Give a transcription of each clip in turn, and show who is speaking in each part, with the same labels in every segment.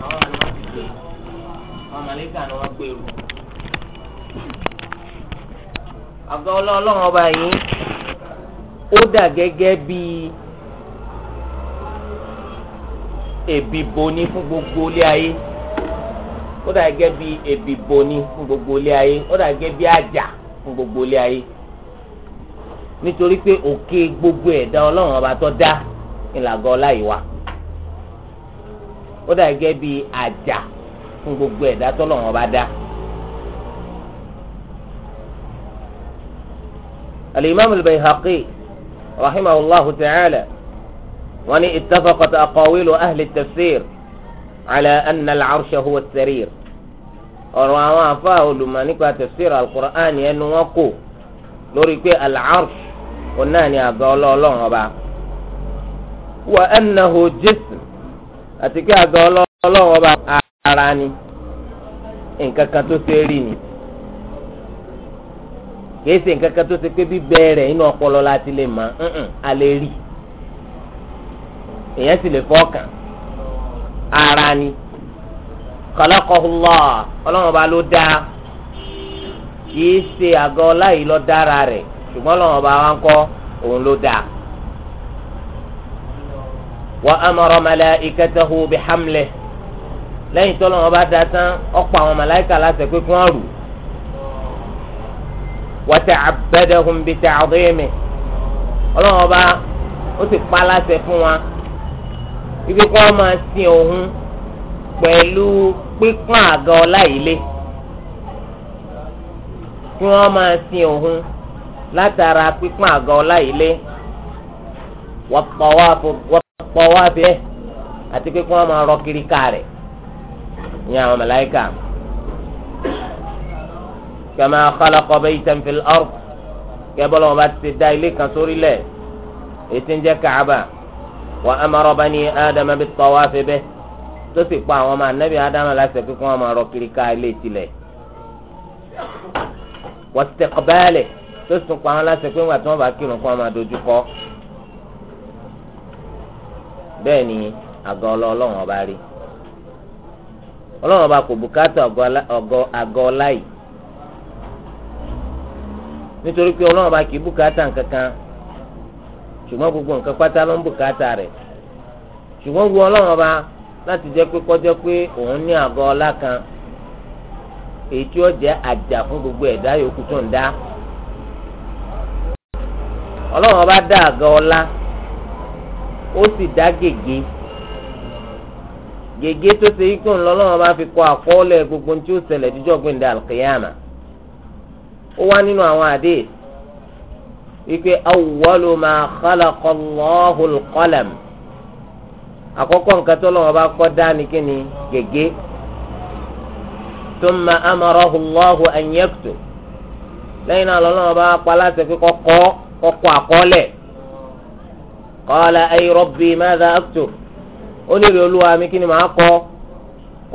Speaker 1: àwọn àni wọ́n ti gbé wọn màlẹ́kà ni wọ́n gbèrú. àgọ́ ọlọ́run ọba yìí ó dà gẹ́gẹ́ bí èbìbò ni fún gbogbo ilé ayé ó dà gẹ́gẹ́ bí èbìbò ni fún gbogbo ilé ayé ó dà gẹ́gẹ́ bí àjà fún gbogbo ilé ayé nítorí pé òkè gbogbo ẹ̀dá ọlọ́run ọba tó dá ńlá gọ́ láyìí wá ó dà gẹ́gẹ́ bí àjà fún gbogbo ẹ̀dá tọ́lọ́run bá dá. الإمام البيهقي رحمه الله تعالى وني اتفقت أقاويل أهل التفسير على أن العرش هو السرير ورواه فاه لما نكوى تفسير القرآن ينوكو لوريكوى العرش وناني أقول الله وبا وأنه جسم àti pé àgọ́ ọlọ́wọ́ bá ara ni nǹkan kan tó ṣe rí ni kìí ṣe nǹkan kan tó ṣe pé bíbẹ rẹ̀ inú ọpọlọ láti lè mọ̀ ǹǹ a rí èèyàn sì lè fọkàn ara ni kọlọkọlọ ọlọ́run bá ló dá kìí ṣe àgọ́ ọlá yìí ló dára rẹ̀ ṣùgbọ́n ọlọ́run bá wa ń kọ́ òun ló dáa wa amara malaikatahu bihamlih lẹ́yìn tó lọ́wọ́ bá da tán ọ̀pọ̀ àwọn màláìka láti pé kí wọ́n rù wa ta'abbadahum bi ta'dhimi ọlọ́wọ́ bá ó ti pa láti fún wa ibi kí máa sin òun pẹ̀lú pípọ́n àga ọlá ilé kí wọ́n máa sin òun látara pípọ́n àga ọlá ilé wa pọ̀ wá bẹ́ẹ̀ àti pé kí wọ́n máa rọ kiri ká rẹ̀ ní àwọn màláíkà. kama khalaqa baytan fil ard kẹ́bọ́lá wọn bá ti da ilé kan sórí lẹ̀ ètí ń jẹ́ Kaaba wa amara bani Adama bit tawaf bih tó sì pa àwọn ọmọ anabi Adama láṣẹ pé kí wọ́n máa rọ kiri ká ilé tilẹ̀ wa istiqbalihi tó sì pa àwọn láṣẹ pé wọ́n àti wọ́n bá kírun kí wọ́n máa dojú kọ́. bẹ́ẹ̀ ni àgọ́ ọlọ́run ọba rí ọlọ́run ọba kò bùkátà àgọ́ nítorí pé ọlọ́run ọba kì í bùkátà nkankan ṣùgbọ́n gbogbo nǹkan pátá ló ń bùkátà rẹ̀ ṣùgbọ́n wu ọlọ́run ọba láti jẹ́ pé kọ́jọ́ pé òun ní àgọ́ ọlá kan èyí tí ó jẹ́ àjà fún gbogbo ẹ̀dá yòókù ọba dá àgọ́ ọlá. ó sì dá gègé gègé tó ṣe ikú ńlọ́lọ́wọ́ bá fi kọ àkọọ́lẹ̀ gbogbo tí ó ṣẹlẹ̀ díjọ́ gbẹ̀ndẹ̀ alqiyama ó wá nínú àwọn àdé wípé awwalu ma khalaqa Allahu alqalam àkọ́kọ́ nǹkan tó lọ́wọ́ bá kọ́ dání kí ni gègé thumma amarahu Allahu an yaktub lẹ́yìn náà lọ́wọ́ bá pa láti fi kọ́kọ́ kọ́kọ́ àkọọ́lẹ̀ qala ay rabbi madha aktub ó ní rí olúwa mi kí ni màá kọ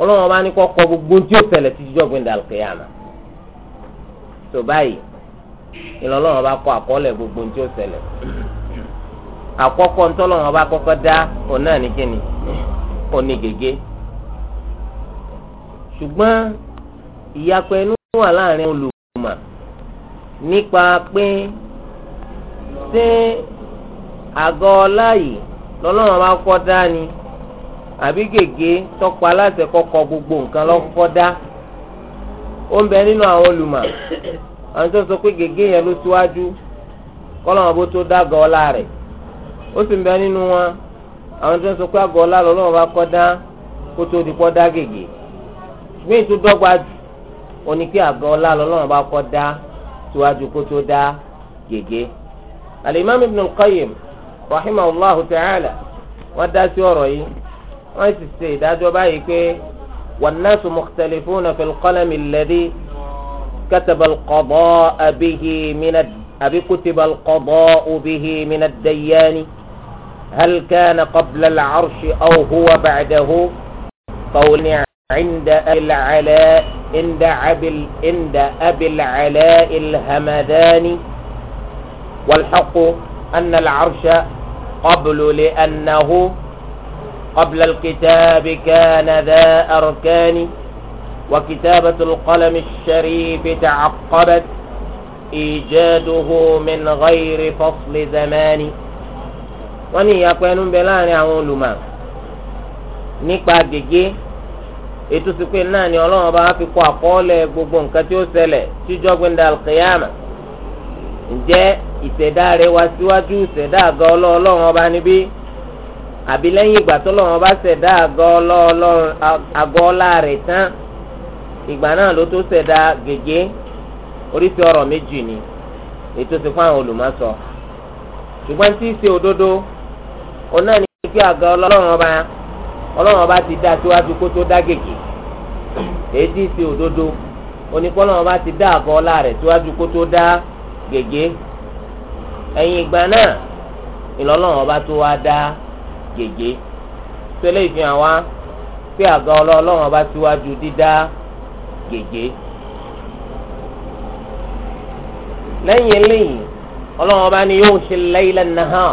Speaker 1: ọlọ́run bá ní kọ́ kọ gbogbo tí ó ṣẹlẹ̀ títí jọ́gbìn dàlùkìyàmà tó báyìí ìlọlọ́run bá kọ àkọọ́lẹ̀ gbogbo tí ó ṣẹlẹ̀ àkọ́kọ́ ntọ́lọ́run bá kọ́kọ́ dá òun náà ní kíni òní gègé ṣùgbọ́n ìyapẹ́ inú wà láàrin olùmọ̀ nípa pé ṣé. àgọ́ ọlá yìí lọ́lọ́run bá kọ́ dání àbí gègé tọ́pa aláṣẹ kọ́kọ́ gbogbo nǹkan lọ́kọ́ dá ó ń bẹ nínú àwọn olùmọ̀ àwọn tó sọ pé gègé yẹn ló síwájú kọ́lọ́run bó tó dá àgọ́ ọlá rẹ̀ ó sì ń bẹ nínú wọn àwọn tó sọ pé àgọ́ ọlá lọ́lọ́run bá kọ́ dá kó tó di kọ́ dá gègé dọ́gba rahima allah ta'ala wọ́n dá sí ọ̀rọ̀ yìí wọ́n sì ṣe ìdájọ́ báyìí pé wannasu mukhtalifuna fil qalami alladhi kataba al-qadaa bihi min abi kutiba al-qadaa bihi min ad hal kana qabla al-arshi aw huwa ba'dahu qawlun 'inda al-'alaa عند أبي عند ilhamadani العلاء الهمداني والحق أن العرش qablu li قبل الكتاب كان ذا أركان، وكتابة القلم kitaabatu alqalami إيجاده من غير فصل ghayri fasli zamani. wọ́n ní ìyàpẹ́ ẹnu ń bẹ láàrin àwọn olùmọ̀ nípa gègé ètò ìsìnkú náà ni ọlọ́run bá fi kó àkọọ́lẹ̀ gbogbo nǹkan tí ó ṣẹlẹ̀ tíjọ́ gbẹ̀ndà alqiyama. ǹjẹ́ ìṣẹ̀dá rẹ̀ wá síwájú ìṣẹ̀dá àgọ́ ọlọ́run ọba níbí àbí lẹ́yìn ìgbà tó lọ́run ọba ṣẹ̀dá àgọ́ ọlọ́run àgọ́ ọlá rẹ̀ tán ìgbà náà ló tó ṣẹ̀dá gègé oríṣi ọ̀rọ̀ méjì ni ètò ti fún àwọn olùmọ̀sọ ṣùgbọ́n tí í ṣe òdodo òun náà ní kí àgọ́ ọlọ́run ọba ọlọ́run ọba ti dá síwájú kó tó dá gègé èyí tí í ṣe òdodo ti da gègé ẹ̀yìn ìgbà náà ìlọ́lọ́run ọba tó wá dá gègé tẹ́lẹ̀ ìfihàn wa pé àga ọlọ́run ọba síwájú dídá gègé lẹ́yìn eléyìí ọlọ́run ọba ni yóò ṣe lẹ́yìn náà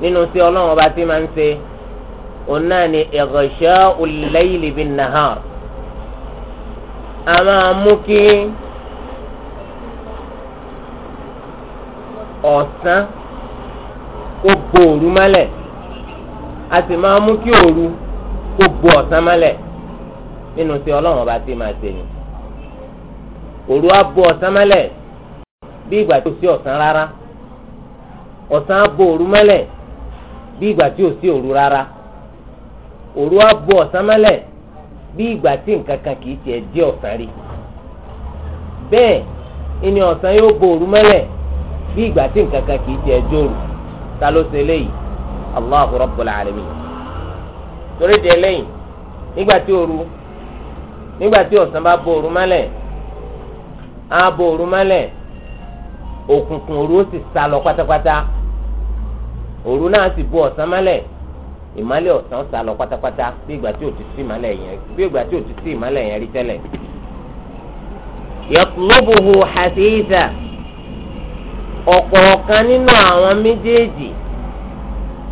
Speaker 1: nínú sí ọlọ́run ọba tí máa ń ṣe òun náà ni ìrọ̀ṣẹ́ òlẹ́yìn lè bi náà a máa mú kí. ọ̀sán kó bo òru mọ́lẹ̀ a sì máa mú kí òru kó bo ọ̀sán mọ́lẹ̀ nínú tí ọlọ́run bá ti máa ṣe òru á bo ọ̀sán mọ́lẹ̀ bí ìgbà tí ò sí ọ̀sán rárá ọ̀sán á òru mọ́lẹ̀ bí ìgbà tí sí òru rárá òru á ọ̀sán mọ́lẹ̀ bí ìgbà tí nǹkan kan kì í tiẹ̀ bí ìgbà tí nǹkan kan kì í jẹ jóòrù ta ló ṣe léyìí Allahu Rabbul Alamin torí di eléyìí nígbà tí òru nígbà tí ọ̀sán bá bo oru mọ́lẹ̀ á bo oru mọ́lẹ̀ òkùnkùn òru ó sì sa lọ pátápátá òru náà sì bo ọ̀sán mọ́lẹ̀ ìmọ́lẹ̀ ọ̀sán sa lọ pátápátá bí ìgbà ìmọ́lẹ̀ yẹn ọ̀kọ̀ọ̀kan nínú àwọn méjèèjì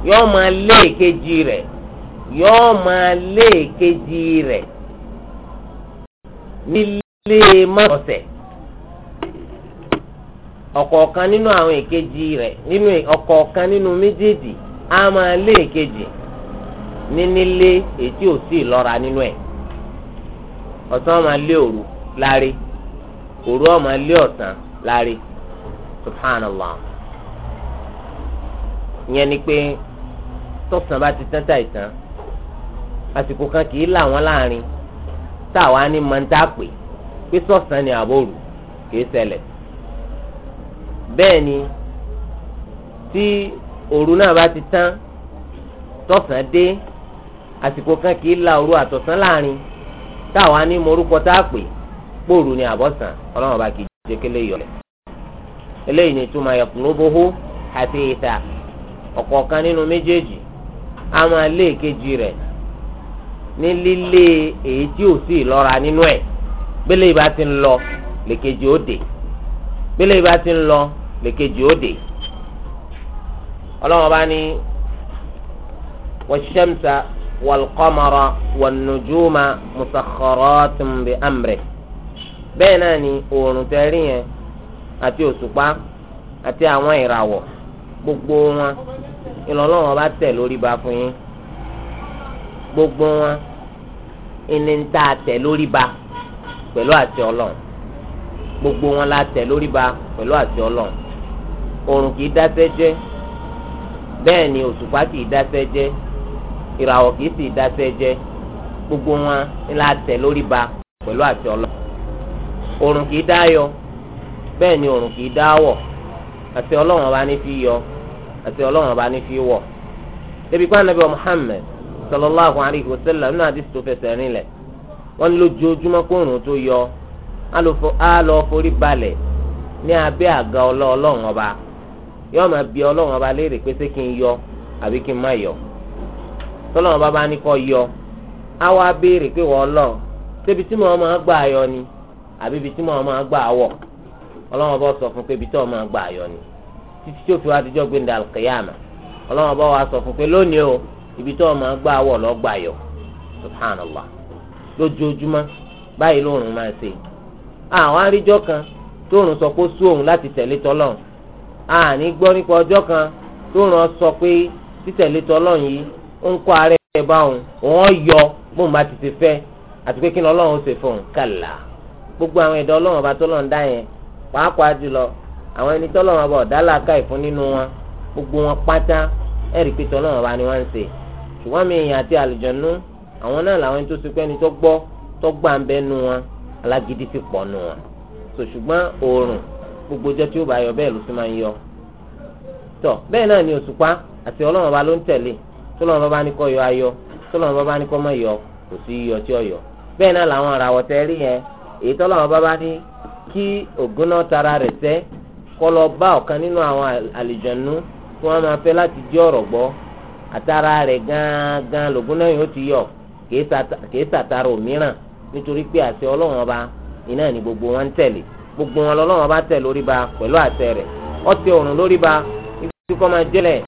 Speaker 1: yóò máa lé èkejì rẹ̀ yóò máa lé èkejì rẹ̀ nílé mọ́tọ̀sẹ̀ ọ̀kọ̀ọ̀kan nínú àwọn èkejì rẹ̀ nínú ọ̀kọ̀ọ̀kan nínú méjèèjì á máa lé èkejì ní nílé ètí ò sí ìlọ́ra nínú ẹ̀ ọ̀sán máa lé òru láre òru ọ̀ máa lé ọ̀sán láre subhanallah ìyẹn ni pé tọ̀sán bá ti tán tá ìtàn àsìkò kan kì í là wọ́n láàrin tá àwa ní mọ̀ntá pè pé sọ̀sán ni àbòrò kì í ṣẹlẹ̀ bẹ́ẹ̀ ni tí òru náà bá ti tán tọ̀sán dé àsìkò kan kì í la òru àtọ̀sán láàrin táwa ní morúkọ tá a pè kpóòrù ni àbọ̀sán ọlọ́run bá kì í jẹ́ kélé yọlẹ̀ eléyìí ni túmọ̀ yatlubuhu hafitha ọ̀kọ̀ọ̀kan nínú méjèèjì a máa lé èkejì rẹ̀ ní lílé èyí tí ò sí ìlọ́ra nínú ẹ̀ gbélé ibà ti ń lọ lèkejì ó dé gbélé ibà ti ń lọ lèkejì ó dé ọlọ́wọ́n bá ní wash-shamsa wal-qamara wan-nujuma bẹ́ẹ̀ náà ni oòrùn tẹ́rí yẹn àti òṣùpá àti àwọn ìràwọ̀ gbogbo wọn ìrànlọ́wọ́ bá tẹ̀ lórí ba fún yín gbogbo wọn ìní ń tà tẹ̀ lórí ba pẹ̀lú àti ọlọ́run gbogbo wọn la tẹ̀ lórí ba pẹ̀lú àti ọlọ́run òrùn kìí dáṣẹ́ jẹ́ bẹ́ẹ̀ ni òṣùpá kìí dáṣẹ́ jẹ́ ìràwọ̀ kìí sì dáṣẹ́ jẹ́ gbogbo wọn la tẹ̀ lórí ba pẹ̀lú àti ọlọ́run òrùn kìí dáyọ bẹ́ẹ̀ ni òrùn kìí í dáwọ̀ àti ọlọ́run ọba ní fi yọ àti ọlọ́run ọba ní fi wọ̀ débi pa anabi Muhammad sallallahu alayhi wa sallam náà àdìsí tó fẹsẹ̀ rìn lẹ̀ wọ́n yọ lọ forí balẹ̀ ní abẹ́ àga ọlọ́run ọba yọ ọba ọlọ́wọ́n bá sọ fún pé ibi tó máa gbà yọ ni títí tó fi wá dijọ́ gbé ndàlù kìyàmà ọlọ́wọ́n bá wá sọ fún pé lónìí o ibi tó máa gbà wọ̀ lọ́ gbà yọ subhanallah lójoojúmọ́ báyìí lóòrùn máa ṣe àwọn àríjọ́ kan tóòrùn sọ pé ó sú òun láti tẹ̀lé tọ́lọ́run àní gbọ́ nípa ọjọ́ kan tóòrùn sọ pé títẹ̀lé tọ́lọ́run yìí ó ń kó ara ẹ̀ bá òun òun yọ bóun bá gbogbo àwọn ẹ̀dá ọlọ́run ọba tọ́lọ́run dá yẹn pàápàá jùlọ àwọn ẹni tọ́lọ́run ọba ọ̀dá làákà ìfún nínú wọn gbogbo wọn pátá ẹ̀rí pé tọ́lọ́run ọba ni wọ́n ń ṣe ṣùgbọ́n mi èèyàn àti àlùjọ̀nú àwọn náà làwọn tó ti pẹ́ ni tó gbọ́ tó gbà ń bẹ́ nu wọn alágídí ti pọ̀ nu wọn so ṣùgbọ́n oòrùn gbogbo jẹ́ tí ó bá yọ bẹ́ẹ̀ ló sì máa ń yọ tọ bẹ́ẹ̀ náà ni òṣùpá àti ọlọ́run ọba ló ń tẹ̀lé tọ́lọ́run ọba ní kó yọ ayọ tọ́lọ́run ọba ní kó má yọ kò sí yọ tí ó yọ bẹ́ẹ̀ náà làwọn àràwọ̀ tẹ́rí yẹn èyí tọ́lọ́run ọba bá kí ògùn náà tara rẹ̀ sẹ́ kọlọ bá ọ̀kan nínú àwọn àlìjọ̀nú tí wọ́n máa fẹ́ láti jẹ́ ọ̀rọ̀ gbọ́ àtara rẹ̀ gángan lògùn náà yóò ti yọ kìí sàtara òmíràn nítorí pé àṣẹ ọlọ́run ọba iná ní gbogbo wọn ń tẹ̀lé gbogbo wọn lọ́lọ́run ọba tẹ̀ lórí ba pẹ̀lú àṣẹ rẹ̀ ọtẹ òrùn lórí ba ibi kọ́ máa jẹ́lẹ̀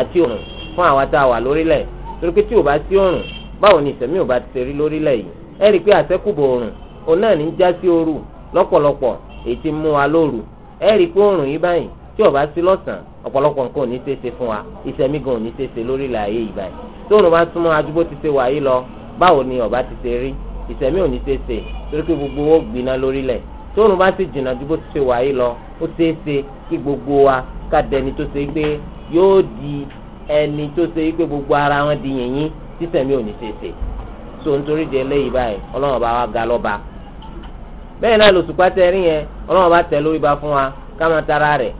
Speaker 1: àti òrùn fún àwa tá a wà lórílẹ̀ torí pé tí ò bá sí òrùn báwo ni ìṣẹ̀mí ò bá ti ṣe rí lórílẹ̀ yìí ẹ rí i pé àṣẹ́kùbọ̀ òrùn òun náà ní já sí òru lọ́pọ̀lọpọ̀ ètí mú wa lóru ẹ rí i pé oòrùn yìí báyìí tí ó bá sí lọ́sàn-án ọ̀pọ̀lọpọ̀ nǹkan ò ní ṣeéṣe fún wa ìṣẹ̀mí gan ò ní ṣeéṣe lórí ilẹ̀ ayé yìí báyìí tí oòrùn bá súnmọ́ adúgbò ti ṣe wàyí lọ báwo ni ọ̀bá ti ṣe rí ìṣẹ̀mí ò ní ṣeéṣe torí pé gbogbo owó gbiná lórílẹ̀ tí oòrùn bá sì jìnnà ju ti ṣe wàyí lọ ó ṣeéṣe kí gbogbo wa ká dẹni tó ṣe pé yóò di ẹni tó ṣe pé gbogbo ara wọn di yìnyín tí ìṣẹ̀mí ò ní ṣeéṣe so nítorí di eléyìí báyìí ọlọ́run bá wa ga lọ́ba bẹ́ẹ̀ náà lòṣùpá tẹ rí yẹn ọlọ́run bá tẹ lórí ba fún wa káma tara rẹ̀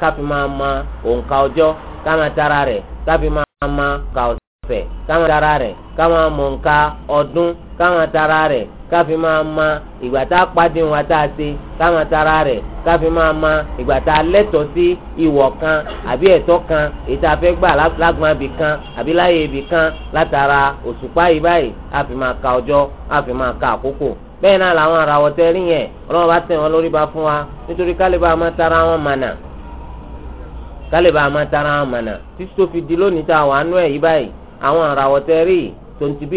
Speaker 1: káfi máa ma òǹkà ọjọ́ káma tara rẹ̀ káfi máa ma kà ọ̀sẹ̀ káma tara rẹ̀ káma mọ̀ òǹkà ọdún káma tara rẹ̀ káfi máa ma ìgbà tá a pàdé wọn tá a ṣe káma tara rẹ̀ káfi máa ma ìgbà tá a lẹ́tọ̀ọ́ sí ìwọ̀ kan àbí ẹ̀tọ́ kan ètò afẹ́ gbà lágbọ́n ibì kan àbí láyé ibì kan látara òṣùpá yìí báyìí a fi máa ka ọjọ́ a fi máa ka àkókò bẹ́ẹ̀ náà làwọn àràwọ̀ tẹ́ rí yẹn ọlọ́run bá tẹ̀ wọ́n lórí ba fún wa nítorí kálíbà àmọ́ tara wọn mànà kálíbà àmọ́ tara wọn mànà títí tó fi di lónìí tá a wà nú ẹ̀ yí báyìí àwọn àràwọ̀ tẹ́ rí tonti bí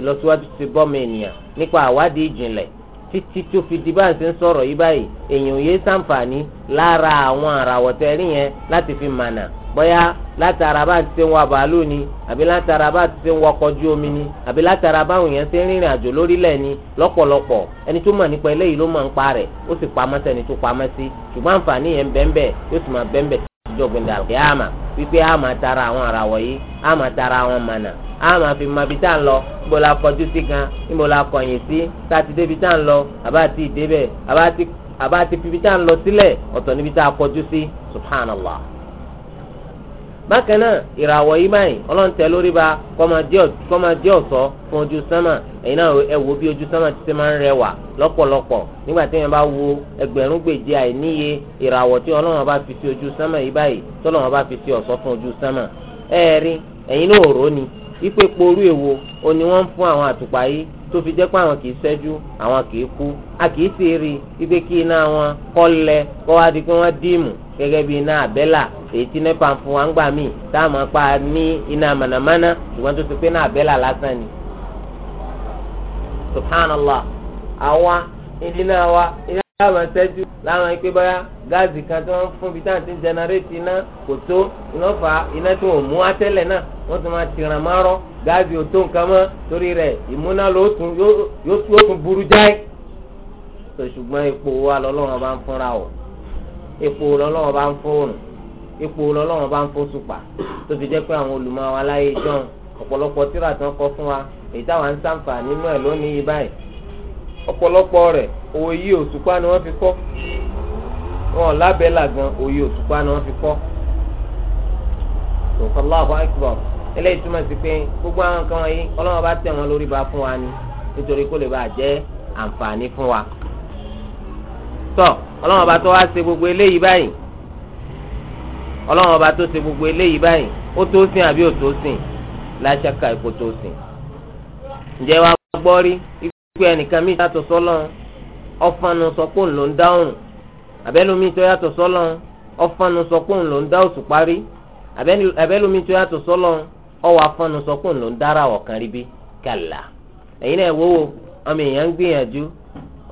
Speaker 1: ìlọsíwájú ti bọ́ mi ènìyàn nípa àwádìí ìjìnlẹ̀ títí tó fi di báyìí ṣe ń sọ̀rọ̀ yí báyìí èèyàn yé sàǹfààní lára àwọn àràwọ̀ tẹ́ rí yẹn láti fi mànà bóyá látara bá ti ń wa bàálù ni àbí látara bá ti ń wakọ̀ ojú omi ni àbí látara báwọn èèyàn ti ń rìnrìn àjò lórílẹ̀ ni lọ́pọ̀lọpọ̀ ẹni tó mọ̀ nípa eléyìí ló mọ̀ ń pa rẹ̀ ó sì pamọ́ sẹ́ni tó pamọ́ sí ṣùgbọ́n àǹfààní yẹn bẹ́ẹ̀nbẹ́ yóò sì máa bẹ́ẹ̀nbẹ́ ìjọ gbẹ̀ndà àmà wípé a máa tara àwọn ara wọ̀nyí a máa tara àwọn mànà a máa fi mọ ibi ń lọ níbo la kọjú sí gan níbo la kọ̀yìn sí tá a ń lọ àbá ti débẹ̀ àbá ti fi ibi tá à ń lọ sílẹ̀ ọ̀tọ̀ níbi tá a kọjú sí subhanallah bákan náà ìràwọ̀ yìí báyìí ọlọ́run lórí ba kọ́ máa jẹ́ ọ̀ṣọ́ fún ojú sánmà ẹ̀yin náà ẹ wo bí ojú sánmà ti ṣe máa ń rẹwà lọ́pọ̀lọpọ̀ nígbà tí yẹn bá wo ẹgbẹ̀rún gbèje àìníye ìràwọ̀ tí ọlọ́run bá fi sí ojú sánmà yìí báyìí tọ́lọ́run bá fi sí ọ̀ṣọ́ fún ojú sánmà ẹ̀ẹ́rí ẹ̀yin náà rò ni ipe poru èwo o ni fún àwọn àtùpà yìí tó fi jẹ́ pé àwọn kì í ṣẹ́jú àwọn kì í kú a kì í sì rí i pé kí iná wọn kọ́ lẹ kọ́ wá di pé wọ́n dìímù gẹgẹ bi iná abela èyí tí nẹ́pà fún wa ń gbà mí tá a máa pa ní iná mànàmáná tó ti pé iná lásán ni. subhanallah àwa ìdínà wa iná àwọn ṣẹ́jú láwọn ẹgbẹ́ báyà gáàsì kan tí wọ́n fún ibi táwọn ti ń jẹnẹrétì iná kò tó iná fa iná tí mú atẹ́lẹ̀ náà wọ́n ti máa gáàsì ò tó nǹkan mọ́ torí rẹ̀ ìmúná yóò tún burú jáì. wa o. epo lọ́lọ́wọ́ bá ń fóònù epo lọ́lọ́wọ́ bá ń fóṣùpà tó fi jẹ́ pé àwọn olùmọ̀ wa láyé jọ́n ọ̀pọ̀lọpọ̀ tíra tí wọ́n kọ fún wa èyí táwọn ń sàǹfà nínú ẹ̀ lónìí yìí báyìí ọ̀pọ̀lọpọ̀ rẹ̀ òye òṣùpá ni wọ́n fi kọ́ wọn lábẹ́ làgán òye òṣùpá ni wọ́n fi kọ́ Allahu akbar eléyìí túmọ̀ sí pé gbogbo àwọn kan wọ̀nyí ọlọ́wọ́n bá tẹ̀ wọn lórí ba fún wa ni nítorí kó lè bá jẹ́ àǹfààní fún wa. ọlọ́run ọba tó wá se gbogbo eléyìí báyìí ọlọ́run ọba tó ṣe gbogbo eléyìí báyìí ó tó sìn àbí ó tó sìn láṣàkà ìkó tó sìn. ǹjẹ́ gbọ́ rí ikú ẹnìkan yàtọ̀ sọ pé òun ló ń tó yàtọ̀ sọ́lọ́run ọ̀fọ̀nù sọ pé rí tó yàtọ̀ ọwọ́ sọ ló ń dára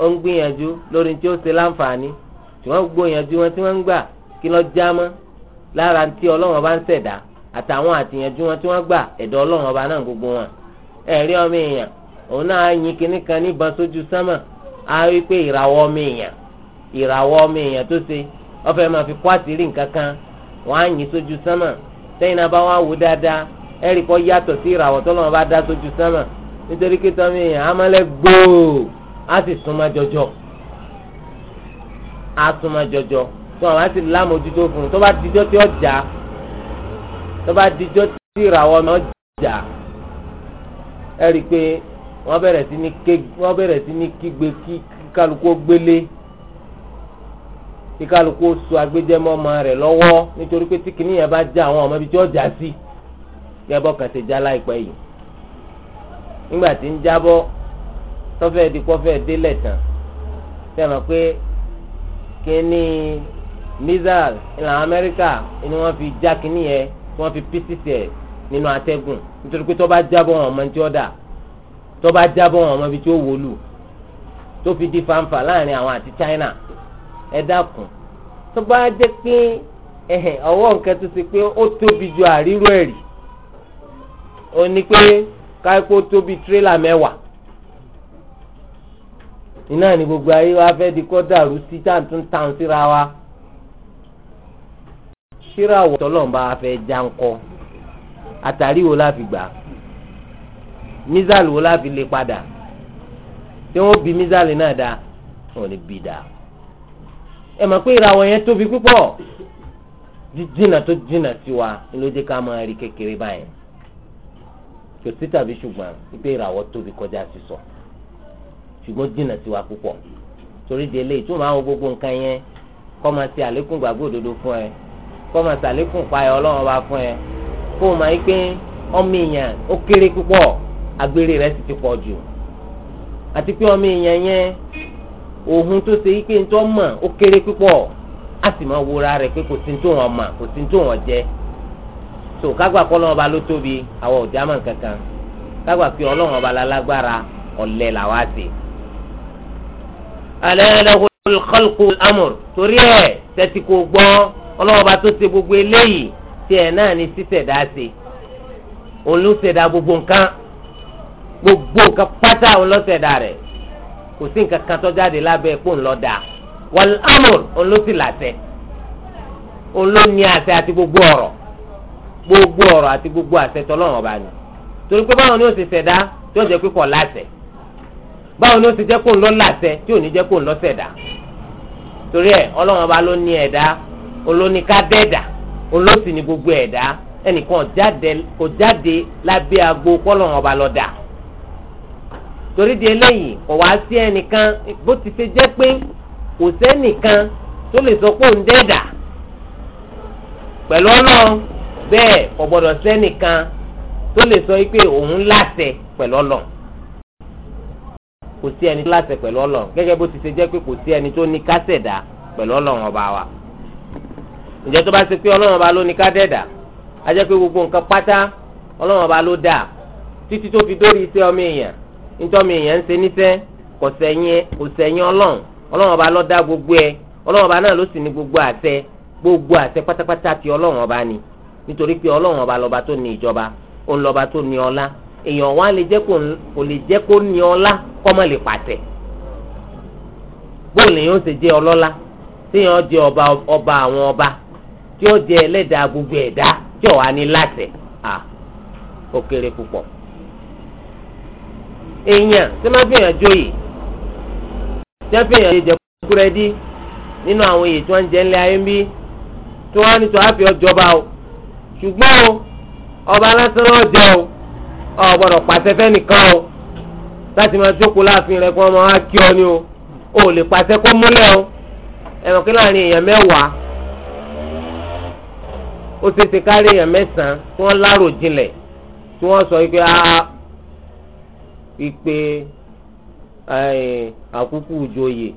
Speaker 1: ó ń gbìyànjú lórí tí ó ṣe láǹfààní ṣùgbọ́n gbogbo ìyànjú wọn tí wọ́n ń gbà kí lọ́ọ́ já mọ́ lára tí ọlọ́wọ́n bá ń ṣẹ̀dá àtàwọn àtìyànjú wọn tí wọ́n gbà ẹ̀dọ̀ ọlọ́wọ́n bá náà gbogbo wọn. ẹ̀rí ọmọ èèyàn òun náà yin kinní kan níbọn sójú sánmà á rí pé ìràwọ̀ ọmọ èèyàn ìràwọ̀ ọmọ èèyàn tó ṣe ó máa fi kó àtìrí nǹkan kan wọ́n á yin sójú sánmà sẹ́yìn náà bá wọn wò dáadáa kọ́ yàtọ̀ sí ìràwọ̀ dá sójú sánmà nítorí kí tọ́mọ èèyàn á á sì súnmọ́ jọjọ á súnmọ́ jọjọ tó àwọn á sì lámòjútó fún un tó bá dijọ́ tí ó jà tó bá dijọ́ tí ìràwọ̀ náà jà ẹ rí i pé wọ́n bẹ̀rẹ̀ sí ní ké wọ́n bẹ̀rẹ̀ sí ní kígbe kí kálukú gbélé kí kálukú so agbẹjẹmọ ọmọ rẹ̀ lọ́wọ́ nítorí pé tí kìnìyàn bá já àwọn ọmọ ibi tí ó sí kí ẹ bọ́ kàtẹ́jà yìí nígbà tí ń jábọ́ tọ́fẹ́ di kọ́fẹ́ délẹ̀ tán sẹ́wọ̀n pé kínní mizal ilẹ̀ amẹ́ríkà ni wọ́n fi já kínní yẹn tí wọ́n fi písìsì ẹ̀ nínú atẹ́gùn nítorí pé tọ́ba jábọ̀ wọn ọmọ tí ó dà tọ́ba jábọ̀ wọn ọmọ ibi tí ó wọlù tó fi di fanfa láàrin àwọn àti China ẹ dákun tọ́ba jẹ́ pé ọwọ́ nǹkan tó ṣe pé ó tóbi ju àríró ẹ̀rí ó ní pé káyipó tóbi tírélà mẹ́wàá iná ni gbogbo ayé wa fẹ́ di kọ́ dàrú sí tàǹtún tàn síra wa síra wọ̀ tọ́lọ́mùbá fẹ́ jáǹkọ́ àtàrí wo la fi gbà mísàlì wo la fi lè padà tí wọ́n bí mísàlì náà dá wọn lè bí dá ẹ mọ̀ pé ìràwọ̀ yẹn tóbi púpọ̀ jíjìnà tó jìnà sí wa ló jẹ́ ká máa rí kékeré báyìí kò sí tàbí ṣùgbọ́n pé ìràwọ̀ tóbi kọjá sísọ. So ṣùgbọ́n jìnnà sí wa púpọ̀ torí de eléyìí tó máa ń wo gbogbo nǹkan yẹn kó máa ṣe àlékún òdodo fún ẹ kó máa ọlọ́run fún ẹ kó o máa ọmọ èèyàn ó kéré púpọ̀ agbèrè rẹ sì ti pọ̀ jù àti pé ọmọ èèyàn yẹn tó ṣe yí pé ó kéré púpọ̀ á so kágbà kọ́ ló tóbi àwọn kágbà ọlọ́run ọba alẹ́ lẹ́hu kọ́lùkù amúr torí ẹ̀ tẹ́tí kò gbọ́ ọlọ́wọ́ba tó ṣe gbogbo eléyìí tiẹ̀ náà ni ṣíṣẹ̀dá ṣe òun ló ṣẹ̀dá gbogbo nǹkan gbogbo nǹkan pátá òun ló ṣẹ̀dá rẹ̀ kò sí nǹkan kan tó jáde lábẹ́ kó ń lọ dà wal amúr òun ló sì làṣẹ òun ló ní àṣẹ àti gbogbo ọ̀rọ̀ gbogbo ọ̀rọ̀ àti gbogbo àṣẹ tọ́lọ́wọ́n ọba ni torí pé báwọn ni ó ṣe ṣẹ̀dá tí jẹ́ pípọ̀ láṣẹ báwo ló ti jẹ́ kó ń lọ làṣẹ tí ò ní jẹ́ kó ń lọ ṣẹ̀dá torí ẹ̀ ọlọ́run ọba ló ní ẹ̀dá olóníkádẹ́ẹ̀dá olóòsì ní gbogbo ẹ̀dá ẹnìkan kò jáde lábẹ́ agbo kọ́lọ́run ọba lọ́dà torí di eléyìí kò wá sí ẹnìkan bó ti ṣe jẹ́ pé kò sẹ́nìkan tó lè sọ pé òun dẹ́ẹ̀dá pẹ̀lú ọlọ́run bẹ́ẹ̀ kò gbọ́dọ̀ sẹ́nìkan tó lè sọ pé òun láṣẹ pẹ̀lú ọlọ́run kò sí ẹni tó láṣẹ pẹ̀lú ọlọ́run gẹ́gẹ́ bó ti ṣe jẹ́ pé kò sí ẹni tó ní ká ṣẹ̀dá pẹ̀lú ọlọ́run ọba wa ǹjẹ́ tó bá ṣe pé ọlọ́run ọba ló ní ká dẹ̀dá a jẹ́ pé gbogbo nǹkan pátá ọlọ́run ọba ló dà títí tó fi dórí iṣẹ́ ọmọ èèyàn nítorí ọmọ èèyàn ń ṣe níṣẹ́ kò sẹ̀yìn kò sẹ̀yìn ọlọ́run ọlọ́run ọba ló dá gbogbo ẹ̀ ọlọ́run ọba náà ló sì ní gbogbo àṣẹ gbogbo àṣẹ pátápátá ti ọlọ́run ọba ni nítorí pé ọlọ́run ọba lọ́ba tó ní ìjọba òun lọ́ba tó ní ọlá èèyàn wá lè jẹ́ kó lè jẹ́ kó ní ọlá kọ́mọ lè pàtẹ bóòlù yóò ṣe jẹ́ ọlọ́lá téèyàn jẹ́ ọba ọba àwọn ọba tí ó jẹ́ ẹlẹ́dàá gbogbo ẹ̀dá tí ọ̀wá ní láṣẹ à ó kéré púpọ̀ èèyàn tí wọ́n fi hàn jóyè tí wọ́n fi hàn jẹ́ kúrẹ́dí nínú àwọn èyí tí wọ́n ń jẹ́ ńlẹ̀ ayé ń bí tí wọ́n á ní tó á fi ọjọba o ṣùgbọ́n o ọba lásán náà jẹ́ o. ọ gbọ́dọ̀ pàṣẹ fẹ́nìkan o láti máa jókòó láàfin rẹ kí wọ́n máa kí ọ ní o ò lè pàṣẹ kó múlẹ̀ o ẹ̀rọ kí láàrin èèyàn mẹ́wàá ó ṣe ti kárí èèyàn mẹ́sàn-án tí wọ́n lárò jinlẹ̀ tí wọ́n sọ wípé a wípé àkúkú ìjòyè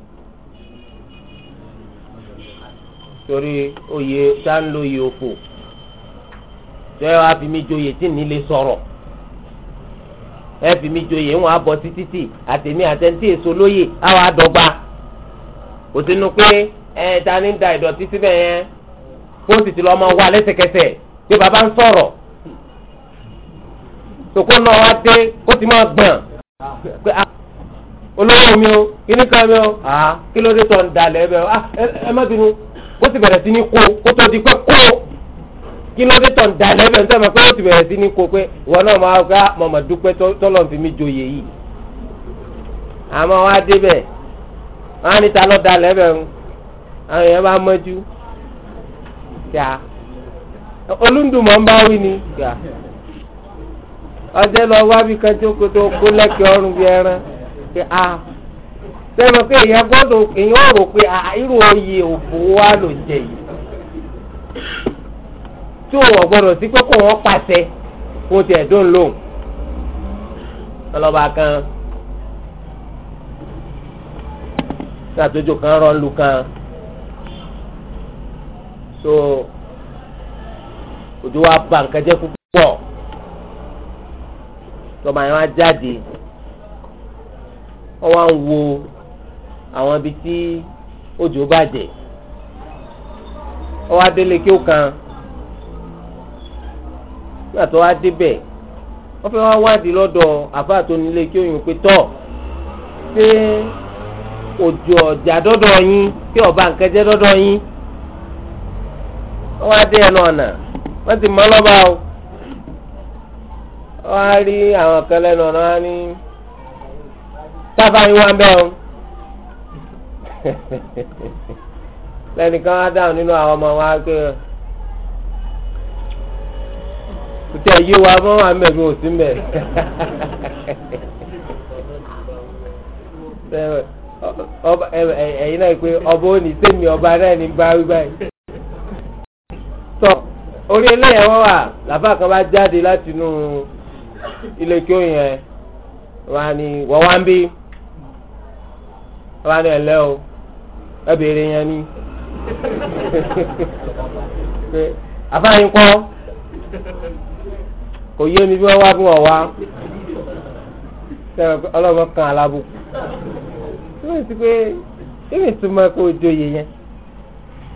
Speaker 1: torí oyè tá ń lo iye òfò tẹ́ wàá fi mí joyè tí nílé sọ̀rọ̀ ẹ fi mi joyè ń wọn abọ títí tì àtẹmí àtẹntì èso lóye àwọn àdọgba kò sínú pé ẹ ta ni ń da ìdọ̀tí síbẹ̀ yẹn kó sì ti lọ́ ọmọ wa lẹ́sẹ̀kẹsẹ̀ pé bàbá ń sọ̀rọ̀ sòkò náà wá dé kó ti máa gbọ̀n pé ah, olówó mi o kíní kan mi o ah, kí ló dé tó ń dalẹ̀ ah, ẹ bẹ́ẹ̀ ẹ má bínú kó sì bẹ̀rẹ̀ sí ní kó kó tó di pé kó. kí ló dé tọ̀n dalẹ̀ bẹ̀ pé ó ti bẹ̀rẹ̀ sí ní ko pé ìwọ náà máa gbá mọ̀mọ́ dúpẹ́ tọ́lọ̀ fi mí joyè yìí. àmọ́ wá débẹ̀ wọ́n á ní ta ń àwọn èèyàn bá mọ́jú ń bá wí ni ọjọ́ lọ wá bí kan jókòó tó kó lẹ́kẹ̀ẹ́ bí ẹran pé èèyàn gbọ́dọ̀ èèyàn rò pé irú tí òun ọ̀gbọ́dọ̀ sí pé kó wọ́n pàṣẹ kó tiẹ̀ dó ń lóhùn ọlọ́ba kan sàtójò kan rọ́ lu kan so òjò wa ba nǹkan jẹ́ púpọ̀ tọ́ba yẹn wá jáde wọ́n wá ń wo àwọn ibi tí òjò bàjẹ́ wọ́n wá délé kí ó kan nígbà tó wá débẹ̀ wọ́n fẹ́ wá wádìí lọ́dọ̀ àfáà tó nílé kí òyìn pé tọ́ ṣé òjò ọ̀jà dọ́dọ̀ yín kí ọba nǹkan jẹ́ dọ́dọ̀ yín wọ́n á dé ẹnu ọ̀nà wọ́n ti mọ́ lọ́ba o wọ́n á rí àwọn kan lẹ́nu ọ̀nà wọn ní sábà wá ń bẹ́ o lẹ́nìkan á dáhùn nínú àwọn ọmọ wọn á pé tẹ yé wa mọ́ wà mẹ́gbẹ́ ò sí mẹ́. ẹ̀yin náà pé ọba òní sẹ́mi ọba náà ní bá báyìí. sọ orí eléyàá wọ́n wà làbá kan bá jáde láti inú ilé kí ó yẹn wà ní wọ́n wá ní ẹ̀lẹ́ o ẹ béèrè yẹn ni àfáàyín kọ́ kò yé mi bí wọ́n wá bí wọ́n wá ọlọ́mọ kan alábùkù wọ́n ti pé kíni túmọ̀ kó o joyè yẹn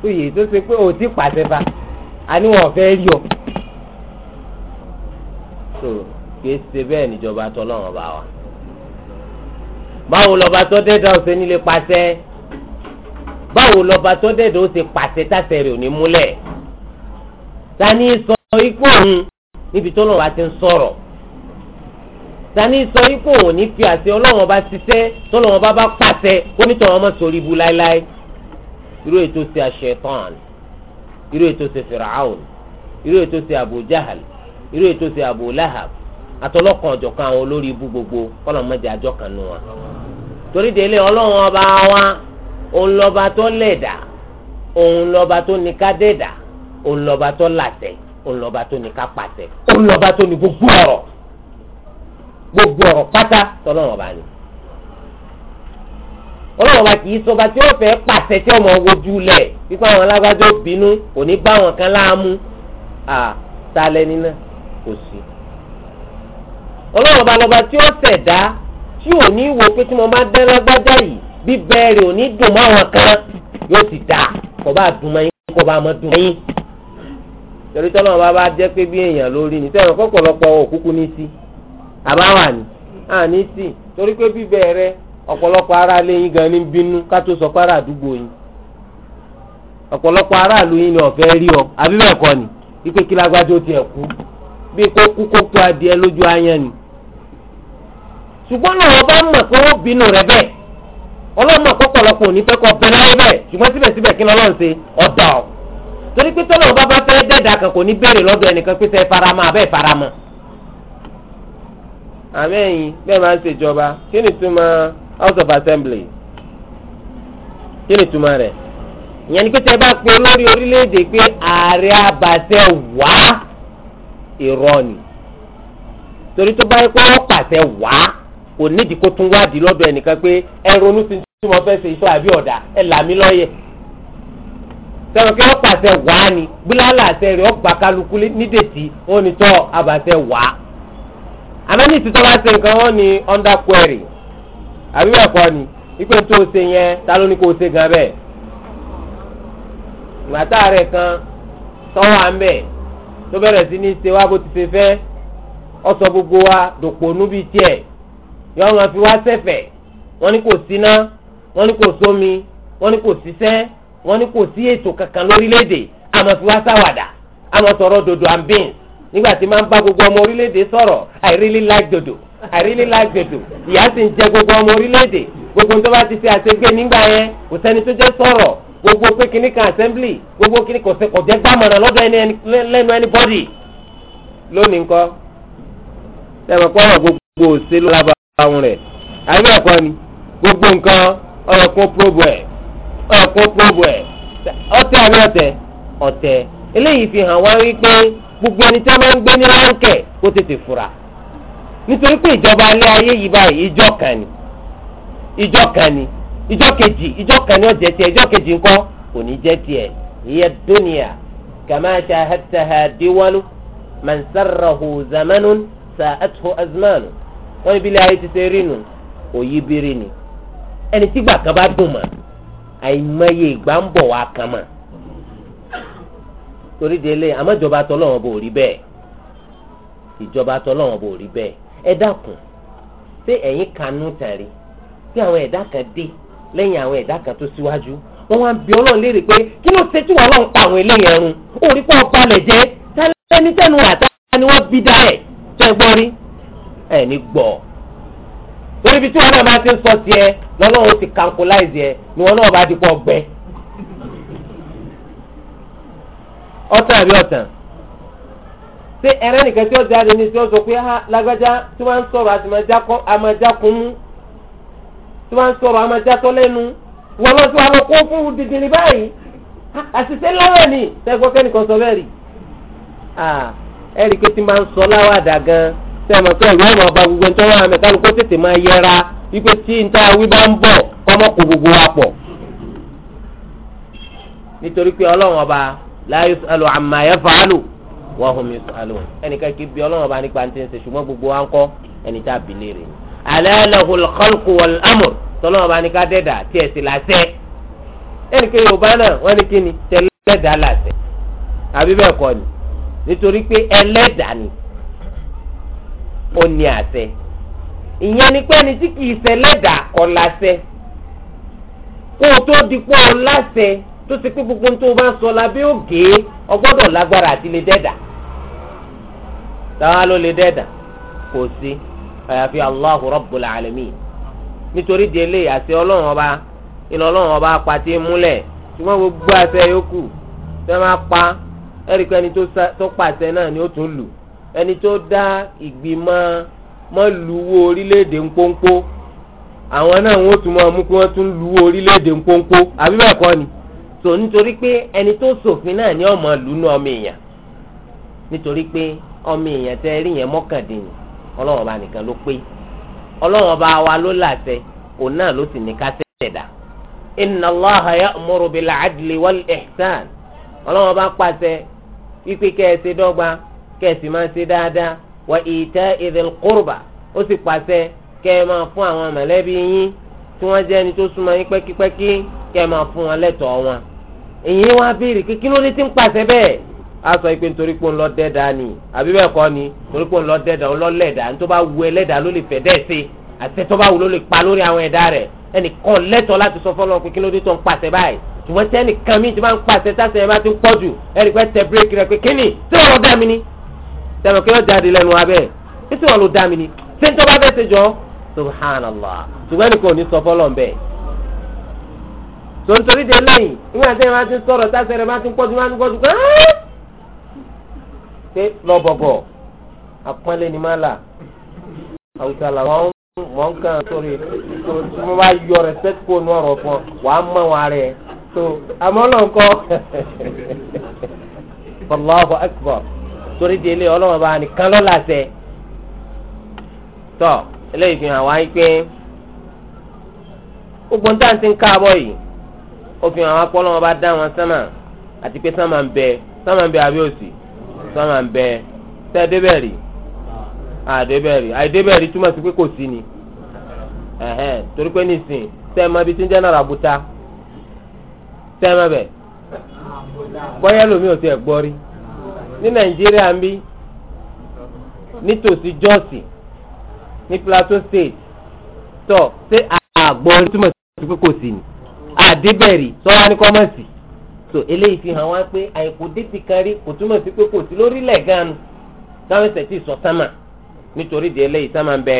Speaker 1: oyè tó ṣe pé o pàṣẹ bá a ní wọn fẹ́ rí ọ. so kìí ṣe bẹ́ẹ̀ níjọba tó lọ́wọ́ bá wa báwo lọ́ba tó dẹ́dá ó ṣe nílé pàṣẹ báwo lọ́ba tó dẹ́dá ó ṣe pàṣẹ tàṣẹ rẹ̀ ò ní múlẹ̀ ta ni sọ ikú òun níbi tó lọ́wọ́ bá ti ń sọ̀rọ̀ tani sọ yìí kò wọ́n ní fi àṣẹ ọlọ́wọ́n bá ṣiṣẹ́ tó lọ́wọ́n bá bá pàṣẹ kó nítorí wọn mọ̀ sórí ibu láéláé irú ètò ṣe àṣetán irú ètò ṣe fìràhùn irú ètò ṣe Abu Jahal irú ètò ṣe Abu Lahab àtọlọ́kan ọ̀jọ̀kan àwọn olórí ibú gbogbo kọ́lọ̀ mọ́jà àjọ kan nù wọn. torí délé ọlọ́wọ́n ọba wa òun lọ́ba tó lẹ̀dá òun lọ́ba tó ní ká òun lọ́ba tó làtẹ̀ ńlọba tó ní ká ńlọba tó ní gbogbo ọ̀rọ̀ gbogbo ọ̀rọ̀ pátá tọlọ́run ọba ni ọlọ́run ọba kì í sọba tí ó fẹ́ pàṣẹ tí ọmọ wojú lẹ̀ pípa àwọn alágbájọ bínú kò ní bá wọn kan láàmú à ta lẹni náà kò sí ọlọ́run ọba lọba tí ó ṣẹ̀dá tí ò ní wo pé tí mo bá dẹ́ lágbájá yìí bíbẹ́ rẹ̀ ò ní dùn mọ́ àwọn kan yóò sì dà kọ́ bá dùn mọ́ yín kọ́ bá mọ́ dùn mọ́ yín torí tọ́lọ́ bá bá jẹ́ pé bí èèyàn lórí ni sẹ́wọ̀n kọ́pọ̀lọpọ̀ òkúkú ní sí àbáwá ni à ní sí torí pé bíbẹ̀ rẹ ọ̀pọ̀lọpọ̀ ará ilé yín gan ní bínú ká tó sọ párá àdúgbò yín ọ̀pọ̀lọpọ̀ ará ìlú yín ni ọ̀fẹ́ rí ọ àbí bẹ́ẹ̀ kọ́ ni ipe kí lágbájọ tiẹ̀ kú bí kó kú kó tó adìẹ lójú ayán ni ṣùgbọ́n náà ọba mọ̀ pé ó bínú rẹ bẹ́ẹ̀ ọlọ́mọ kọ́pọ̀lọpọ̀ ò ní fẹ́ kọ́ bẹ́ẹ̀ láyé bẹ́ẹ̀ ṣùgbọ́n síbẹ̀síbẹ̀ kí ni ọlọ́run ṣe ọ̀dà ọ̀ torí pé tọ́lọ̀ ọba bá fẹ́ dẹ́dà kan kò ní béèrè lọ́dọ̀ ẹnìkan pé fẹ́ faramọ́ abẹ́ faramọ́. àmẹ́yìn bẹ́ẹ̀ máa ń ṣèjọba kí ni túmọ̀ house of assembly kí ni túmọ̀ rẹ̀ ìyẹn ni pé tẹ́ bá pe olórí orílẹ̀-èdè pé ààrẹ abàṣẹ wá irọ́ ni torí tó bá yẹ kó wọ́n pàṣẹ wá kò nídìí kó tún wádìí lọ́dọ̀ ẹnìkan pé ẹ ronú sí tí mo fẹ́ ṣe iṣẹ́ àbí ọ̀dà ẹ là lọ́yẹ̀ sẹ́wọ̀n kí wọ́n pàṣẹ wàá ni bílálà àṣẹ rẹ̀ ọgbà kálukú nídètí wọn ni tọ́ àbàṣẹ wàá. àmọ́ ní ìtìtọ́ bá ṣe nǹkan wọn ni under query àbí bẹ́ẹ̀ kọ́ ni ipe tó o ṣe yẹn ta ló ní kó o ṣe gan bẹ́ẹ̀. ìgbàtà rẹ̀ kan tọ́wọ́ à ń bẹ̀ tó bẹ̀rẹ̀ sí ní ṣe wá bó ti ṣe fẹ́ ọ̀sọ̀ gbogbo wa dòpò núbi tiẹ̀ yọ wọn fi wá sẹ̀fẹ̀ wọn ni kò síná wọn ni kò sómi wọn ni kò síṣẹ́ wọ́n ní kò sí ètò kankan lórílẹ̀‐èdè àmọ́ fi dodo and beans nígbà tí máa ń bá gbogbo ọmọ orílẹ̀‐èdè sọ̀rọ̀ I really like dodo I really like dodo ìyá sì ń jẹ gbogbo ọmọ orílẹ̀‐èdè gbogbo tó bá ti ṣe àṣegbè nígbà yẹn kò sẹ́ni tó jẹ́ sọ̀rọ̀ gbogbo pé kinní kan assembly gbogbo kinní kò sẹ́ kò jẹ́ gbàmọ̀ràn lọ́dọ̀ ẹni lẹ́nu anybody lónìí ńkọ́ tẹ̀wọ̀n kọ́ ọ̀rọ̀ gbogbo òṣèlú alábàáwọn rẹ̀ àyẹ̀wò ẹ̀kọ́ ni gbogbo nǹkan ọ̀rọ̀ kan probe ọ̀kọ́ pọ́ọ̀bù ẹ̀ ọ̀tẹ̀ àbí ọ̀tẹ̀ ọ̀tẹ̀ eléyìí fi hàn wá wípé gbogbo ẹni tí wọ́n máa ń gbé ní ránkẹ̀ kó tètè fura nítorí pé ìjọba alẹ́ ayé yìí báyìí ìjọ kan ni ìjọ kan ni ìjọ kejì ìjọ kan ni ó jẹ́ tiẹ̀ ìjọ kejì ńkọ́ kò ní jẹ́ tiẹ̀ ìyẹn dúnìyà kàmáṣá hẹ́tẹ́hẹ́ díwọ́lú mẹ́nsẹ́rọ̀hù zamanu sàátù azmanu wọ́n ibi ilé ayé ti ṣe rí nu òyìnbí ni ẹni tí gbà bá dùn mọ́. àìmọye ìgbà ń bọ̀ wá kan torí délé àmọ́jọba ìjọba tọ́lọ́wọ́n bò rí bẹ́ẹ̀ ẹ dákun ṣé ẹ̀yin kanú tàrí bí àwọn ẹ̀dá kan dé lẹ́yìn àwọn ẹ̀dá tó síwájú wọ́n wá ń bi ọlọ́run léèrè pé kí ló ṣe tí wọ́n lọ́n pa àwọn eléyìí jẹ́ tẹ́lẹ́ni ni wọ́n bí dá ẹ̀ tẹ́ ẹ̀ ní gbọ́ torí ibi tí wọ́n náà máa ti lọ́lọ́run ti kankuláìsì ẹ̀ ni wọn náà bá di pọ̀ gbẹ. ọ̀tàn àbí ọ̀tàn ṣé ẹ̀rẹ́ nìkan tí ó jáde ní tí ó sọ pé ha lágbájá tí wọ́n ń sọ̀rọ̀ àmàjákun mú tí wọ́n ń sọ̀rọ̀ àmàjátọ́ lẹ́nu wọ́n lọ sí wa lọ kó fún dìdìrín báyìí àṣìṣe láwẹ̀ ni tẹ́gbọ́n kẹ́nìkan sọ bẹ́ẹ̀ rí ẹ̀rí pé tí máa ń sọ láwàdà gan-an tẹ́ ẹ mọ̀ pé ìwé ọ̀nà wípé tí n táa wí bá ń bọ̀ kọ́mọ́ kó gbogbo wa pọ̀ nítorí pé ọlọ́run ọba la yusalu amma yafalu wa hum yusalun ẹnìkan kì í bi ọlọ́run ọba nípa ti ń ṣe ṣùgbọ́n gbogbo wa ń kọ́ ẹni tá a bì léèrè ni ala lahul khalqu wal amr ọba ní ká dẹ́dà tí ẹ̀ sì láṣẹ ẹnìkan yorùbá náà wọ́n ìyẹn ni pé ẹni tí kìí ṣẹlẹ́dà kọ́ láṣẹ kó o tó di pọ́ ọ láṣẹ tó ti pé gbogbo tó o bá sọ lábẹ́ ògè ọgbọ́dọ̀ lágbára àti lè dẹ́dà táwa ló lè dẹ́dà kò sí àyàfi Allahu Rabbul Alamin nítorí di eléyìí àti ọlọ́run ọba ìlọ ọlọ́run ọba pàtí múlẹ̀ ṣùgbọ́n gbogbo àṣẹ yòókù tẹ́ máa pa ẹ̀rí pé ẹni tó pàṣẹ náà ni ó tún lù ẹni tó dá ìgbìmọ̀ mọ́ luwó orílẹ̀-èdè ńpọ́npó àwọn náà wọ́n tún máa mú kí wọ́n tún luwó orílẹ̀-èdè àbí bẹ́ẹ̀ kọ́ ni tò nítorí pé ẹni tó náà ni ọmọ lùnú ọmọ èèyàn nítorí pé ọmọ èèyàn tẹ́ rí yẹn mọ́kàndínlẹ̀ ọlọ́run ọba nìkan ló pé ọlọ́run ọba wa ló làṣẹ òun náà ló sì ní ká pàṣẹ wípé ṣe dọ́gba sì máa ṣe wa ita'i dhil qurba ó sì pàṣẹ kẹ́ ẹ máa fún àwọn mọ̀lẹ́bí yín tí wọ́n jẹ́ ẹni tó súnmọ́ yín pẹ́kípẹ́kí kẹ́ ẹ máa fún wọn lẹ́tọ̀ọ́ wọn. èyí wá béèrè pé kí ló dé tí ń pàṣẹ bẹ́ẹ̀ á sọ pé nítorí pé ń lọ dẹ́dàá ni àbí bẹ́ẹ̀ kọ́ ni nítorí pé ń lọ dẹ́dàá ń lọ lẹ́dàá ní tó bá wu ẹlẹ́dàá ló lè fẹ́ dẹ́ ṣe àti tó bá wù ló lè pa lórí àwọn ẹ̀dá rẹ̀ ẹnìkan lẹ́tọ̀ọ́ láti sọ fọ́lọ́ pé kí ló dé tó ń pàṣẹ báyìí ṣùgbọ́n tẹ́nìkan mi ti máa ń pàṣẹ tásẹ̀ ẹ bá ti ń pọ̀jù ẹnìkan tẹ bírèkì rẹ̀ pé kíni tí wọ́n lọ dá mi ni sẹ́mi kí wọ́n jáde lẹ́nu abẹ́ ẹ sì wọ́n ló dá mi ni ṣé ń tọ́ba bẹ́ẹ̀ ṣe jọ subhanallah ṣùgbọ́n ẹnì kan ò ní sọ fọlọ́ bẹ́ẹ̀. sọ nítorí de lẹ́yìn ìwé àti ẹ̀rọ ti sọ̀rọ̀ sáṣẹ rẹ̀ máa ti ń pọ̀ sí máa ń pọ̀ sí pé ṣé lọ́bọ̀bọ̀ àpọ́nlé ni máa là àwùjọ làwọn mọ̀ ń kàn sórí tí mo bá yọ respect kó nu ọ̀rọ̀ fún ọ wàá mọ̀ wọn rẹ̀ so àmọ́ lọ́nkọ́ torí di eléyìí ọlọ́run bá nìkan lọ́làṣẹ tọ́ eléyìí fi hàn wá pé gbogbo ń tàǹtí ń káàbọ̀ yìí ó fi hàn wá pé ọlọ́run bá dá wọn sánmà àti pé sánmà ń bẹ sánmà ń bẹ àbí òsì sánmà ń bẹ tẹ́ débẹ̀rì àdébẹ̀rì àìdébẹ̀rì túmọ̀ sí pé kò sí ni torí pé nísìnyí tẹ́ ẹ mọ ibi tí ń jẹ́ náírà buta tẹ́ ẹ mọ bẹ̀ bọ́yá lómi ò tiẹ̀ gbọ́ rí ní nàìjíríà ń bí nítòsí jọ́ọ̀sì ní plateau state tó ṣé àgbọ̀n túmọ̀ sí pé kò sí ni àdébẹ̀rì sọ́wọ́n ní kọ́mọ̀sì tó eléyìí fi hàn wá pé àìkú dìtì kan rí kò túmọ̀ sí pé kò sí lórílẹ̀ gan-an táwọn ẹsẹ̀ tí ì sọ sámà nítorí di eléyìí sámà ń bẹ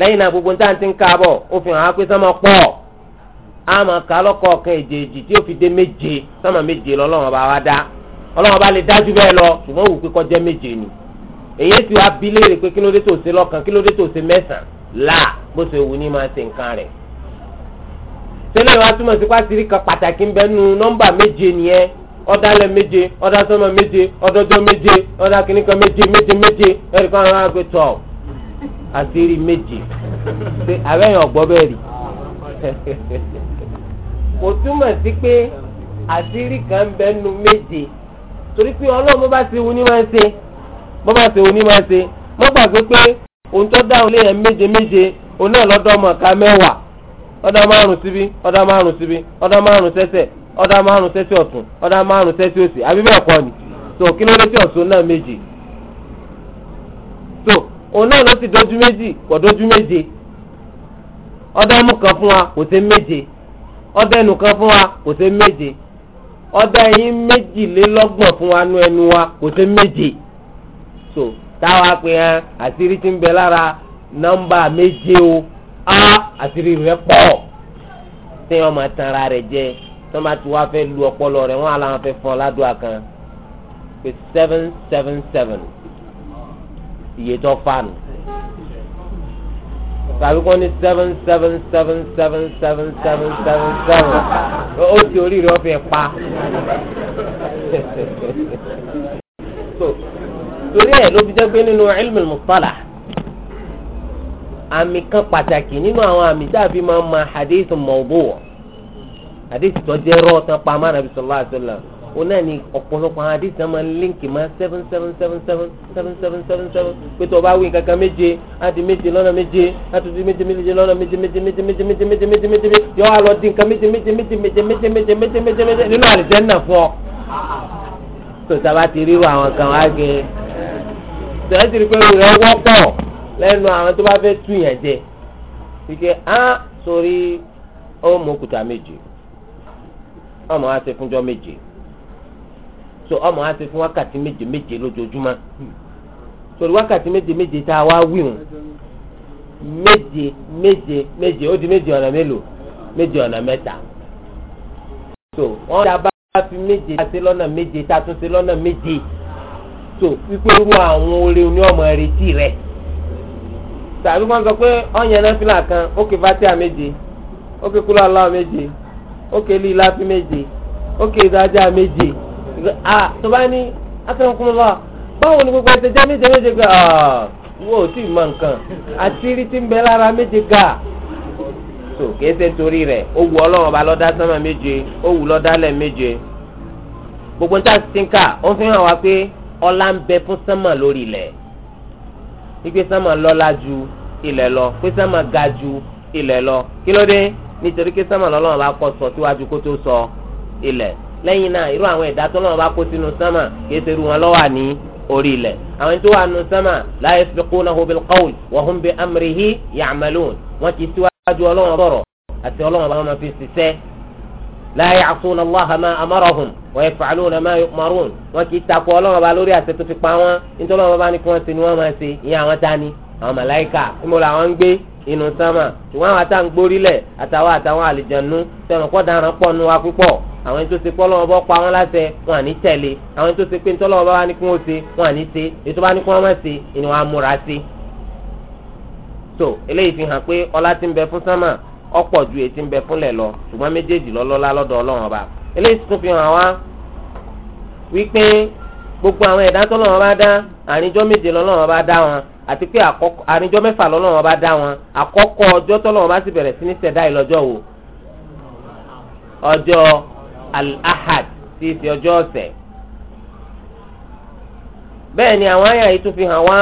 Speaker 1: lẹ́yìn náà gbogbo níta ti ń káàbọ̀ ó fi hàn wá pé sámà pọ̀ àmọ́ kálọ́kọ̀ọ́kan èjèèjì tí ó fi dé méje sámà méje lọ́lọ́run ọba wa dá ọlọ́wọ́n bá lè dájú bẹ́ẹ̀ lọ ṣùgbọ́n wù pé kọjá méje ni èyí tí wàá bi léèrè pé kí ló dé tó ṣe lọ́kàn kí ló dé tó ṣe mẹ́sàn-án là bó ṣe wù ní máa ṣe nǹkan rẹ̀ tẹ́lẹ̀ wàá túmọ̀ sí pàṣírí kan pàtàkì ń bẹ nu nọ́mbà méje nìyẹn ọ̀dàlẹ̀ méje ọ̀dàsọ́mọ méje ọ̀dọ́jọ́ méje ọ̀dàkìnìkan méje méje méje ẹ̀rí kan rárá pé tọ̀ àṣírí méje ṣe àbẹ́yẹn ọ̀gbọ́ bẹ́ẹ̀ rí kò túmọ̀ sí pé àṣírí kan ń bẹ nu méje torí pé ọlọ́run bá ṣe oní máa ń ṣe bó bá ṣe oní máa ń ṣe mo gbàgbé pé òun tó dáhùn léèyàn méje méje òun náà lọ́dọ̀ ọmọ ká mẹ́wàá ọ̀dà márùn so kí ló dé tí ọ̀sùn náà méje òun náà ló ti dojú méjì kan fún wa kò sí kan fún wa kò ọdá yín méjìlélọ́gbọ̀n fún wa nú ẹnu wa kò sí méje so táwa pé hàn àṣírí ti ń bẹ lára nọ́mbà méje o á àṣírí rẹ̀ pọ̀ tí wọ́n máa tan ara rẹ̀ jẹ tí wọ́n bá ti wá fẹ́ lu ọpọlọ rẹ̀ wọ́n á láwọn fẹ́ fún ọ kan pé seven seven seven iye tó fà nù tàbí kọ́ ní seven seven seven seven seven seven seven seven ó ti orí rẹ̀ ọ̀fẹ́ pa. torí ẹ̀ ló fi jẹ́ pé nínú ilmu mustalah àmì kan pàtàkì nínú àwọn àmì dàbí máa ma hadith mawdu' hadith tó jẹ́ rọ́ọ̀tàn pa amára bisalòlá àti sọlá òun náà ni ọ̀pọ̀lọpọ̀ àwọn àdìsí náà máa ń líǹkì máa seven seven seven seven seven seven seven seven pé tó o bá wí kankan méje á di méje lọ́nà méje á tún di méje méje lọ́nà méje méje méje méje méje méje méje méje méje yọ wá lọ di nǹkan méje méje méje méje méje méje méje méje méje nínú àlìjẹ́nà fún ọ. tó sábà ti ríru àwọn kan wá gé e. sọ̀rọ̀ ti rí pé rẹ̀ wọ́pọ̀ lẹ́nu àwọn tó bá fẹ́ túyàn jẹ wíkẹ́ á sórí ó mú òkúta méje ọmọ wa ṣe fúnjọ́ méje so ọmọ wa fún wákàtí méje méje sori wákàtí méje méje tá a wá wíwùn méje méje méje ó di méje ọ̀nà mélòó méje ọ̀nà mẹ́ta so wọ́n dá bá fi méje tá a lọ́nà méje tá tún lọ́nà méje so wípé irú àwọn oore ní ọmọ retí rẹ̀ tàbí ta sọ pé na náà fìlà kan ó ké fatia méje ó ké kúlọ̀ méje ó lílá fi méje ó a tó bá ní asalamualeykum báwo ni gbogbo ẹsẹ̀ jẹ́ méje méje ga wọ́n ò tí ì mọ nǹkan àti rí ti ń bẹ lára méje ga so kìí ṣe torí rẹ̀ ó wù ọlọ́run ọba lọ́dá sánmà méje ó wù lọ́dá lẹ̀ méje gbogbo níta ti ń kà ó fi hàn wá pé ọlá ń bẹ fún sánmà lórí ilẹ̀ wípé sánmà lọ́lá ju ilẹ̀ lọ pé sánmà ga ju ilẹ̀ lọ kí ló dé nítorí pé sánmà lọ́lọ́run ọba kọ́ sọ síwájú kó tó sọ ilẹ̀ lẹ́yìn náà irú àwọn ẹ̀dá tó lọ́wọ́ bá kó sínú sánmà kìí ṣe irú wọn lọ́wọ́ ní orí ilẹ̀ àwọn tó wà nù sánmà la yasbiqunahu bil qawl wa hum bi amrihi ya'malun wọn ti síwájú ọlọ́wọ́n bọ̀rọ̀ àti ọlọ́wọ́n bá wọn fi ṣiṣẹ́ la ya'suna Allaha ma amarahum wa yaf'aluna ma yu'marun wọn ti takò ọlọ́wọ́n bá lórí àṣẹ tó fi pa wọn nítorí wọn bá ní kí wọ́n ṣe ni wọ́n máa ṣe ìyẹn àwọn tani àwọn màláìkà ìmọ̀lá àwọn gbé inú sámà ṣùgbọ́n àwọn àtà ń gbórílẹ̀ àtàwọn àtàwọn àlìjànú sẹ́wọ̀n kọ́ daran pọ̀ nu wa púpọ̀ àwọn ètò ti pọ́ lọ́wọ́ bọ́ pa wọ́n láṣẹ wọn à ní tẹ̀lé àwọn ètò ti pé ń tọ́lọ́wọ́ bá wá ní kí wọ́n ṣe wọn à ní ṣe ètò bá ní kí wọ́n má ṣe ìní wọn á múra sí. so eléyìí fi hàn pé ọlá ti ń bẹ fún sámà ọ̀pọ̀ ju èyí ti ń bẹ fúnlẹ̀ lọ ṣùgbọ́n méjèèjì lọ́lọ́lá lọ́dọ̀ Ọlọ́run ọba eléyìí tún fi hàn wá wípé gbogbo àwọn ẹ̀dá tó lọ́wọ́ bá dá àríjọ́ méje lọ́wọ́ bá dá wọn àti pé àríjọ́ mẹ́fà lọ́wọ́ bá dá wọn àkọ́kọ́ ọjọ́ bá sì bẹ̀rẹ̀ sí ní ìlọ́jọ́ wo ọjọ́ al-ahad tí í ọjọ́ ọ̀sẹ̀ bẹ́ẹ̀ ni àwọn àyà yìí tún fi hàn wá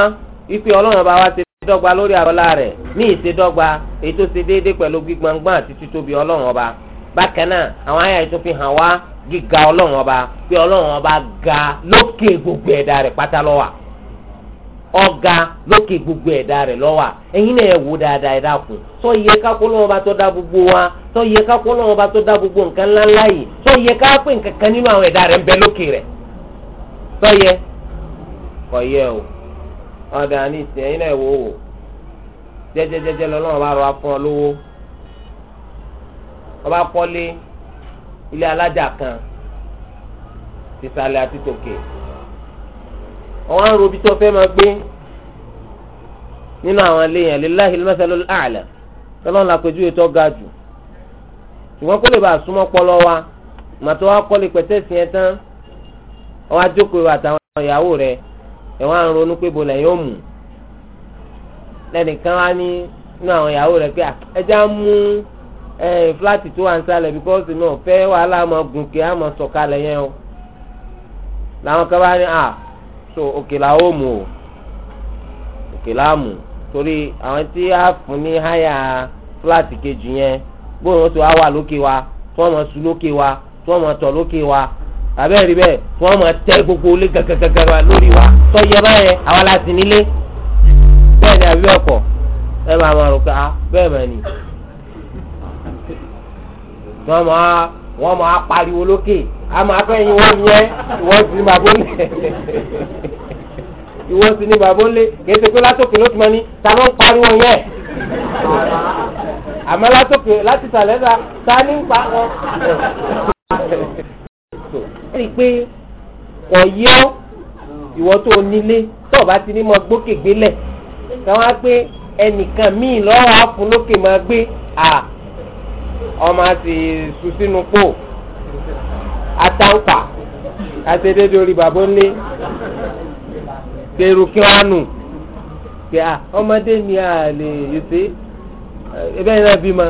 Speaker 1: ipe ọlọ́run bá wá ṣe dọ́gba lórí àrọ́lá rẹ̀ ní ìṣedọ́gba èyí tó ṣe àti títóbi ọba náà àwọn àyà wá gíga ọlọ́run ọba pé ọlọ́run ọba ga lókè gbogbo ẹ̀dá rẹ̀ pátá lọ́wà ọga lókè gbogbo ẹ̀dá rẹ̀ lọ́wà ẹ̀yin náà ẹ̀ wò dáadáa ẹ̀dá kù tó yẹ kákó gbogbo wa sọ yẹ kákó lọ́wọ́ ọba tó dá gbogbo nǹkan ńláńlá yìí yẹ nǹkan kan nínú àwọn ẹ̀dá rẹ̀ ń bẹ lókè rẹ̀ sọ yẹ yẹ ilé alájà kan tìsàlẹ̀ àti tòkè ọ̀hún robi tó fẹ́ máa gbé nínú àwọn ilé yẹn lillahi al-mathalul a'la tọ́lọ́n la pẹ̀jú ètò ọ̀gá jù ṣùgbọ́n kó lè bá a súnmọ́ pọlọ wa màtó wa kọ́lé pẹ̀tẹ́sì yẹn tán ọwọ́ ajókòó àtàwọn ìyàwó rẹ̀ ẹ̀wọ̀n à ń ronú pé bolẹ̀ yóò mú lẹ́nìkan wá ní inú àwọn ìyàwó rẹ̀ pé ẹja mú. ẹ fúláàtì tó wà ń sálẹ̀ bíkọ́sì náà fẹ́ wàhálà máa gùnkè á máa yẹn o làwọn ah, so òkè làwọn ò mú o òkè làmù torí àwọn tí a fún ní háyà fúláàtì kejì yẹn bóun wá wa tí wọ́n máa sùn lókè wa tí wọ́n máa tọ̀ lókè wa àbẹ́ rí bẹ́ẹ̀ tí wọ́n máa gbogbo gàgàgàgà lórí wa tọ́jú ẹ báyẹn àwa la sì nílé bẹ́ẹ̀ ni àbí ẹ máa máa rò ah, tí wọ́n máa wọ́n máa pariwo lókè a máa fẹ́ yin wọ́n yẹ ìwọ́n sì ní bàbá ó lé ìwọ́n sì ní bàbá ó lé kìí ṣe pé látòkè ló ti máa ní ta ló ń pariwo yẹn àmọ́ látòkè láti sàlẹ̀ ta ta ní ń pa wọn. ẹ rí i pé kò yẹ ọ́ ìwọ tó o nílé tó o bá ti ní mọ gbókè gbélẹ̀ kí wọ́n pé ẹnìkan míì lọ́wọ́ á fún lókè máa gbé à ọmọ àti sùsínú pò atáǹpà àtẹ̀dẹ́dẹ́ orí bàbá ńlẹ̀
Speaker 2: tẹ̀rù kí wọ́n á nù
Speaker 1: pé à ọmọdé ni a lè ṣe ẹbẹ́ yẹn náà bí ma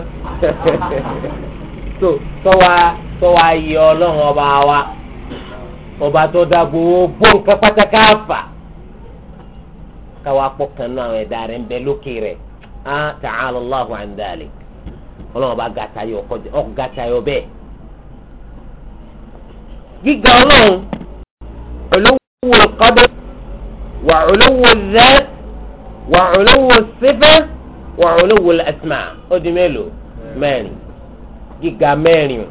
Speaker 1: so tọ́wa tọ́wa yẹ ọlọ́run ọba wa ọba tó dá gbowó bó nǹkan pátákà fà káwa pọ̀ náà àwọn ẹ̀dá ń bẹ lókè rẹ̀ á ta'ala Allahu an ọlọ́run bá gata yọ kọjá ọ gata yọ bẹ́ẹ̀. gíga ọlọ́run olówó kọ́dọ̀ wà olówó zẹ́t wà olówó sífẹ́ wà olówó ẹ̀sìmà ó di mélòó mẹ́rin gíga mẹ́rin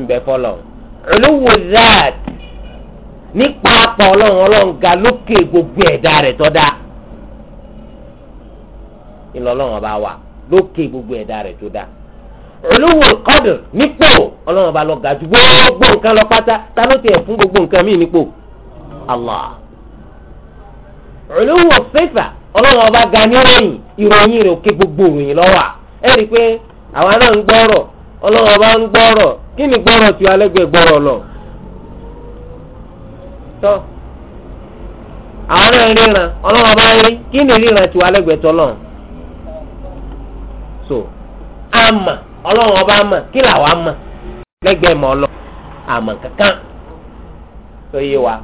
Speaker 1: ń bẹ fọlọ́ olówó zẹ́t nípa apá ọlọ́run ọlọ́run ga lókè gbogbo ẹ̀dá rẹ̀ tọ́ da ńlọ ọba wà. lókè gbogbo ẹ̀dá rẹ̀ tó dá olówó kọ́dùn nípò ọlọ́run bá lọ ga ju gbogbo lọ pátá ta ló fún gbogbo nǹkan míì nípò Allah olówó fífà ọlọ́run ọba ga níròyìn ìròyìn rẹ̀ òkè gbogbo lọ́wọ́ ẹ rí i pé àwa náà ń gbọ́rọ̀ ọlọ́run ń gbọ́rọ̀ kí ni gbọ́rọ̀ tí alẹ́gbẹ̀ẹ́ gbọ́rọ̀ lọ. tọ́ àwọn náà ríran ọlọ́run àmà ọlọ́run ọba àmà kí làwọn àmà lẹ́gbẹ̀ẹ́ mọ́ ọlọ́ àmà kankan tó yé wa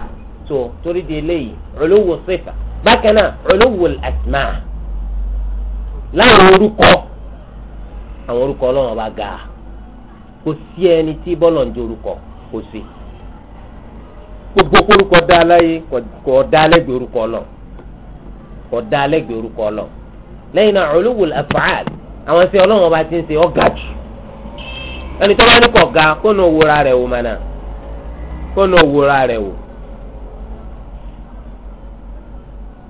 Speaker 1: tó torí di eléyìí olówó sífà bákan náà olówó àtìmá láwọn orúkọ àwọn orúkọ ọlọ́run ọba ga kò sí ẹni tí bọ́lọ̀ ń jẹ orúkọ kò sí gbogbo orúkọ dá láyé kò dá lẹ́gbẹ̀ẹ́ orúkọ lọ kò dá lẹ́gbẹ̀ẹ́ orúkọ lọ lẹ́yìn náà olówó àfààlì. àwọn ẹsẹ Ọlọ́run ọba ti ń ṣe ọ̀gá jù ẹni tó bá ní kọ ga kó nu òwúra rẹ̀ wò mọnà kó nu òwúra rẹ̀ wò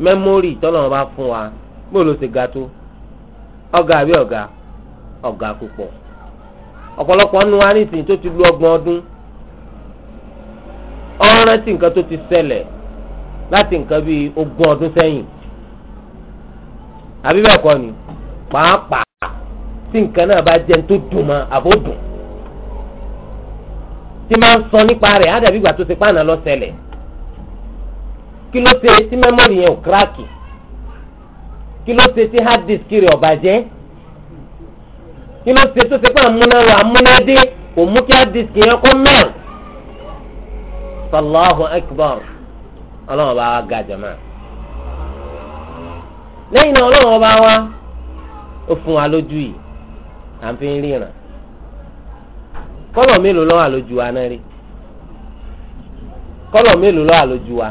Speaker 1: mẹmórì tọ́lọ́run bá fún wa bó ló ṣe ga tó ọ̀gá àbí ọ̀gá ọ̀gá púpọ̀ ọ̀pọ̀lọpọ̀ nu wa nísìnyí tó ti lu ọgbọ̀n ọdún ọ̀ràn tí nǹkan tó ti ṣẹlẹ̀ láti nǹkan bíi ogún ọdún sẹ́yìn àbí bẹ́ẹ̀ kọ́ ni pàápàá tí nǹkan náà bá jẹun tó dùn mọ́ àbó dùn tí máa ń sọ nípa rẹ̀ á dàbí ìgbà tó ti pààna lọ ṣẹlẹ̀ kí ló ṣe tí mẹ́mọ́rì yẹn ò kíráàkì kí ló ṣe tí hard disk rẹ̀ ò bàjẹ́ kí ló ṣe tó ṣe pé àmúnáwó àmúnádé kò mú kí hard disk yẹn kó mẹ́rin Allahu akbar ọlọ́run bá wa ga jama lẹ́yìn náà ọlọ́run bá wa ó fún wa lójú yìí à ń fi ń ríran kọ́lọ̀ mélòó lọ́wọ́ àlójú wa náà rí kọ́lọ̀ mélòó lọ́wọ́ àlójú wa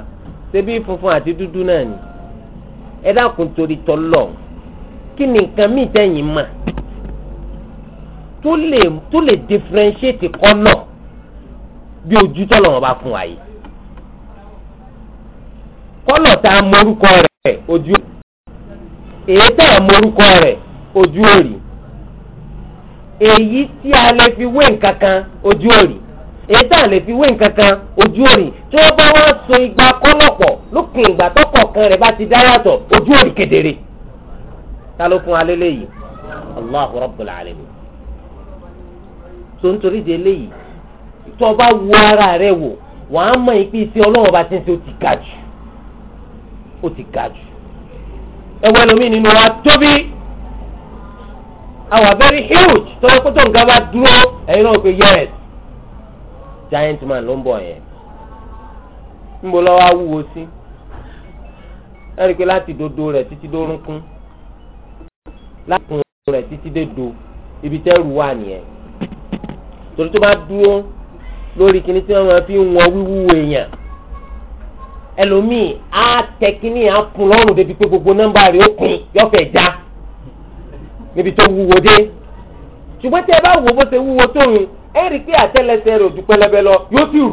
Speaker 1: ṣebí funfun àti dúdú náà ni ẹ dákun torí tọ́lọ̀ kí ni nǹkan míì tẹ̀yìn mà tó lè tó lè differentiate kọ́nà bí ojú tọ́lọ̀ wọn bá fún wa yìí kọ́lọ̀ tá a mọ orúkọ rẹ̀ ojú èyí tá a mọ orúkọ rẹ̀ ojú òrì. èyí tí a lè fi wé nǹkan ojú òrì èyí tí a lè fi wé nǹkan ojú òrì tí wọ́n bá wọ́n so igba kọ́lọ̀pọ̀ lópin ìgbà tọkọ̀ọ̀kan rẹ̀ bá ti dá yàtọ̀ ojú òrì kedere ta ló fún alẹ́ léyìí allahu rabbul alamin tó ń torí di eléyìí tó bá wo ara rẹ̀ wò wàá mọ̀ ìpín iṣẹ́ ọlọ́run bá ti ń ṣe ó ti ga jù ó ti ga jù ẹ̀wọ̀n ẹlòmíì nínú wa tóbi. àwọn very huge tọ́lọ́ pé tó nǹkan bá dúró ẹ̀yin náà pé yes giant man ló ń bọ̀ yẹn níbo lọ́wọ́ awúwo sí ẹ̀rí pé láti dodo rẹ̀ títí dórúnkún láti kun rẹ̀ títí dédo ibi tẹ́rù wà nìyẹn torí tó bá dúró lórí kíní tí wọ́n fi ń wọn wíwúwo èèyàn ẹlòmíì á tẹ kíní á kun lọ́rùn débi pé gbogbo nọ́mbà rẹ̀ ó kun yọ̀fẹ̀ já níbi tó wúwo dé ṣùgbọ́n tí ẹ bá wò bó ṣe wúwo tó yun ẹ rí i pé àtẹ́lẹsẹ̀ rẹ̀ ò lọ yóò sì rù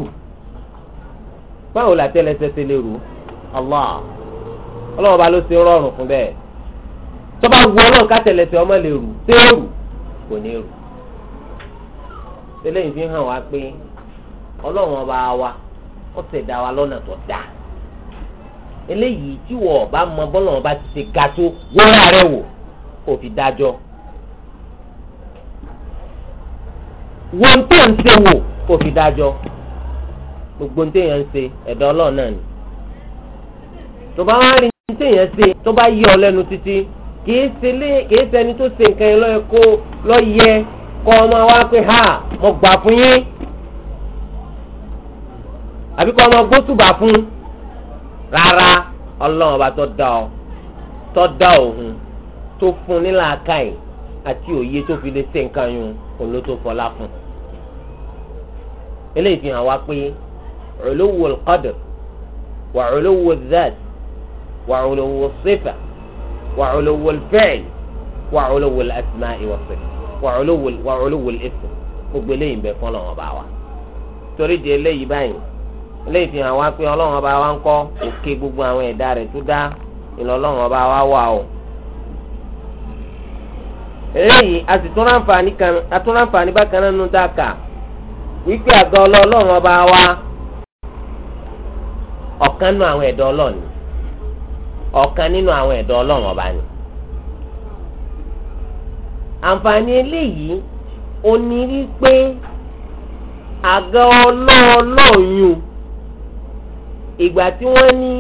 Speaker 1: báwo la àtẹ́lẹsẹ̀ ṣe lè rù Allah ọlọ́run ọba ló ṣe rọrùn fún bẹ́ẹ̀ tó bá wù ọlọ́run kátẹ́lẹsẹ̀ ọmọ lè rù ṣé ó rù kò ní rù eléyìí fi hàn wá pé ọlọ́run ọba wa ó ṣẹ̀dá wa lọ́nà tó dáa eléyìí tí wọ́n ọba mọ bọ́lọ́run ọba ti ṣe ga tó wọ́n rà rẹ̀ wò kò fi dájọ́ wọ́n tó ń ṣe wò kò fi dájọ́ gbogbo téèyàn ń ṣe ẹ̀dọ́ ọlọ́run náà ni tó bá wá rí téèyàn ṣe tó bá yẹ ọ lẹ́nu títí kìí ṣe ẹni tó ṣe nǹkan yẹn lọ́yẹ kó lọ́yẹ kọ́ ọmọ wa pé ha mo gbà fún yín àbí kọ́ ọmọ gbósùbà fún rárá ọlọ́run ọba tó dá ọ tó dá òun tó fún ní làákàyè àti òye tó fi lè ṣe nǹkan yun kò ló tó fọlá fún eléyìí fi hàn wá pé uluwu al-qadr wa uluwu al-dhat wa uluwu al-sifa wa uluwu al-fi'l wa uluwu al-asma'i was-sifa wa uluwu wa uluwu al gbogbo eléyìí ń bẹ fún Ọlọ́run ọba wa torí di eléyìí báyìí eléyìí fi hàn wá pé Ọlọ́run ọba wa ń kọ́ òkè gbogbo àwọn ẹ̀dá rẹ̀ tó dá ìlọ́lọ́run ọba wa wà o. eléyìí a sì tún ráǹfààní kan a tún ráǹfààní bákan náà nínú dáka wípé wa ọ̀kan nínú àwọn ẹ̀dọ́ ọlọ́run ọ̀kan nínú àwọn ẹ̀dọ́ ọlọ́run ọba ni. àǹfààní eléyìí ó ní wípé àga ọlọ́ọ̀lọ́yún ìgbà tí wọ́n ní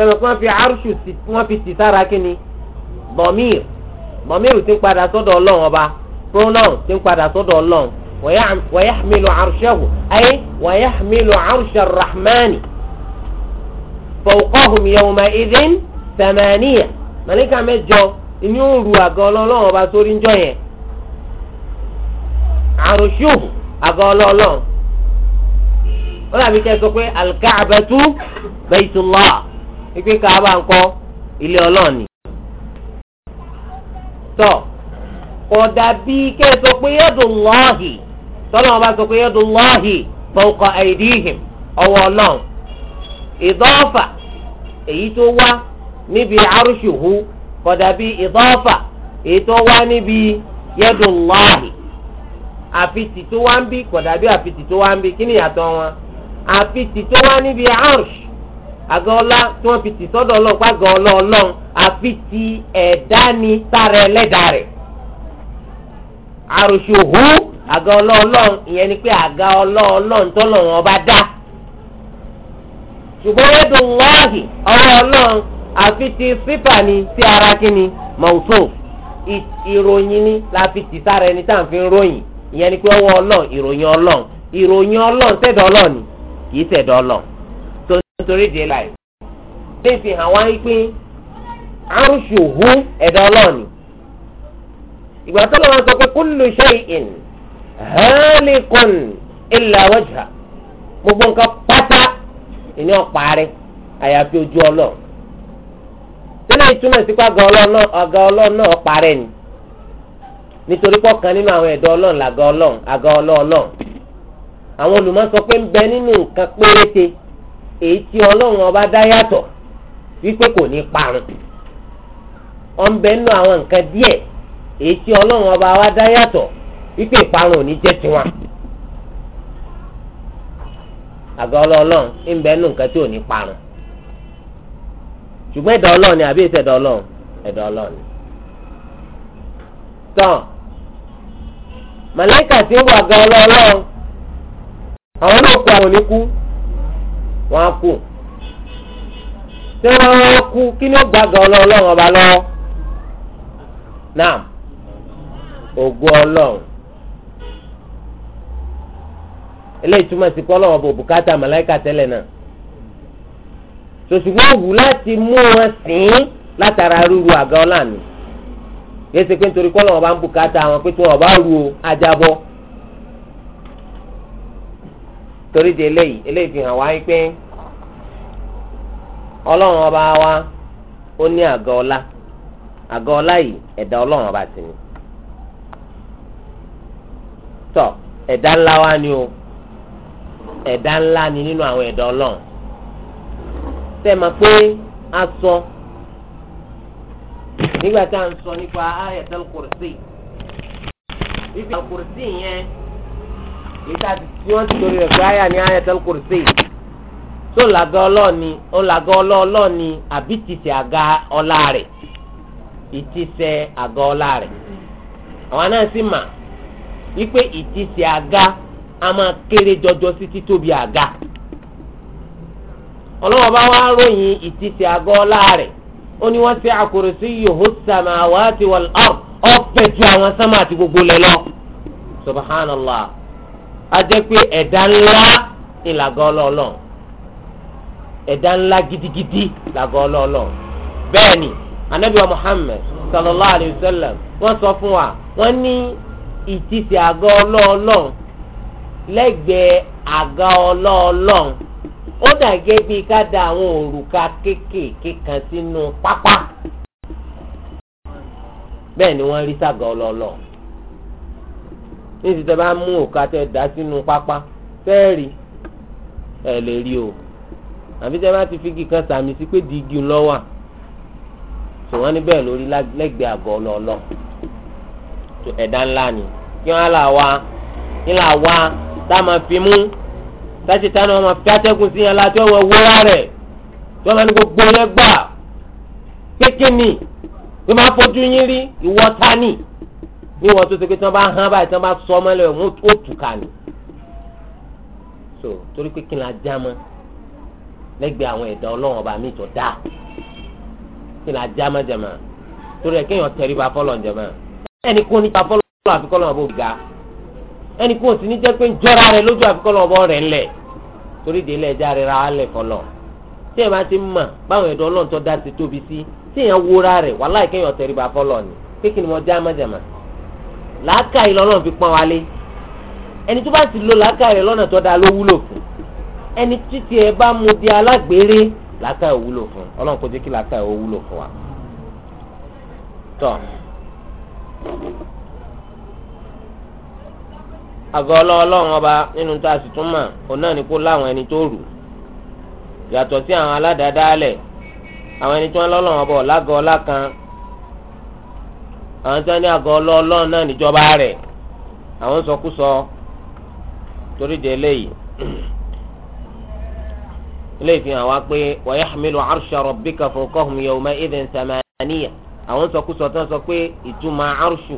Speaker 1: sẹ́mi kí wọ́n fi arúṣù sí wọ́n fi tì sára kínni bọ̀míìr bọ̀míìr ti ń padà sọ́dọ̀ ọlọ́run ọba pronoun ti ń padà sọ́dọ̀ ọlọ́run wàyàhmìlú arṣẹ́hu ayé wàyàhmìlú arṣẹ́ rahmani fọwọ́kọ́hùn yẹ̀wùmá ìdín tẹ̀mẹ̀níyà màlíkà mẹ́jọ inú òru àgọ́ ọlọ́run ọba sórí ńjọ yẹn arṣẹ́hu àgọ́ ọlọ́run ó dàbí kẹ́ sọ pé alkaabatu baytullah. wípé káàbà ńkọ́ ilé ọlọ́run tọ́ kò dàbí kẹ́ sọ pé yadullahi tọ́lọ́ bá sọ pé yadullahi fawqa aydihim ọwọ́ ọlọ́run ìdọ́fà èyí tó wá níbi arúṣùhù kò dàbí ìdọ́fà èyí tó wá níbi yadullahi àfitì tó wá ń bí kò dàbí àfitì tó wá ń bí kí ni wọn àfitì tó àgọ́ ọlá tí wọ́n fi tì sọ́dọ̀ ọlọ́run pa àgọ́ ọlá ọlọ́run àfi ti ẹ̀dá ni sára ẹlẹ́dàá rẹ̀ àròṣòhó àgọ́ ọlá ọlọ́run ìyẹn ni pé àga ọlá ọlọ́run tọ́lọ̀ wọn bá dá ṣùgbọ́n wọ́n dùn wáàhì ọ̀rọ̀ ọlọ́run àfi ti sífà ni sí ara kíni mọ̀ọ́sọ̀ ìròyìn ni la fi tì sára ẹni tá à ń fi ròyìn ìyẹn ni pé ọwọ́ ọlọ́run ìròyìn ọlọ́run ìròyìn ọlọ́run nítorí díẹ̀ láì lè fi hàn wá pé arúṣòwò ẹ̀dá ọlọ́ọ̀ni ìgbà tó lọ́wọ́ sọ pé kullu shay'in halikun illa wajha gbogbo nǹkan pátá ìní ọ̀parí àyàfi ojú ọlọ́ọ̀ tẹ́lẹ̀ ìtumọ̀ sí pé àga ọlọ́ọ̀ náà ọ̀parí ni nítorí pọ̀kan nínú àwọn ẹ̀dọ́ ọlọ́ọ̀ làga ọlọ́ọ̀ àga ọlọ́ọ̀ náà àwọn olùmọ̀ sọ pé ń bẹ nínú nǹkan péréte èyí tí ọlọ́run ọba dá yàtọ̀ wípé kò ní parun ọ̀nbẹ nù àwọn nǹkan díẹ̀ èyí tí ọlọ́run ọba wa dá yàtọ̀ wípé ìparun ò ní jẹ́ tiwọn. àgọ́ ọlọ́ọ̀lọ́run ń nù nǹkan tí ò ní parun ṣùgbọ́n ẹ̀dọ̀ ọlọ́run ni àbí ìṣẹ̀dọ̀ ọlọ́run ẹ̀dọ̀ ọlọ́run ni. tán màláìkà tí ń wà gan ọlọ́ọ̀lọ́run àwọn náà kú àwọn ò ní kú wọ́n á kú tí wọ́n á kú kí ni ó gbàgbà ọlọ́run ọba lọ́wọ́ náà ògo ọlọ́run eléyìí túmọ̀ sí pé ọlọ́run bò bùkátà màláìka tẹ́lẹ̀ náà sòṣùgbọ́n wù láti mú wọn sìn látara rúru àga ọlọ́run yẹ́sẹ̀ pé nítorí pé ọlọ́run bá ń bùkátà àwọn pé tí wọ́n bá rú o ajábọ́ torí di eléyìí eléyìí fi hàn wá pé ọlọ́run ọba wa ó ní àgọ́ ọlá àgọ́ ọlá yìí ẹ̀dá ọlọ́run ọba sì ni tọ ẹ̀dá ńlá wa ni o ẹ̀dá ńlá ni nínú àwọn ẹ̀dá ọlọ́run tẹ́ ma pé a sọ nígbà tá à ń sọ nípa ayatul kursi ibi kursi yẹn. ìta tí wọ́n ti torí rẹ̀ pé àyà ni àyàtul kursi tó làgá ọlọ́ọ̀ni ó ọlọ́ọ̀ni àbí aga àga ọlá rẹ̀ ìtìsẹ̀ àga ọlá rẹ̀ àwọn náà sì mà wípé ìtìsẹ̀ àga a máa kéré jọjọ sí títóbi àga ọlọ́wọ́ bá wá ròyìn ìtìsẹ̀ àga ọlá rẹ̀ ó ní wọ́n ṣe wal ju àwọn gbogbo lọ ajẹ́ pé ẹ̀dá ńlá ni làgọ́ ọlọ́ọ̀lọ́ ẹ̀dá ńlá gidigidi làgọ́ ọlọ́ọ̀lọ́ bẹ́ẹ̀ ni anabi wa muhammed sallallahu alayhi wa sallam wọ́n sọ fún wa wọ́n ní ìtìsí àgọ́ ọlọ́ọ̀lọ́ lẹ́gbẹ̀ẹ́ àgọ́ ọlọ́ọ̀lọ́ ó dà gẹ́gẹ́ bí ká da àwọn òrùka kéékèèké kan sínú pápá bẹ́ẹ̀ ni wọ́n rí sàgọ́ ọlọ́ọ̀lọ́ ní ti tẹ́ bá mú òkà tẹ́ dá sínú pápá fẹ́ẹ̀rì ẹ̀ lè rí o àbí tẹ́ bá ti fi igi kan sàmì sí pé di igi ńlọ́wà tò wọ́n ní bẹ́ẹ̀ lórí lẹ́gbẹ̀ẹ́ àgọ́ ọlọ́ọ̀lọ́ ẹ̀dá ńlá ni kí wọ́n á là wá kí là wá tá a máa fi mú sáṣẹ táwọn ọmọ fi atẹ́gùn sí yẹn láti ọwọ́ wúrà rẹ̀ tí wọ́n máa ní gbogbo ẹlẹ́gbà kékeré ni pé máa fojú yín rí ìwọ ta níwọ̀n tó ṣe pé tí wọ́n bá hán báyìí tí wọ́n bá sọ ọmọ ẹlẹ́wọ̀n ó tù ká ni. so torí pé kí ni ajá mọ́ lẹ́gbẹ̀ẹ́ àwọn ẹ̀dá ọlọ́run ọba mi tó dáa kí ni ajá mọ́ jẹ̀mọ́ torí ẹ̀ kéèyàn tẹríba fọlọ́n jẹ̀mọ́ ẹnì kún nípa fọlọ́n àfikọ́lọ́n ọba ògá ẹnì kún sì ní jẹ́ pé ń jọra rẹ lójú àfikọ́lọ́n ọba rẹ̀ ńlẹ̀ torí délé ẹja rẹ̀ ra alẹ̀ fọlọ́ tí ẹ̀ bá ti mọ̀ báwọn ẹ̀dá ọlọ́run tó dá ti tóbi sí tí èèyàn wúra rẹ̀ wàláì kéèyàn tẹríba fọlọ́n ni kéèkì ni já mọ́ jẹ̀mọ́ làákàyè lọ́lọ́run fi pọ́n wa lé ẹni tó bá sì lo làákàyè lọ́nà tó dáa ló wúlò fún ẹni títí ẹ bá mu di alágbèrè làákàyè wúlò fún ọlọ́run kò jẹ́ kí làákàyè ó wúlò fún wa. tọ́ àgọ́ ọlọ́run ọba nínú tá a sì tún mọ̀ òun náà ni kó láwọn ẹni tó rù yàtọ̀ sí àwọn aládàádáálẹ̀ àwọn ẹni tó ń lọ́lọ́run ọba ọ̀làgọ́ ọlá kan àwọn tó ní àgọ́ ọlọ́ọ̀lọ́ọ̀ náà níjọba rẹ̀ àwọn sọkúsọ torí de eléyìí eléyìí fi hàn wá pé wa yahmilu arsha rabbika fawqahum yawma idhin samaniya àwọn sọkúsọ tán sọ pé ìtumọ̀ arṣù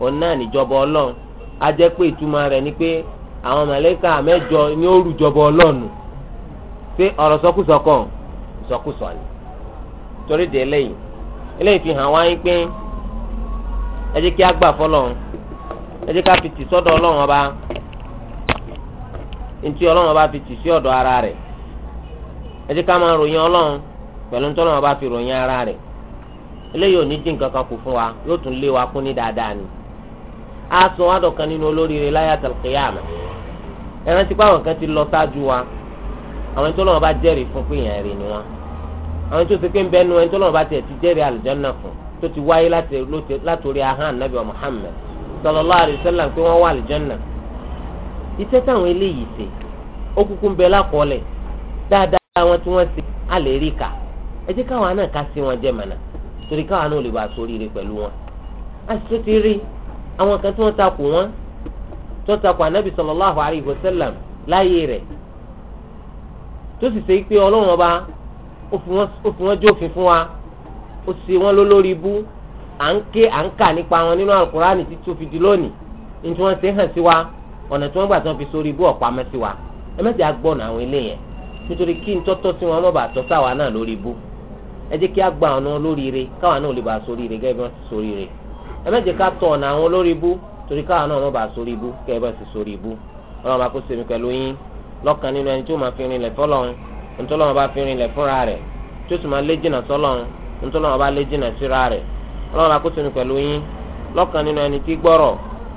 Speaker 1: òun náà níjọba ọlọ́run á jẹ́ pé ìtumọ̀ rẹ̀ ni pé àwọn màlẹ́kà mẹ́jọ ni ó rújọba ọlọ́run pé ọ̀rọ̀ sọkúsọ kan sọkúsọ ni torí de eléyìí eléyìí fi hàn wá yín pé ẹ jẹ́ kí a gbà fọlọ́run ẹ jẹ́ ká fi tì sọ́dọ̀ ọlọ́run ọba ntí ọlọ́run ọba fi tì sí ọ̀dọ̀ ara rẹ̀ ẹ ká máa ròyìn ọlọ́run pẹ̀lú ntí ọlọ́run ọba fi ròyìn ara rẹ̀ eléyìí ò ní dín nǹkan kù fún wa yóò tún lé wa kún ní dáadáa ni a sọ wá dọ̀kan nínú olóríire láyà tàlùkìyàmà ẹ rántí pé àwọn kan ti lọ ṣáájú wa àwọn tó lọ́wọ́ bá jẹ́rìí fún pé èèyàn rè ni wọn àwọn tó ti pé ń bẹ́ẹ̀ nu ẹni tó lọ́wọ́ bá tiẹ̀ ti jẹ́rìí àlùjánnà fún tó ti wáyé látòrí ahán anabi muhammed sallallahu alayhi wa sallam pé wọ́n wà àlùjọ́nà iṣẹ́ táwọn eléyìí ṣe ó kúkú ń bẹ lákọọ́lẹ̀ dáadáa wọn tí wọ́n ṣe á lè rí kà ẹ jẹ́ káwọn náà ká sí wọn jẹ́ mọ̀nà torí káwọn náà lè bá sórí rẹ pẹ̀lú wọn a sì tún ti rí àwọn kan tí wọ́n takò wọ́n tí wọ́n takò anabi sallallahu alayhi wa sallam láyé rẹ̀ tó sì ṣe pé ọlọ́run ọba ó fi wọ́n jófin fún wa ó ṣe wọ́n ló lórí ibú à ń ké à ń kà nípa wọn nínú alukurani títí ó fi di lónìí ní tí wọ́n ṣe hàn sí wa ọ̀nà tí wọ́n gbà tí wọ́n fi sórí ibú ọ̀pá mẹ́ sí wa ẹ mẹ́tẹ̀ẹ́ agbọ́nà àwọn ilé yẹn nítorí kí n tọ́tọ́ sí wọn mọ̀bà tọ́ sáwa náà lórí ibú ẹ jẹ́ kí a gba ọ̀nà olóríire káwa náà lè bá sóríire gẹ́gẹ́ bí wọ́n ti sóríire ẹ má ká tọ ọ̀nà àwọn olórí ibú torí káwa náà mọ̀bà sórí nítorí wọn bá lé jìnnà síra rẹ̀ ọlọ́run akóso ni pẹ̀lú yín lọ́kàn nínú ẹni tí gbọ́rọ̀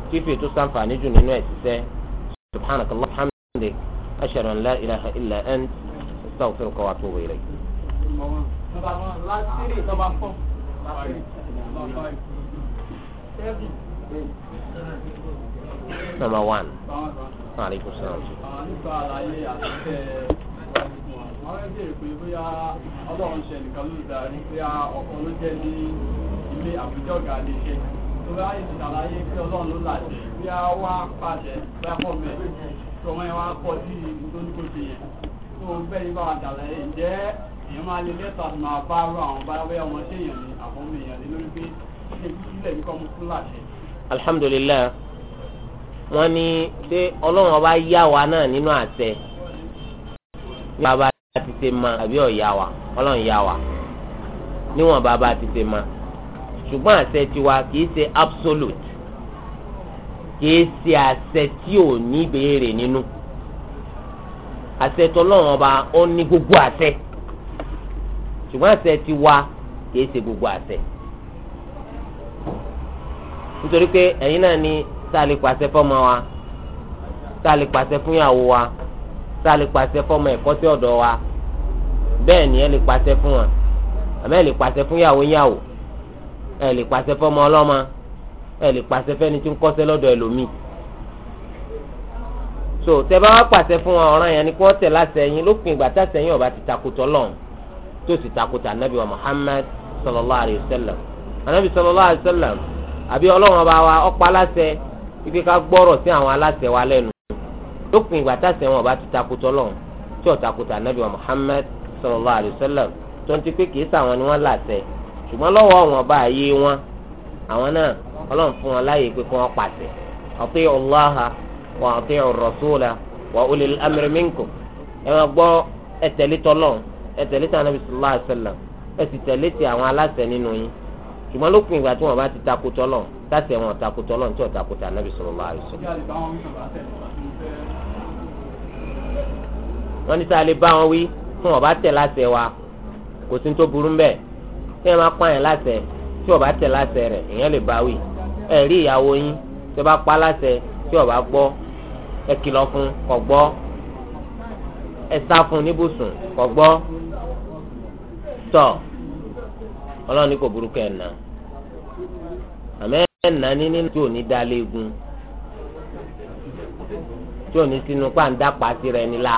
Speaker 1: tí fi ètò sàǹfààní jù nínú ẹ̀ ṣiṣẹ́ subhanaka allahumma hamdika ashhadu an la ilaha illa ant astaghfiruka wa atubu ilayk. number one. maaleykum salaam
Speaker 3: àwọn ẹgbẹ́ ìpè bóyá ọlọ́run ṣe nìkan ló darí bóyá ọ̀kan ló jẹ́ ní ilé àbújá ọ̀gá lè ṣe tó bá yìí ti ṣàlàyé pé ọlọ́run ló làjẹ́ bóyá wá pàṣẹ bóyá pọ̀ mẹ́ tó wọ́n wá pọ̀ sí tó ṣe yẹn tó bẹ́ẹ̀ ní bá wa ṣàlàyé ǹjẹ́ èèyàn máa lè lẹ́tọ̀ àti máa bá rú àwọn bá ọmọ ṣe èèyàn ní àbọ̀mọ̀ èèyàn
Speaker 1: ní pé ọlọ́run ọba yá wa náà nínú àṣẹ láti ṣe ma àbí ọ̀yà wa ọlọ́run yà wa níwọ̀n bàbá ti ṣe ma ṣùgbọ́n àṣẹ tiwa kìí ṣe absolute kìí ṣe àṣẹ tí ò ní béèrè nínú àṣẹ tọlọ́run ọba ó ní gbogbo àṣẹ ṣùgbọ́n àṣẹ tiwa kìí ṣe gbogbo àṣẹ nítorí pé ẹ̀yin náà ni sáà lè pàṣẹ fọ́mọ wa sáà lè pàṣẹ fún ìyàwó wa. tá a lè pàṣẹ fọmọ ẹ̀kọ́ ọdọ ọ̀dọ̀ wa bẹẹ ni ẹ lè pàṣẹ fún wọn àmọ́ ẹ lè pàṣẹ fún yàwó yàwó ẹ lè pàṣẹ fọmọ ọlọmọ ẹ lè pàṣẹ fẹ́ni tí ń kọ́ṣẹ́ lọ́dọ̀ ẹlòmíì so tẹ bá wá pàṣẹ fún wọn ọ̀ràn yẹn ni kí wọ́n tẹ̀ láṣẹ yín lópin ìgbà táṣẹ yín ọba ti takùtọ̀ lọ́n tó sì takùtà anabi wa Muhammad sallallahu alayhi wa sallam àbí ọlọ́wọ́n bá wa ọ̀pá láṣẹ ibi ká gbọ́rọ̀ sí àwọn aláṣẹ wa lẹ́nu lópin ìgbà táṣẹ wọn ọba ti takùtọ lọhùn tí ó takùtọ anabi wa Muhammad sallallahu alayhi wa sallam tó ń ti pé kìí sàwọn ni wọn làṣẹ ṣùgbọ́n lọ́wọ́ wọn ọba àyè wọn àwọn náà Ọlọ́run fún wọn láàyè pé kí wọn pàṣẹ ati'u Allaha wa ati'u ar-rasula wa ulil amri minkum ẹ máa gbọ́ ẹ tẹ̀lé tọlọ́run anabi sallallahu alayhi wa sallam ẹ sì tẹ̀lé ti àwọn aláṣẹ nínú yín ṣùgbọ́n lópin ìgbà tí wọn bá ti takùtọ lọhùn táṣẹ wọn takùtọ lọhùn wọ́n ní sáà lè bá wọn wí fún ọ̀bá tẹ̀ láṣẹ wa kò sí tó burú mbẹ́ kí ẹ máa pààyàn láṣẹ tí ọ̀bá tẹ̀ láṣẹ rẹ̀ èèyàn lè bá wí ẹ rí ìyàwó yín tí ọba pa láṣẹ tí ọba gbọ́ ẹ kìlọ̀ fún kò gbọ́ ẹ sá fún níbùsùn kò gbọ́ tọ̀ ọlọ́run ní kò burúkú ẹ̀ nà àmẹ́ ẹ̀ nà ní nínú tí ò ní dá léegun tí ò ní sínú pàǹdà pàṣẹ rẹ̀ ní la.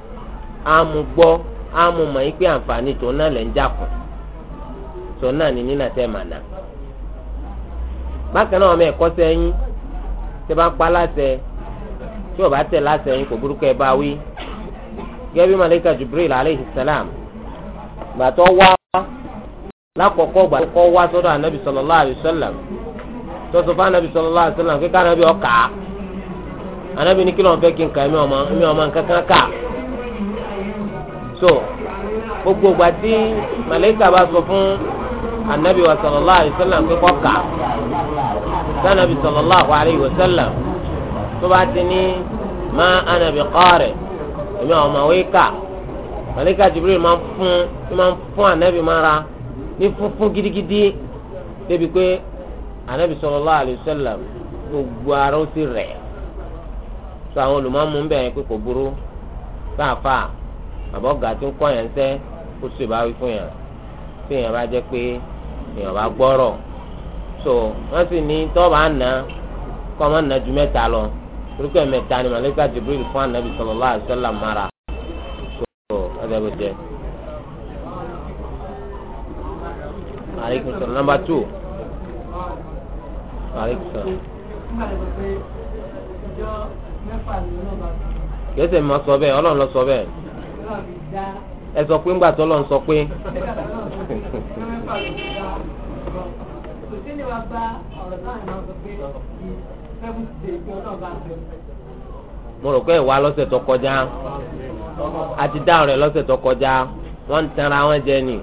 Speaker 1: Amụ àmúmọ̀ yìí pé àǹfààní tòun na le ń jàkùn tòun náà ní nínà tẹ́ màná. bákan náà ọmọ ẹ̀kọ́ sẹ́yìn tẹ́ bá pa láṣẹ tí ò bá tẹ̀ láṣẹ yín kò burúkú ẹ bá wí. gẹ́gẹ́ aleyhi salam gbàtọ́ wá wá sọ́dọ̀ anabi sallallahu fún anabi sallallahu alaihi anabi anabi kí kí n kà so gbogbo gba ti màlẹ́kà ba sọ fún anabi wa sallallahu alayhi wa sallam pé kọ́ka
Speaker 3: sanabi sallallahu
Speaker 1: alayhi wa sallam tó bá ti ní ma anabi kọ́ọ̀rẹ̀ èmi àwọn ọmọ wíkà màlẹ́kà jibril máa ń fún máa ń fún anabi mara ní funfun gidigidi débi pé anabi sallallahu alayhi wa sallam gbogbo ara ó ti rẹ̀ so àwọn olùmọ̀ọ́mú ń bẹ̀rẹ̀ pé kò burú fáfáà. àbọ̀gà tó kọ́ yẹn sẹ́ kó ṣèbáwí fún yẹn tí yẹn bá jẹ́ pé èèyàn bá gbọ́rọ̀ so wọ́n sì ní tọ́ọ̀bù àná kọ́ ọmọ àná ju mẹ́ta lọ orúkọ mẹ́ta ni màlẹ́kà Jibril fún ànábì sallallahu alaihi wasallam mara so ọ̀dọ̀ bó jẹ́.
Speaker 2: aleykum salaam number two aleykum salaam.
Speaker 1: kìí ṣe sọ bẹ́ẹ̀ ọlọ́run lọ sọ bẹ́ẹ̀ ẹ sọ pé ńgbà tó lọ ń sọ pé. mo rò pé ìwà lọ́sẹ̀ tó kọjá a ti dáhùn rẹ̀ lọ́sẹ̀ tó kọjá wọ́n ń tanra wọn jẹ ni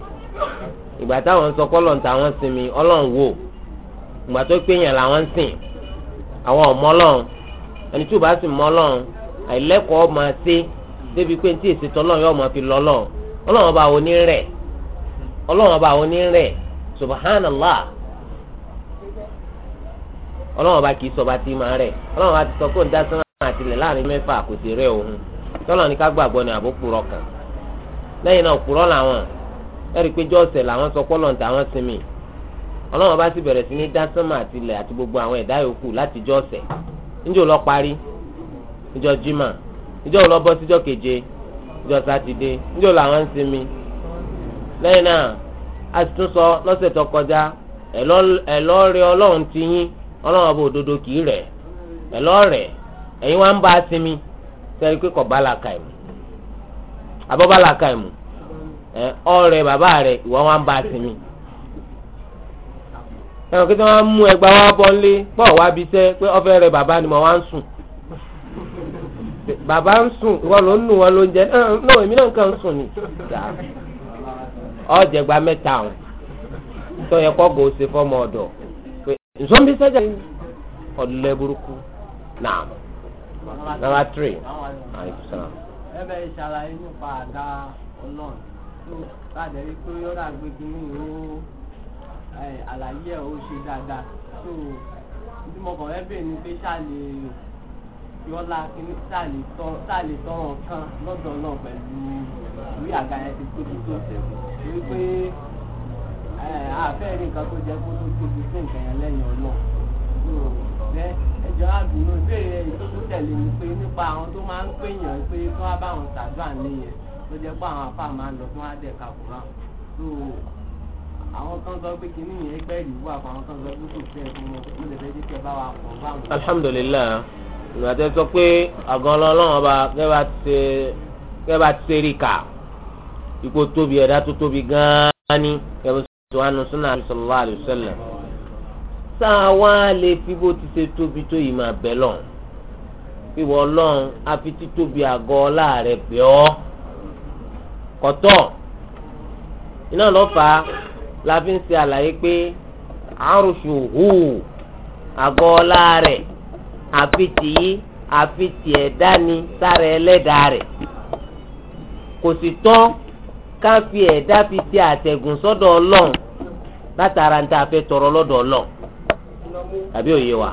Speaker 1: ìgbà táwọn sọ kọ́ lọ́n ta wọ́n sinmi ọlọ́run wò ìgbà tó pé yẹn làwọn ń sìn àwọn ọ̀mọ́ lọ́run ẹni tí ò bá sì mọ́ lọ́run àìlẹ́kọ̀ọ́ máa ṣe débi pé ntí èsì tọ́lọ́run yóò máa fi lọ́lọ́ ọlọ́run ọba àwọn onírẹ̀ ọlọ́run ọba àwọn onírẹ̀ subhanallah ọlọ́run ọba kìí sọba tí máa rẹ̀ ọba ti sọ kó ń dá sọ́nà àtìlẹ̀ láàrin mẹ́fà kò sí rẹ̀ òun ní ká gbàgbọ́ ni àbó purọ́ kan lẹ́yìn náà purọ́ làwọn ẹ̀rí pé jọ́ọ̀sẹ̀ làwọn sọ ọba sì bẹ̀rẹ̀ sí ní dá sọ́nà gbogbo àwọn ẹ̀dá yòókù láti jọ́ọ̀sẹ̀ lọ parí jimá ìjọ wo lọ keje ìjọ sátidé ìjọ làwọn ń sinmi lẹ́yìn náà a sì tún sọ lọ́sẹ̀ tó kọjá ẹ̀lọ́ọ̀rẹ́ ọlọ́run ti yín ọlọ́run ọba òdodo kì í rẹ̀ ẹ̀lọ́ọ̀rẹ́ ẹ̀yin wá ń bá a sinmi pé bá abọ́ bá bàbá ìwọ ń bá a sinmi kí mú ẹgbàá bàbá ń sùn wọn ló ń nù wọn ló ń jẹ ni ọ̀jẹ̀gba mẹ́ta ọ̀hún tó yẹ kó ọ̀dọ̀ pé nzọ́nbí sẹ́jà ọ̀lẹ́ burúkú
Speaker 3: náà tírì ẹ bẹ ìṣàlàyé nípa àga tó bàjẹ́ yọ̀rọ̀ àgbègbè mi ò àlàyé ẹ̀ ó ṣe dáadáa tó ẹ bẹ̀ yọlá kínní tá tọrọ kan lọ́dọ̀ náà pẹ̀lú ìwé àga yẹn ti tóbi tó torí pé àfẹ́ nǹkan tó jẹ́ kó tó tóbi sí nǹkan yẹn lẹ́yìn ọlọ́ ẹjọ́ àbúrò ìbéèrè ìtókù tẹ̀lé ni pé nípa àwọn tó máa ń pèèyàn pé kí wọ́n bá wọn ṣàdúrà nìyẹn tó jẹ́ pé àwọn afá máa ń lọ fún àdẹ̀ka kùrán àwọn kan sọ pé kínní yẹn pẹ́ẹ́lí wà fún àwọn kan sọ pé kò fẹ́ẹ́ fún wọn mo lè fẹ́ jẹ́ kí ẹ bá wa pọ̀ báwọn.
Speaker 1: alhamdulilayi ìgbàtẹ́ sọ pé àgàn ọlọ́run ọba kẹ́ bá tẹ́rì kà ipò tóbi ẹ̀dá tó tóbi gan-an ní kẹ́bí sọ àánú súnà sallallahu alaihi wasallam. sáà wá lè fi bó ti ṣe tóbi tó yìí máa bẹ̀ lọ ìwọ ọlọ́run á fi àgọ́ ọlá rẹ̀ ọ́ kọ́tọ́ iná lọ́fà la fi ń ṣe àlàyé pé àrùsù hù àgọ́ ọlá àfi tìyí àfi tìẹ̀ dání sára ẹlẹ́dàá rẹ̀ kò sì tán ká fi ẹ̀dá fi ti àtẹ̀gùn sọ́dọ̀ ọlọ́run látara níta fẹ́ tọrọ lọ́dọ̀ ọlọ́run tàbí òye wa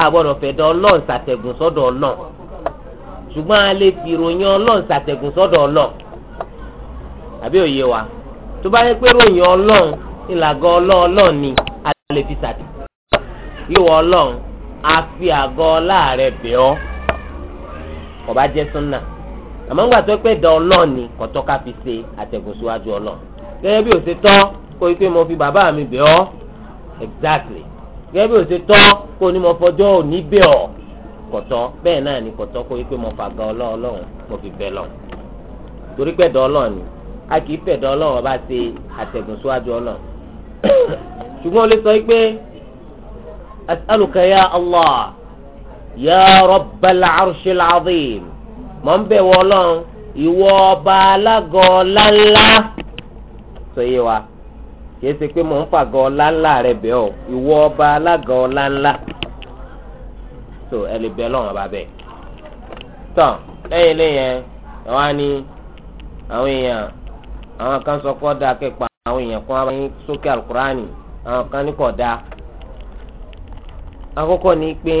Speaker 1: a gbọ́dọ̀ fẹ̀dọ̀ ọlọ́run ṣàtẹ̀gùn sọ́dọ̀ ọlọ́run ṣùgbọ́n a lè fi ìròyìn ọlọ́run ṣàtẹ̀gùn sọ́dọ̀ ọlọ́run tàbí òye wa tó bá yẹ pé ròyìn ọlọ́run ìlàgọ́ ọlọ́ọ̀lọ́ọ̀ ni a lè fi ṣàtẹ̀gùn yíwọ ọlọ́run a fi àgọ́ láàrẹ̀ bẹ̀ ọ́ kò bá jẹ́ súnà àmọ́ ńgbà tó pé dán ọlọ́ọ̀ ni kò tọ́ ká fi ṣe àtẹ̀gùn síwájú ọlọ́ gẹ́gẹ́ bí o ṣe tọ́ kó o pé mo fi bàbá mi bẹ̀ ọ́ exactly gẹ́gẹ́ bí o ṣe tọ́ kó o ní mo fọjọ́ òní bẹ̀ ọ́ kò tọ́ bẹ́ẹ̀ náà ni kò tọ́ kó o pé mo fàgọ́ ọlọ́ọ̀lọ́hún mo fi bẹ̀ lọ torí pé dán ọlọ́ọ̀ ni a kì í fẹ̀dọ̀ ọlọ́ọ̀ bá ṣe àtẹ̀gùn síwájú ọlọ́ọ̀ ṣùgbọ́n o lè sọ pé أسألك يا الله يا رب العرش العظيم mọ̀ ń bẹ̀ wọ́lọ́n ìwọ ọba alágọ̀ ọ̀lànlá sọ yé wa kìí ṣe pé mọ̀ ń fàgọ̀ ọ̀lànlá rẹ bẹ̀ ọ́ ìwọ ọba alágọ̀ ọ̀lànlá so ẹ lè bẹ̀ lọ́wọ́n ọba bẹ́ẹ̀ tọ́ lẹ́yìn lẹ́yìn ẹ wá ní àwọn èèyàn àwọn kan sọ kọ́ da kẹ́pa àwọn èèyàn kan wá ní sókè alukurani àwọn kan ní kọ̀ da àkọ́kọ́ ni pé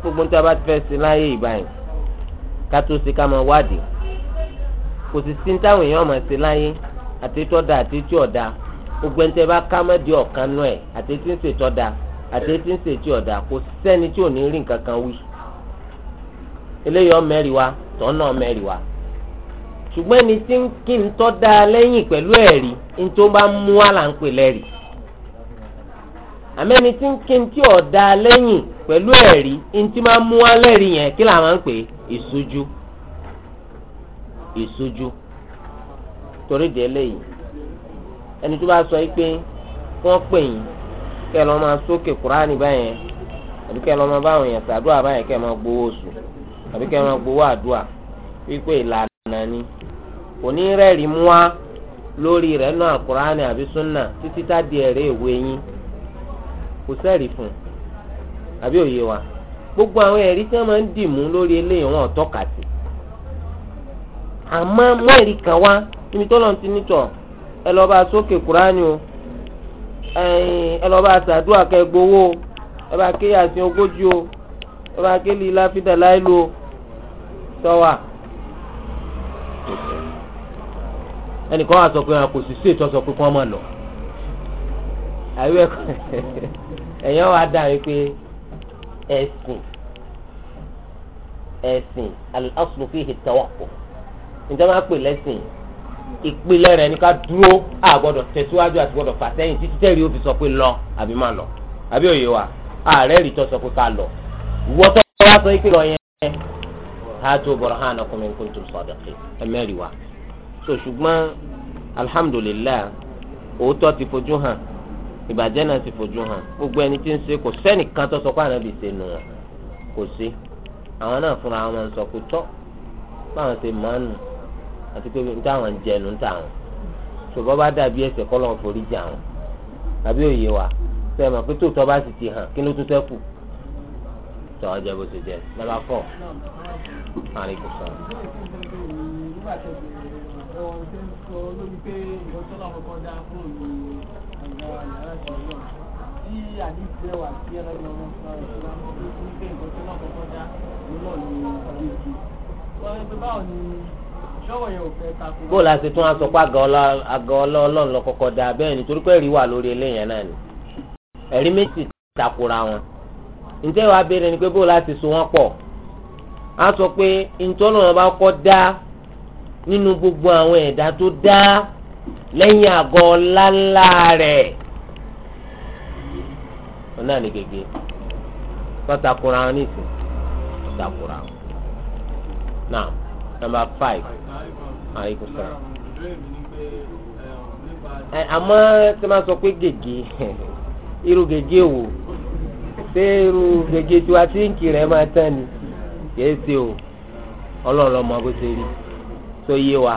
Speaker 1: gbogbo níta bá ti fẹ́ ṣe láyé ìbáyìí ká tó ṣe ká máa wádìí kò sì sí táwọn èèyàn máa ṣe láyé àtẹ́tọ́dà àtẹ́tọ́dà gbogbo níta bá ká mọ́ di ọ̀kan náà ẹ̀ àtẹ́tí ń ṣètọ́dà àtẹ́tí ń ṣètọ́dà kò sẹ́ni tí ò ní rí nǹkan kan wí eléyìí ọmẹ́rìí wa tọ́ náà wa ṣùgbọ́n ẹni tí ń kí ń tọ́ da lẹ́yìn pẹ̀lú ẹ̀rí ní tó bá mú wá lẹ́rìí àmẹ́ni tí ń ké tí ọ̀dà lẹ́yìn pẹ̀lú ẹ̀rí ntí máa mú wá lẹ́rìí yẹn kí làwọn ń pè ìṣojú ìṣojú torí di eléyìí ẹni tó bá sọ yìí pé wọ́n pè yín kẹ́ ẹ lọ́ máa sókè kúránì báyẹn àbí kẹ́ ẹ lọ́ máa báwọn èèyàn ṣàdúrà báyẹn kẹ́ ẹ máa gbowó oṣù àbí kẹ́ ẹ máa gbowó àdúrà wípé ìlànà ni òní rẹ́ẹ̀rí mú wá lórí rẹ̀ náà kúránì àbí súnà títí tá kò sẹ́ẹ̀rì fún un àbí òye wa gbogbo àwọn ẹ̀rí tí wọ́n máa ń dìmú lórí eléyìí wọn ò tọ́ka sí àmọ́ mẹ́rin kan wá níbi tó lọ́n ti nítọ̀ ẹ lọ́ọ́ bá sókè kúránì o ẹ lọ́ọ́ bá sàdúrà kẹgbowó ẹ bá ké yàsín ogójì o ẹ bá ké lè láfídà láìlú o sọ́wà ẹnìkan wà sọ pé kò sì sí ètò sọ pé kí wọ́n máa lọ àyẹ̀wò ẹ̀kọ́. ẹ̀yàn wa dà wí pé ẹ̀sìn ẹ̀sìn al-aslu fihi at-tawaqquf níta máa pè lẹ́sìn ìpìlẹ̀ rẹ̀ ní ká dúró a gbọ́dọ̀ tẹ̀síwájú àti gbọ́dọ̀ fà sẹ́yìn títí tẹ̀rí ó fi sọ pé lọ àbí má lọ àbí òye wa ààrẹ rí tó sọ pé ká lọ ìwọ tó wá sọ ìpìlọ̀ yẹn hatu burhanakum in kuntum sadiqin ẹ̀mẹ́rì wa so ṣùgbọ́n alhamdulillah òótọ́ ti fojú hàn ìbàjẹ́ náà sì fojú hàn gbogbo ẹni tí ń ṣe kò sẹ́nìkan tó sọ pé ànábì ṣe nù wọn kò sí àwọn náà fúnra wọn sọ pé tọ́ báwọn ṣe máa nù àti pé ní táwọn ń jẹnu ń tàwọn ṣùgbọ́n bá dàbí ẹsẹ̀ kọ́ lọ́n forí jà wọn àbí òye wa sọ ma pé tòótọ́ bá sì ti hàn kí ló tún sẹ́kù tọ́ ọ bó ṣe jẹ lọ́ba fọ́ àrí kò sọ.
Speaker 3: nígbà tó ṣe ọ̀rọ̀ bó la ṣe tún
Speaker 1: aṣọ pé àgọ́ ọlọ́run lọ kọ́kọ́ da bẹ́ẹ̀ nítorí pé ẹ̀rí wà lórí eléyàn náà ni ẹ̀rí méjì takora wọn ǹjẹ́ wàá béèrè ni pé bó la ṣe so wọ́n pọ̀ a sọ pé ntọ́nà wọn bá kọ́ dá nínú gbogbo àwọn ẹ̀dá tó dá lẹ́yìn àgọ́ la rẹ̀ wọn náà ní gègé sọ́takùnrin àwọn nìsín sọ́takùnrin àwọn náà five àyíkú sọ̀rọ̀. àmọ́ tí wọ́n sọ pé gègé irú gègé wo ṣé irú gègé tiwa ti ń kiri máa tán ni kìí ṣe o ọlọ́run bó ṣe wa.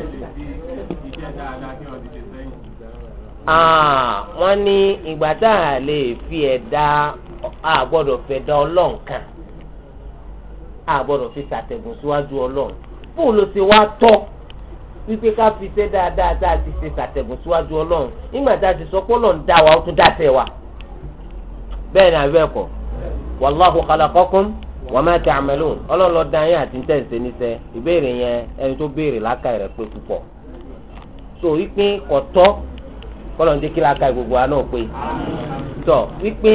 Speaker 1: wọ́n ní ìgbà tá a lè fi ẹ̀dá a gbọ́dọ̀ fẹ̀dá ọlọ́run kan a fi ṣàtẹ̀gùn síwájú ọlọ́run fóun ló ti wá tọ́ wípé ká fi ṣe dáadáa tá a ti ṣe ṣàtẹ̀gùn síwájú ọlọ́run nígbà tá a ti sọ pé ọlọ́run dá wa ó tún dá tẹ̀ wa bẹ́ẹ̀ ni àbí ẹ̀kọ́ wàláhu khalaqakum wa ma ta'malun ọlọ́run ló dá yín àti tẹ̀sẹ̀ níṣẹ́ ìbéèrè yẹn ẹni tó béèrè lákàrẹ̀ pé púpọ̀ so wípé kọ̀tọ́ kọ́lọ̀ ń dé kíra ka gbogbo wa náà pé tọ̀ wípé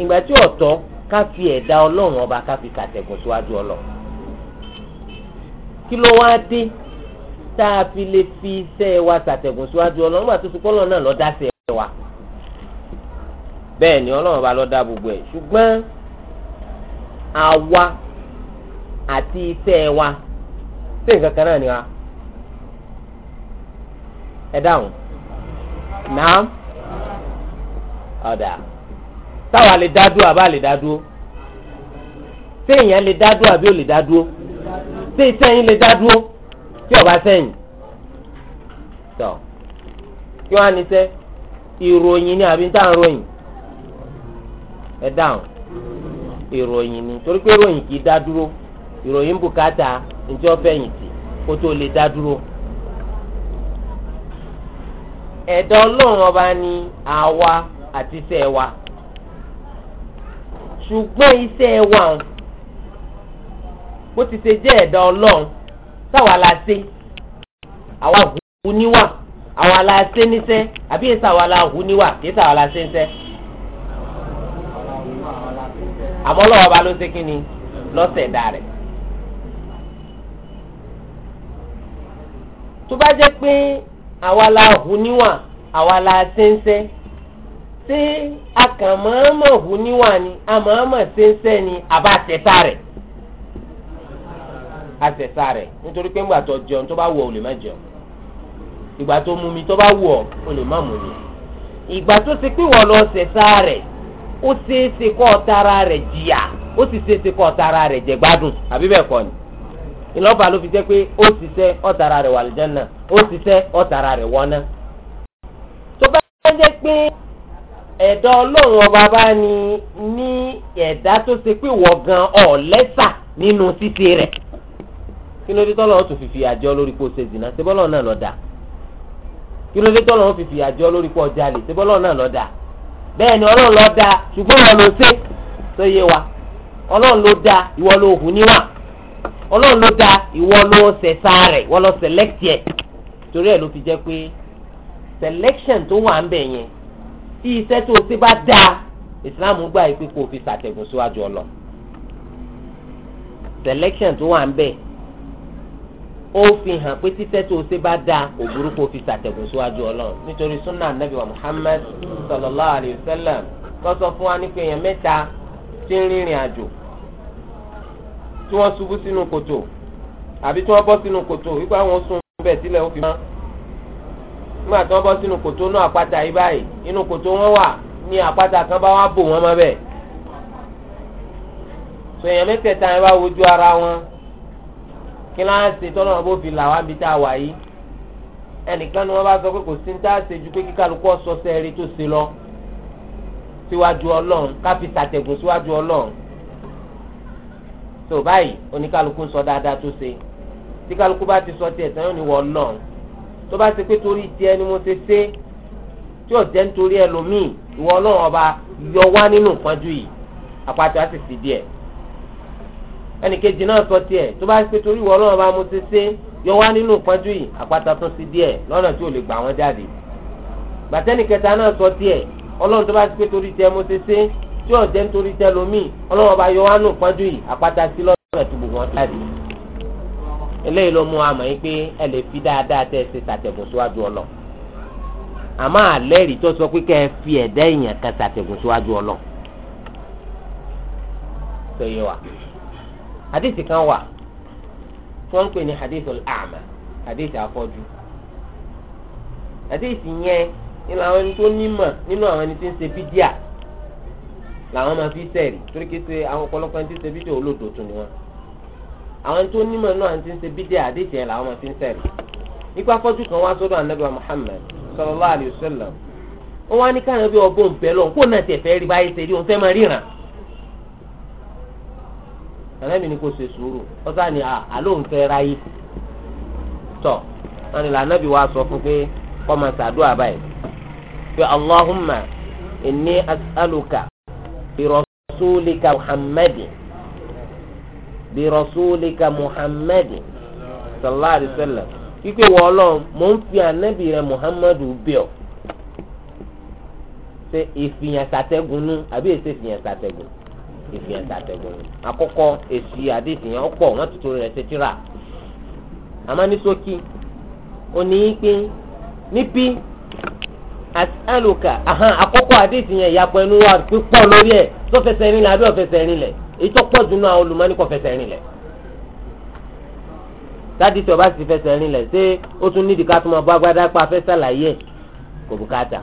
Speaker 1: ìgbà tí ọ̀tọ̀ ká fi ẹ̀dá ọlọ́run ọba ká fi kàtẹ̀gùn síwájú ọlọ́run kí ló wá dé tá a fi lè fi iṣẹ́ wa ṣàtẹ̀gùn síwájú ọlọ́run nígbà tó ti kọ́lọ̀ náà lọ́ọ́ dá sẹ́ẹ̀ wa bẹ́ẹ̀ ni ọlọ́run ọba lọ́ọ́ dá gbogbo ẹ̀ ṣùgbọ́n àwa àti iṣẹ́ wa ṣé nǹkan kan náà ni wa ẹ dáhùn naam ọ̀dà táwa lè dá dúró àbá lè dá dúró ṣé èèyàn lè dá dúró àbí ò lè dá dúró ṣé ìsẹ́yìn lè dá dúró tí ọba sẹ́yìn tọ̀ kí wọ́n á ní sẹ́ ìròyìn ni àbí tá ròyìn ẹ dáhùn ìròyìn ni torí pé ìròyìn kì í dá dúró ìròyìn bùkátà ní tí wọ́n fẹ̀yìntì kó tó lè dá dúró ẹ̀dá ọlọ́run ọba ni àwa àti iṣẹ́ wa ṣùgbọ́n iṣẹ́ wa bó ti ṣe jẹ́ ẹ̀dá ọlọ́run táwa la ṣe àwa hù níwà àwa la ṣe níṣẹ́ àbí èsì àwa la hù níwà kì í ṣe àwa la ṣe níṣẹ́ àmọ́ ọlọ́run ọba ló ṣe kí ni lọ́sẹ̀ rẹ̀. tó bá jẹ́ pé àwa la hù níwà àwa la ṣẹ́ńṣẹ́ ṣé akàmọ́ọ́mọ́ hù níwà ni àmọ́ọ́mọ́ ṣẹ́ńṣẹ́ ni àbá àtẹ̀sà rẹ̀ àtẹ̀sà rẹ̀ nítorí pé ńgbà tó jẹun tó bá wù ọ́ ò lè má jẹun ìgbà tó mú mi tó bá wù ọ́ ò lè má mú mi ìgbà tó ti pé wọ́n lọ ṣẹ̀ṣà rẹ̀ ó ṣeéṣe kọ́ ọ̀tara rẹ̀ jìyà ó sì ṣeéṣe kọ́ ọ̀tara rẹ̀ jẹ̀gbádùn àbí bẹ́ẹ̀ kọ́ ni. ìlọ́fà ló fi jẹ́ pé ó se ọ̀tara rẹ̀ wà lìjánà ó ṣiṣẹ́ ọ̀tara rẹ̀ wọ́ná. tó bá jẹ́ pé ẹ̀dọ́ ọlọ́run ọba bá ní ní ẹ̀dá tó ṣe pé gan ọ̀ nínú ṣíṣe rẹ̀ kí ló dé tọ́lọ̀ ó tún àjọ lórí ṣe zìnà ṣe bọ́lọ̀ wa ọlọ́run ló ìwọ ọlọ́run ló dá ìwọ ló ṣẹ̀ṣà rẹ̀ ìwọ ló select yẹ torí ẹ̀ ló fi jẹ́ pé selection tó wà ń bẹ̀ yẹn tí iṣẹ́ tó ṣe bá dáa ìsìláàmù gbà yìí pé kó fi ṣàtẹ̀gùn síwájú ọlọ selection tó wà ń bẹ̀ ó fi hàn pé títẹ́ tó ṣe bá dáa kò o fi ṣàtẹ̀gùn síwájú ọlọ nítorí sunnah nabi wa muhammad sallallahu alayhi wa sallam kọ́ sọ fún wa nípa èèyàn mẹ́ta tí ń rìnrìn àjò tí wọ́n ṣubú sínú kòtò àbí tí wọ́n bọ́ sínú kòtò wípé àwọn sùn bẹ́ẹ̀ sílẹ̀ ó fi mọ́ nígbà tí wọ́n bọ́ sínú kòtò náà àpáta yìí báyìí inú kòtò wọn wà ní àpáta kan bá wá bò wọ́n mọ́ bẹ́ẹ̀ sèèyàn mẹ́tẹ̀ẹ̀ta yẹn bá wojú ara wọn kí ló ń ṣe tọ́lọ́ bó fi là wá bí tá a wà yìí ẹnìkan ni wọ́n bá sọ pé kò sí ní tá a ṣe ju pé kíkálukú ọ̀sọ́ sẹ́ẹ̀rí tó ṣe lọ síwájú ọlọ́run ká tó báyìí oníkálukú sọ dáadáa tó ṣe tí kálukú bá ti sọ tiẹ̀ tán yóò ní wọ́n lọ tó bá ṣe pé torí tiẹ̀ ni mo ṣe ṣe tí ò jẹ́ nítorí ẹlòmíì ìwọ ọlọ́run ọba yọ wá nínú ìpọ́njú yìí àpàtà sì fi díẹ̀ ẹnìkejì náà sọ tiẹ̀ tó bá ṣe pé torí ìwọ ọlọ́run ọba mo ṣe ṣe yọ wá nínú ìpọ́njú yìí àpàtà tó sì díẹ̀ lọ́nà tí ò lè gbà wọ́n jáde gbàtẹ́nìkẹta náà sọ tiẹ̀ ọlọ́run tó bá ṣe pé torí tiẹ̀ mo ṣe ṣe tí yóò jẹ́ nítorí tẹlomi ọlọ́wọ́ bá yọ wánú pọ́njú yìí àpáta sí lọ́sẹ̀ tó gbogbo wọn tó jáde. eléyìí ló mú àmọ́ yín pé ẹ lè fi dáadáa tẹ́ ẹ ṣe ṣàtẹ̀gùn síwájú ọlọ àmọ́ àlẹ́rìí tó sọ pé kẹ́ ẹ fi ẹ̀dá èèyàn kan ṣàtẹ̀gùn síwájú ọlọ. sọ yẹ wa hadith kan wà tí wọ́n ní hadith al-a'ma hadith afọ́jú hadith yẹn nínú àwọn ẹni tó nímọ̀ nínú àwọn ẹni tó ń ṣe bídíà làwọn máa fi sẹ́ẹ̀rì torí kí ṣe àwọn ọ̀pọ̀lọpọ̀ ẹni tí ń ṣe bídíà olódò tún ni wọn àwọn tó nímọ̀ náà ti ń ṣe bídíà àdéjẹ làwọn máa fi ń sẹ́ẹ̀rì nípa afọ́jú kan wá sọ́dọ̀ anabi Muhammad sallallahu alayhi wa sallam wọn wá ní káyọ̀ bí ọbọ̀ nbẹ lọ kó náà tiẹ̀ fẹ́ rí báyìí ṣe rí òun fẹ́ máa ríran anabi ni kò ṣe sùúrù ọ̀sá ni àlọ́ òun fẹ́ ráyè tọ̀ wọn ni lànàbí wa sọ fún pé kọ́ máa ṣàdúrà báyìí pé Allahumma inni برسولك محمد برسولك محمد صلى الله عليه وسلم kíkẹ́ wọ ọlọ́run mò ń muhammadu bíọ̀ àbí èsì ìfìyàn sàtẹ́gùn ìfìyàn sàtẹ́gùn àkọ́kọ́ èsì àdé ìfìyàn ọ̀pọ̀ wọ́n ti tó rẹ̀ àmọ́ ní ní as'aluka ahan àkọ́kọ́ àdìsí yẹn ìyapọ̀ ẹnu wa pípọ̀ lórí ẹ̀ tó fẹsẹ̀ rin lẹ̀ àbí ọ̀fẹsẹ̀ rin lẹ̀ èyí tó pọ̀ dunu àwọn olùmọ́ni kò fẹsẹ̀ rin lẹ̀ sáàdì tí ọba sì fẹsẹ̀ rin lẹ̀ ṣé ó tún nídìí ká tún máa bọ́ agbádá pa fẹsẹ̀ láyé kò bùkátà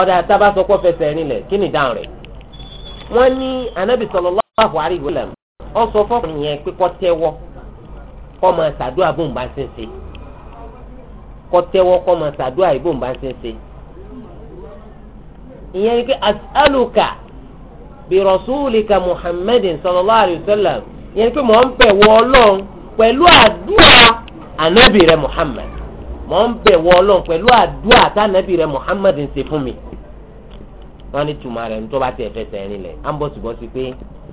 Speaker 1: ọ̀dà tábà sọ́kọ́ fẹsẹ̀ rin lẹ̀ kí ni dáhùn rẹ̀ wọ́n ní anábì sallallahu alaihi wasallam ó sọ fọ́kùnrin yẹn pé kó tẹ́wọ́ kó máa ṣàdúrà bóun bá ṣe ń ṣe kọ́tẹ́wọ́ kọ́ máa ṣàdúrà ìbò ń bá ń ìyẹn ni pé as'aluka bi rasulika muhammadin sallallahu alayhi wa sallam ìyẹn ni pé mò ń bẹ̀ wọ ọlọ́run pẹ̀lú àdúrà ànábì rẹ mò ń wọ rẹ ń fún mi. wọ́n ní tùmọ̀ rẹ̀ ní bá fẹsẹ̀ ń pé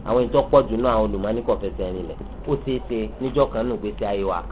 Speaker 1: àwọn náà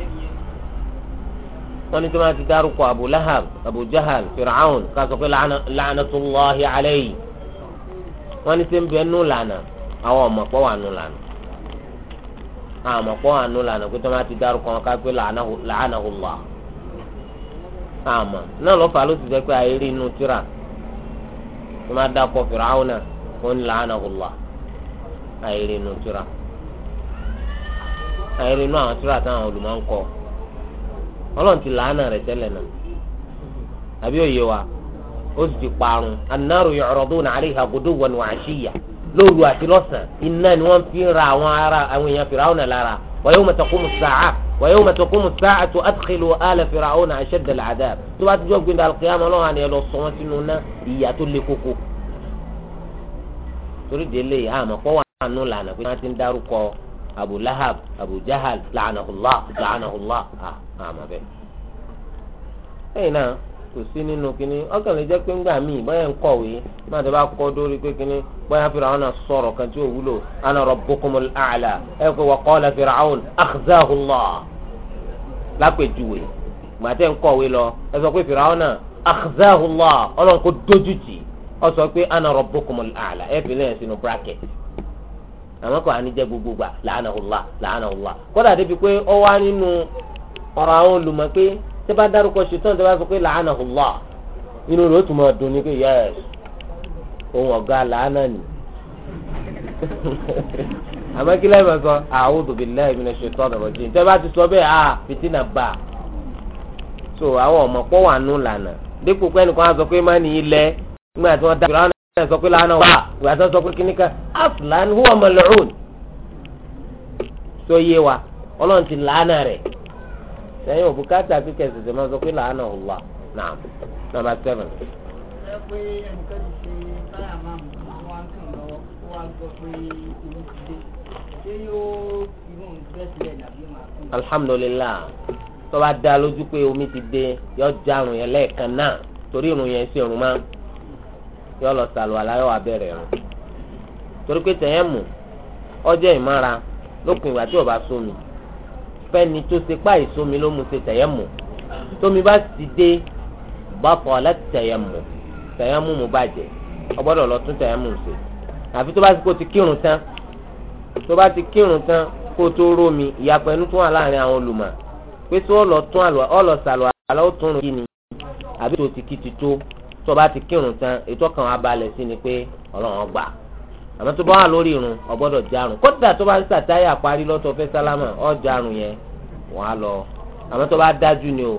Speaker 1: wọn ní tí wọn ti dárúkọ abu lahab abu jahal firaun kásán pé la'natullahi alayhi wọn ní sẹ́ńbẹ́ nù lànà àwọn ọmọ pọ̀ wà nù lànà àwọn ọmọ pọ̀ wà nù lànà pé tí wọn ti dárúkọ wọn ká pé la'anahullah àmọ́ náà lọ́ọ́ fà ló ti jẹ́ pé ayé inú tíra tó máa dákọ̀ firaun náà wọn ní la'anahullah ayé rí inú tíra ayé inú àwọn tíra táwọn olùmọ̀ ń kọ́ ọlọ́run ti làánà rẹ̀ tẹ́lẹ̀ náà àbí òye wa ó sì ti parun annaru yu'raduna 'alayha ghuduwwan wa 'ashiyya lóru àti lọ́sàn iná ni wọ́n fi ń ra àwọn ará àwọn èèyàn Fir'auna lára wa yawma taqumu as-sa'ah wa yawma taqumu as-sa'atu adkhilu ala Fir'auna ashadda al-'adhab tó bá ti jọ gbẹndà al-qiyamah lọ́wọ́ àni lọ sọ wọn sínú ná ìyà tó le koko torí délé àmọ́ kọ́ wà nù lànà pé wọ́n ti ń dárúkọ abu lahab abu jahal la'anahullah la'anahullah ah àmọ́ bẹ́ẹ̀. lẹ́yìn náà kò sí nínú kínní ọkàn lè jẹ́ pé ńgbà míì bóyá ń kọ̀wé máa tó bá kọ́ dórí pé kínní bóyá Fir'auna sọ̀rọ̀ kan tí ò wúlò ana rabbukumul a'la ẹ pé wa qala Fir'aun akhzahullah lápèjúwe gbàtẹ́ ń kọ̀wé lọ ẹ sọ pé Fir'auna akhzahullah ọlọ́run kò dójú tì ọ sọ pé ana rabbukumul a'la ẹ fi lẹ́yìn sínú bracket àmọ́ kò ànijẹ́ gbogbo gbà la'anahullah la'anahullah kódà débi pé ọ wá nínú ọ̀rọ̀ àwọn olùmọ̀ pé tẹ́ bá dárúkọ ṣetán tẹ́ bá sọ pé la'anahullah inú rẹ̀ ó tún máa dùn ní pé yẹ́s ohun ọ̀gá làánà nì àmọ́ kí lẹ́yìn sọ a'udhu billahi minash shaitani rajim tẹ́ bá ti sọ bẹ́ẹ̀ a fìtínà bá so àwọn ọmọ pọ̀ wà nù lànà dípò pé ẹnìkan á sọ pé má ní ilẹ̀ nígbà tí wọ́n dá ẹ sọ pé lánàá wà ìgbà tó sọ pé kíní kan aslan huwa mal'un tó yé wa ọlọ́run ti lánàá rẹ̀ sẹ́yìn òbúkátà kíkẹ́ ṣẹ̀ṣẹ̀ máa sọ pé lánàá wà náà nàmbà sẹ́fẹ̀n.
Speaker 2: ṣé pé ẹnìkan ti ṣe táyà máa mú àwọn
Speaker 3: wá ń
Speaker 1: kàn dá lójú pé omi ti dé yọ já àrùn yẹn lẹ́ẹ̀kan náà torí ìrùn yẹn ṣe ìrùn máa yọ lọ sàlù aláyọ abẹ́rẹ́ rẹ̀ torí pé tẹ̀yẹ́mù ọjọ́ ìmọ̀ra lópin ìgbà tí o bá sómi fẹ́ni tó ṣe pa ìsómi ló mu ṣe tẹ̀yẹ́mù tómi bá ti dé bàtọ̀ láti tẹ̀yẹ́mù tẹ̀yẹ́mù mu bàjẹ́ o gbọ́dọ̀ lọ tún tẹ̀yẹ́mù ṣe àfi tó bá ti kó ti kírun tán tó bá ti kírun tán kó tó rómi ìyàpẹ̀ tún wà láàrin àwọn olùmọ̀ pé tí ọlọ tún àlọ ọlọ sàlọ àlọ tún rún kí ni àbí tó ti kí ti tó tó bá ti kírun tán ètò ọkàn wa balẹ̀ sí ni pé ọlọ́run gbà àmọ́ tó bá wà lórí irun ó gbọ́dọ̀ jarun kódà tó bá sàtáyà parí lọ́tọ̀ fẹ́ sálámà ó jarun yẹn wọ́n á lọ àmọ́ tó bá dájú ni o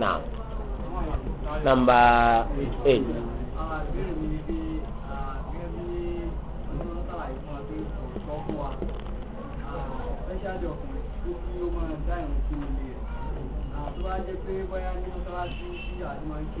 Speaker 1: now
Speaker 3: number eight. ṣáájú ọkùnrin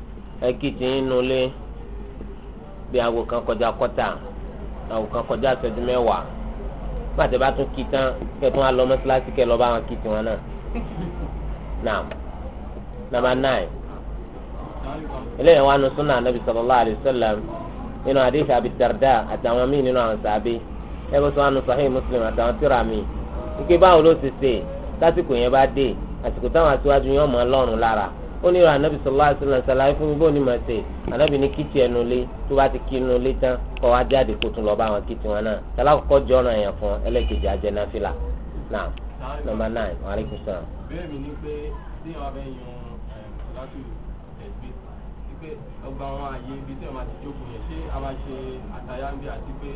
Speaker 1: ẹkìtì nínú ilé bí aago kan kọjá kọ́tà aago kan kọjá ìṣẹ́jú mẹ́wàá gbàtẹ́ bá tún kí tán kẹtún alọ mọ́sálásí kẹ lọ bá wọn kí tiwọn náà naam nàmbà náì eléyìí wà nù súnà nàbì sallallahu alaihi wasallam nínú àdéhìí Abi àtàwọn míì nínú àwọn sàbí ẹbí sọ wọn nù Sahih Muslim àtàwọn tíra míì ike báwo ló ti ṣe lásìkò yẹn bá dé àsìkò táwọn aṣíwájú yẹn mọ Ọlọ́run lára ó ní ra anabi sọlá àṣìlá ṣàlàyé fún mi bó ni màá ṣe anabi ní kìtì ẹnu lé tó bá ti kí inú lé tán kọ́ wá jáde kó tún lọ bá àwọn kìtì wọn náà tàlá kọ́kọ́ jọ ọ̀ràn yẹn fún ẹlẹ́kejì ajẹ́nà fìlà náà nọmba nine wa aleykum salaam.
Speaker 3: bẹ́ẹ̀ mi ni pé tí wọ́n fẹ́ yan ṣọlátù eh, ẹ̀gbẹ́ ni pé ọgbà àwọn ààyè ibi tí wọ́n máa ti jókòó yẹn ṣé a máa ṣe àtàyà ń bẹ àti pé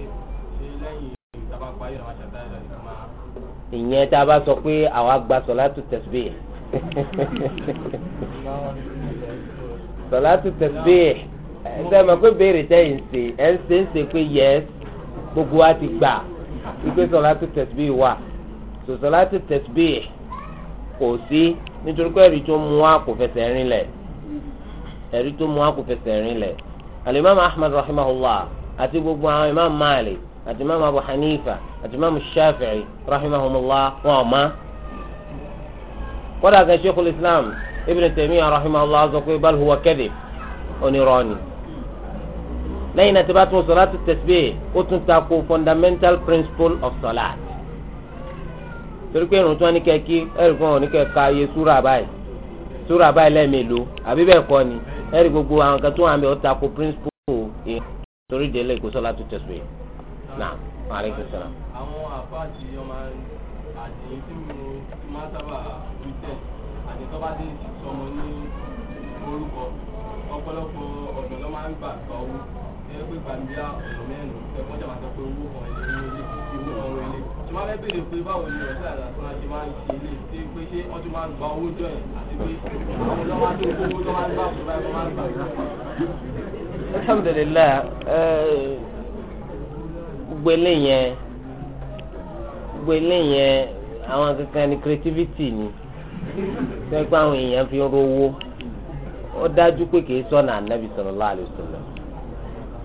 Speaker 3: ṣé lẹ́yìn ìjàmbá parí àwọn àṣà
Speaker 1: a bá sọ pé àwa gba sọláàtù tẹ̀síbíì ẹ̀sẹ̀ pé béèrè gbogbo wa ti gbà wípé wà kò sí nítorí pé ẹ̀rí tó mú wa kò fẹsẹ̀ ẹ̀rí tó mú rahimahullah àti gbogbo àwọn imam àti imam abu hanifa àti imam shafi rahimahullah wọn kódà kan sheikhul islam ibn taymiyyah rahimahullah azọ pé bal huwa kadhib onírọ́ọ̀nì lẹ́yìn náà tí bá tún sọ̀láàtù tasbih ó tún tako fundamental principle of sọ̀láàt torí pé irun tí wọ́n ní kẹ́kí ẹ̀rì fún wọn ní kẹ́ka iye súrà báyìí súrà báyìí lẹ́ẹ̀mélòó àbí bẹ́ẹ̀ kọ́ ni ẹ̀rì gbogbo àwọn kan tó wà mí ó tako principle ìhìn torí délé kó sọ̀láàtù tasbih náà maaleykum salaam.
Speaker 3: àwọn àfáà tí wọ́n máa àdéhùn tí mo ti máa sábà rí tẹ̀ àdéhùn tó bá dé ti sọmọ ní orúkọ ọ̀pọ̀lọpọ̀ ọ̀nà ló máa ń gbà gba owó ẹ pé gbàmíà ọ̀nà mẹ́rin ẹ wọ́n jà máa sọ pé owó kan ilé ilé ìwé ọ̀rọ̀ ilé tí wọ́n fẹ́ béèrè pé báwo ni ọ̀sẹ̀ àdàtúnra ṣe máa ń ṣe ilé tí pé ṣé wọ́n tún máa ń gba owó jọ yẹn àti pé àwọn ọ̀dọ́ máa tó owó tó máa ń gbà fún báyìí máa ń gbà.
Speaker 1: alhamdulilayi gbogbo eléyẹn gbogbo eléyẹn àwọn kankan ní creativity ni sọ àwọn èèyàn fi ń rówó ó dájú pé kìí anabi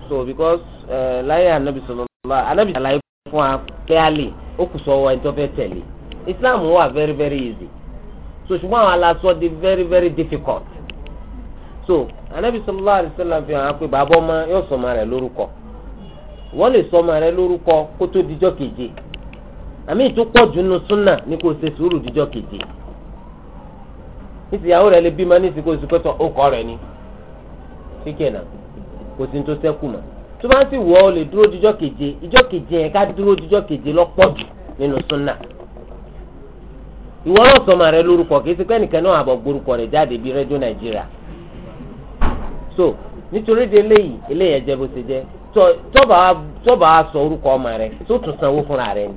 Speaker 1: so because eh, láyé anabi sallallahu anabi sọlọ fún wa kẹ́álì ó kù sọ wọn tó fẹ́ tẹ̀lé islam wà very very easy so ṣùgbọ́n àwọn aláṣọ di very very difficult so anabi fi hàn pé bàbá ọmọ yóò sọ lórúkọ àmì ìtúpọ̀jù nínú súnà ni kò ṣe sùúrù díjọ́ keje nísìyàwó rẹ lè bímọ nísìkò ìsìkòtò ọkọ rẹ ni síkẹ̀ náà kò sí ní tó sẹ́kù mọ́ tó bá ń sì wọ́ ọ lè dúró díjọ́ keje ìjọ́ keje yẹn ká dúró díjọ́ keje lọ́pọ̀jù nínú súnà ìwọ náà sọmọ rẹ lórúkọ kì í ṣe pé ẹnìkan náà àbọ̀ gborúkọ rẹ jáde bíi rẹ́díò nàìjíríà so nítorí de eléyìí eléyìí ẹ̀jẹ̀ bó ṣe jẹ́ tọ́ba wa sọ orúkọ ọmọ rẹ tó tún sanwó fúnra rẹ ni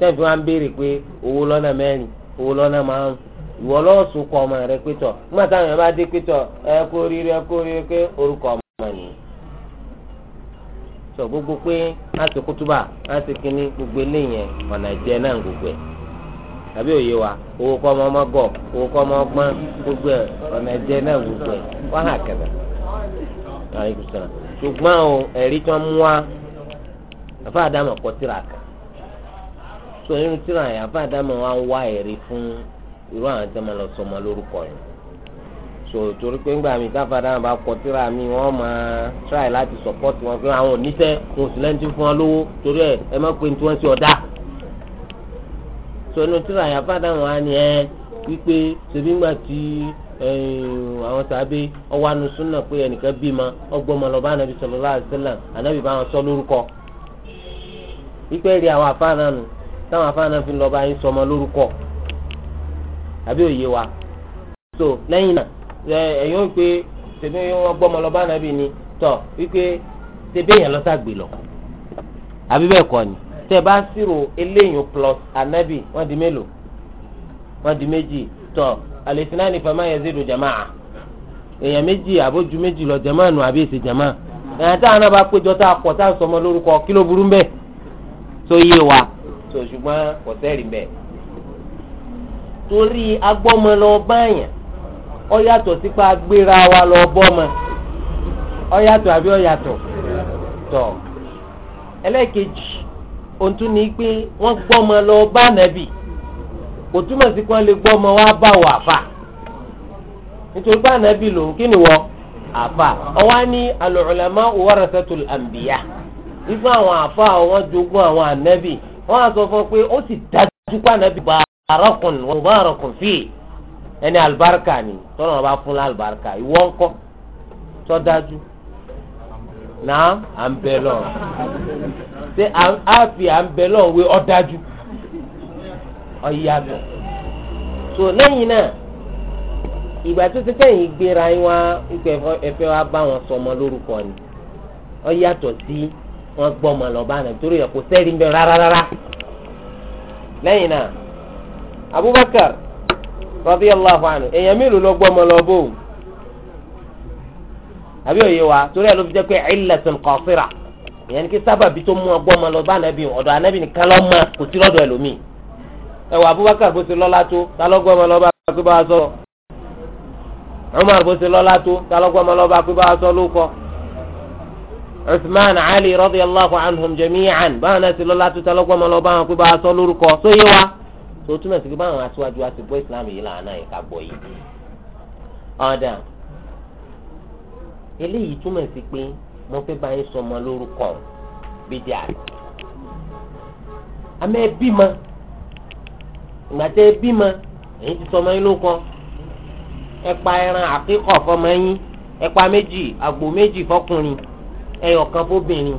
Speaker 1: tẹ́ẹ̀fì wa ń béèrè pé owó lọ́nà mẹ́rin owó lọ́nà márùn ìwọ lọ́wọ́ sùn kọ ọmọ rẹ pé tọ̀ nígbà táwọn èèyàn bá dé pé tọ̀ ẹ kó kó sọ gbogbo pé a ti kútúbà a ti kíní gbogbo eléyẹn ọ̀nà ìjẹ náà gbogbo ẹ̀ òye wa owó kọ́ ọmọ ọmọ gbogbo ẹ̀ ọ̀nà ìjẹ náà gbogbo ẹ̀ wọ́n hà ṣùgbọ́n o ẹ̀rí tí wọ́n mú wa so nínú tíra yẹn àfa àdámọ̀ wa ń wá ẹ̀rí fún irú àwọn tí wọ́n lọ sọmọ lórúkọ yẹn so torí pé ńgbà mi táfa àdámọ̀ bá kọ tíra mi wọ́n máa try láti support wọn pé àwọn oníṣẹ́ wọn ò sì lẹ́ni tí fún wọn lówó torí ẹ ẹ má pé tí wọ́n ṣe ọ̀dà so nínú tíra yẹn àfa àdámọ̀ wa ni ẹ wípé ṣèbí ńgbà tí àwọn sàbẹ ọwánu súnà pé ẹnìkan bí ma ọgbọmọ lọ bá anabi sallallahu alaihi wasallam anabi bá wọn sọ lórúkọ wípé rí àwọn àfa náà nù táwọn afáàná fi lọ bá yín sọmọ lórúkọ àbí òye wa so lẹ́yìn náà ẹ̀yìn ó pé tèmi wọn gbọ́mọ lọ bá nàbì ni tọ̀ wípé tèmi èèyàn lọ́sàgbè lọ àbí bẹ́ẹ̀ kọ́ ni tẹ bá sírò eléyìn plus anabi wọ́n di mélòó wọ́n di méjì tọ̀ àlèsínà ní fama yazidu jamaa èèyàn méjì àbójú méjì lọ jamaa nù àbí èsì jamaa èèyàn táwọn náà bá péjọ tá a pọ̀ tá a sọmọ lórúkọ kí ló burú mbẹ́ tó yé wa. tó ṣùgbọ́n kò sẹ́rì mbẹ́ torí agbọ́mọ lọ báyàn ọ yàtọ̀ sípa gbéra wa lọ bọ́mọ ọ yàtọ̀ àbí ọ yàtọ̀ tọ̀ ẹlẹ́ẹ̀kejì ohun ni pé wọ́n gbọ́mọ lọ bá nàbì kò túmọ̀ sí pé wọ́n lè gbọ́mọ wá bá wà fà nítorí bá nàbì lòun kí ni wọ́n àfà ọwọ́ nígbà àwọn wọ́n á sọ fún ọ pé ó sì dájú pé ànábì bá arákùn wọn bá arákùn fíì ẹni alibarika ni tọ́lọ́ wọn bá fún la alibarika ìwọ ńkọ́ tọ́ dájú náà à ń bẹ lọ ṣé à fi à ń bẹ lọ wé ọ dájú ọ yíyàtọ̀ so lẹ́yìn náà ìgbà tó ti fẹ́yìn gbéra yín wá ẹ̀fẹ́ wa bá wọn sọmọ lórúkọ ni ọ yàtọ̀ sí. Si, wọn gbọ ọmọ lọ́ba àná torí ẹ̀ kò lẹ́yìn náà Abubakar radiyallahu anhu èèyàn mélòó ló gbọ́ ọmọ lọ́bọ̀ o àbí òye wa torí ẹ̀ ló fi jẹ́ pé illatun qasira ìyẹn ni kí tó mú ọ̀dọ̀ kò sí lọ́dọ̀ ẹ Abubakar bó ti lọ́lá tó ọmọ sọ bó ti lọ́lá tó Uthman Ali radiyallahu anhum jami'an báwọn náà ti lọ́la tó tẹ́lọ́gbọ́n lọ báwọn pé bá a sọ lórúkọ yi wa báwọn aṣáájú wa ti bọ́ Islam yìí làánà yìí ká gbọ́ yìí. yi tu túmọ̀ sí mo fẹ́ bá sọmọ lórúkọ bídí a me bi ma ìgbà tẹ ti pa ẹyọ kan fóbìnrin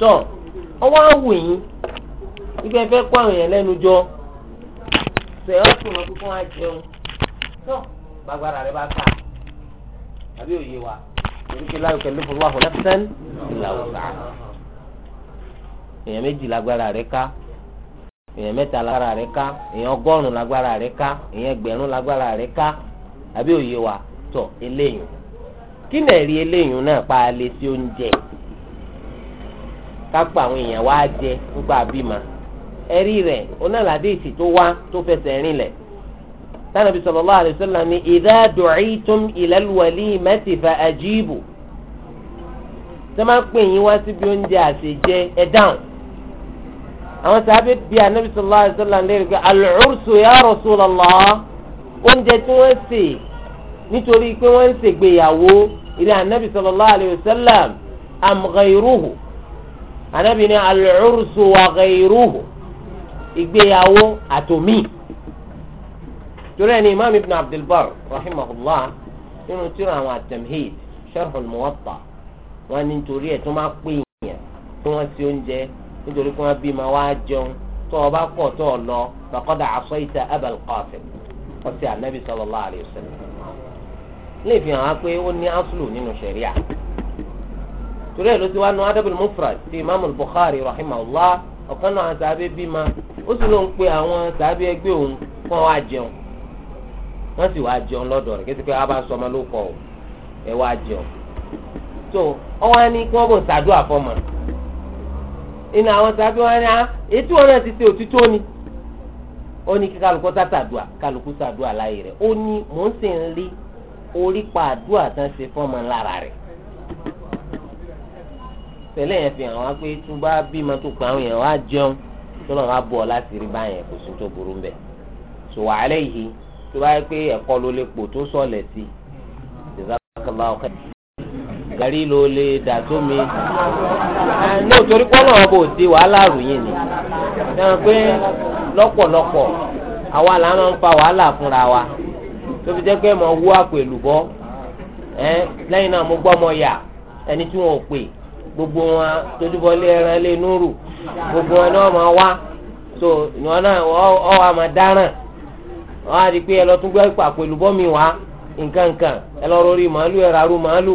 Speaker 1: tọ ọwọ́ àwò yín ibi ẹ fẹ́ àwọn èèyàn lẹnu jọ ọ jẹun tọ gbàgbára rẹ bá àbí òye wa láyò kẹlẹ fún wa fún ẹsẹn ìlàwọ èèyàn méjì lágbára rẹ ká èèyàn lágbára rẹ ká èèyàn lágbára rẹ ká èèyàn lágbára rẹ ká àbí òye tọ eléyìí. kí náà rí eléyìí náà pa alẹ́ sí oúnjẹ kápá àwọn èèyàn wá jẹ nípa àbímọ ẹ̀rí rẹ̀ onáàládé ìsì tó wá tó fẹsẹ̀ rinlẹ̀ tánàbí sallallahu alaihi wasallam ní idha du'itum ila al-walimati fa ajibu sọ́mà pé yín wá síbi oúnjẹ àṣejẹ ẹ dáhùn àwọn sábẹ́ bíi anábì sallallahu alaihi wasallam léèrè pé al-ursu ya Rasulullah oúnjẹ tí wọ́n sè nítorí pé wọ́n ń ṣègbéyàwó ilé anabi sallallahu alayhi wa sallam am ghayruhu anabi ni al-ursu wa ghayruhu ìgbéyàwó àtòmí. torí ẹni imaam ibn abdulbar rahimahullah nínú tíra àwọn at-tamhid sharh al-muwatta wọn ní nítorí ẹ̀ tó máa pè yàn tí wọ́n ti oúnjẹ nítorí kí wọ́n bí ma wá jẹun tó o bá kọ̀ tó o lọ faqad asayta abal qasim ọ̀sẹ̀ anabi sallallahu alayhi wa sallam lè fi hàn á pé ó ní aslu nínú ṣẹ̀ríà torí ẹ̀ ló ti wá nu adabul mufrad ti imaamu bukhari rahimahullah ọ̀kan náà sàbẹ̀ bímọ ó sì ló ń pe àwọn sàbẹ̀ ẹgbẹ́ òun kọ́ wá jẹun wọ́n sì wá jẹun lọ́dọ̀ rẹ̀ kí ẹ ti pé a bá sọ ọmọ ló kọ́ ọ ẹ wá jẹun tó ọwọ́ á ní kí wọ́n bò sàdúrà fọmọ ìnà àwọn sàbẹ̀ ah, wọn ni ètò ọ̀nà ti ṣe òtítọ́ ni ó ní kí kálukú sàdúrà kálukú rẹ̀ ó ní mò ń sì rí orí pa àdúrà tán ṣe fọ́mọ lára rẹ̀ tẹ́lẹ̀ yẹn fi hàn wá pé tó bá bímọ tó pa àwọn yẹn wá jẹun tó lọ́n wá bọ̀ ọ́ láti rí báyẹn kò sí tó burú bẹ́ẹ̀ tó wà á lẹ́yìn tó bá yẹ pé ẹ̀kọ́ ló lè pò tó sọ̀lẹ̀ sí i ìzákàlá ọ̀kẹ́ gàrí ló lè dà sómi ní òtórí pọ́nà ọ̀bọ̀ òde wàhálà ròyìn ni
Speaker 2: ṣe hàn pé lọ́pọ̀lọpọ̀
Speaker 1: àwa là ń fa wàhálà fúnra wa. tó fi jẹ́ pé mo wú àpò èlùbọ́ lẹ́yìn náà mo gbọ́ mo yà ẹni tí pè gbogbo wọn tójúbọlé ẹran lé núrù gbogbo wọn ni máa wá so ìwọ náà ọ wà máa dáràn wọn á di pé ẹ lọ tún gbé àpò mi wá nkankan ẹ lọ rọrí màálù ẹ rárú màálù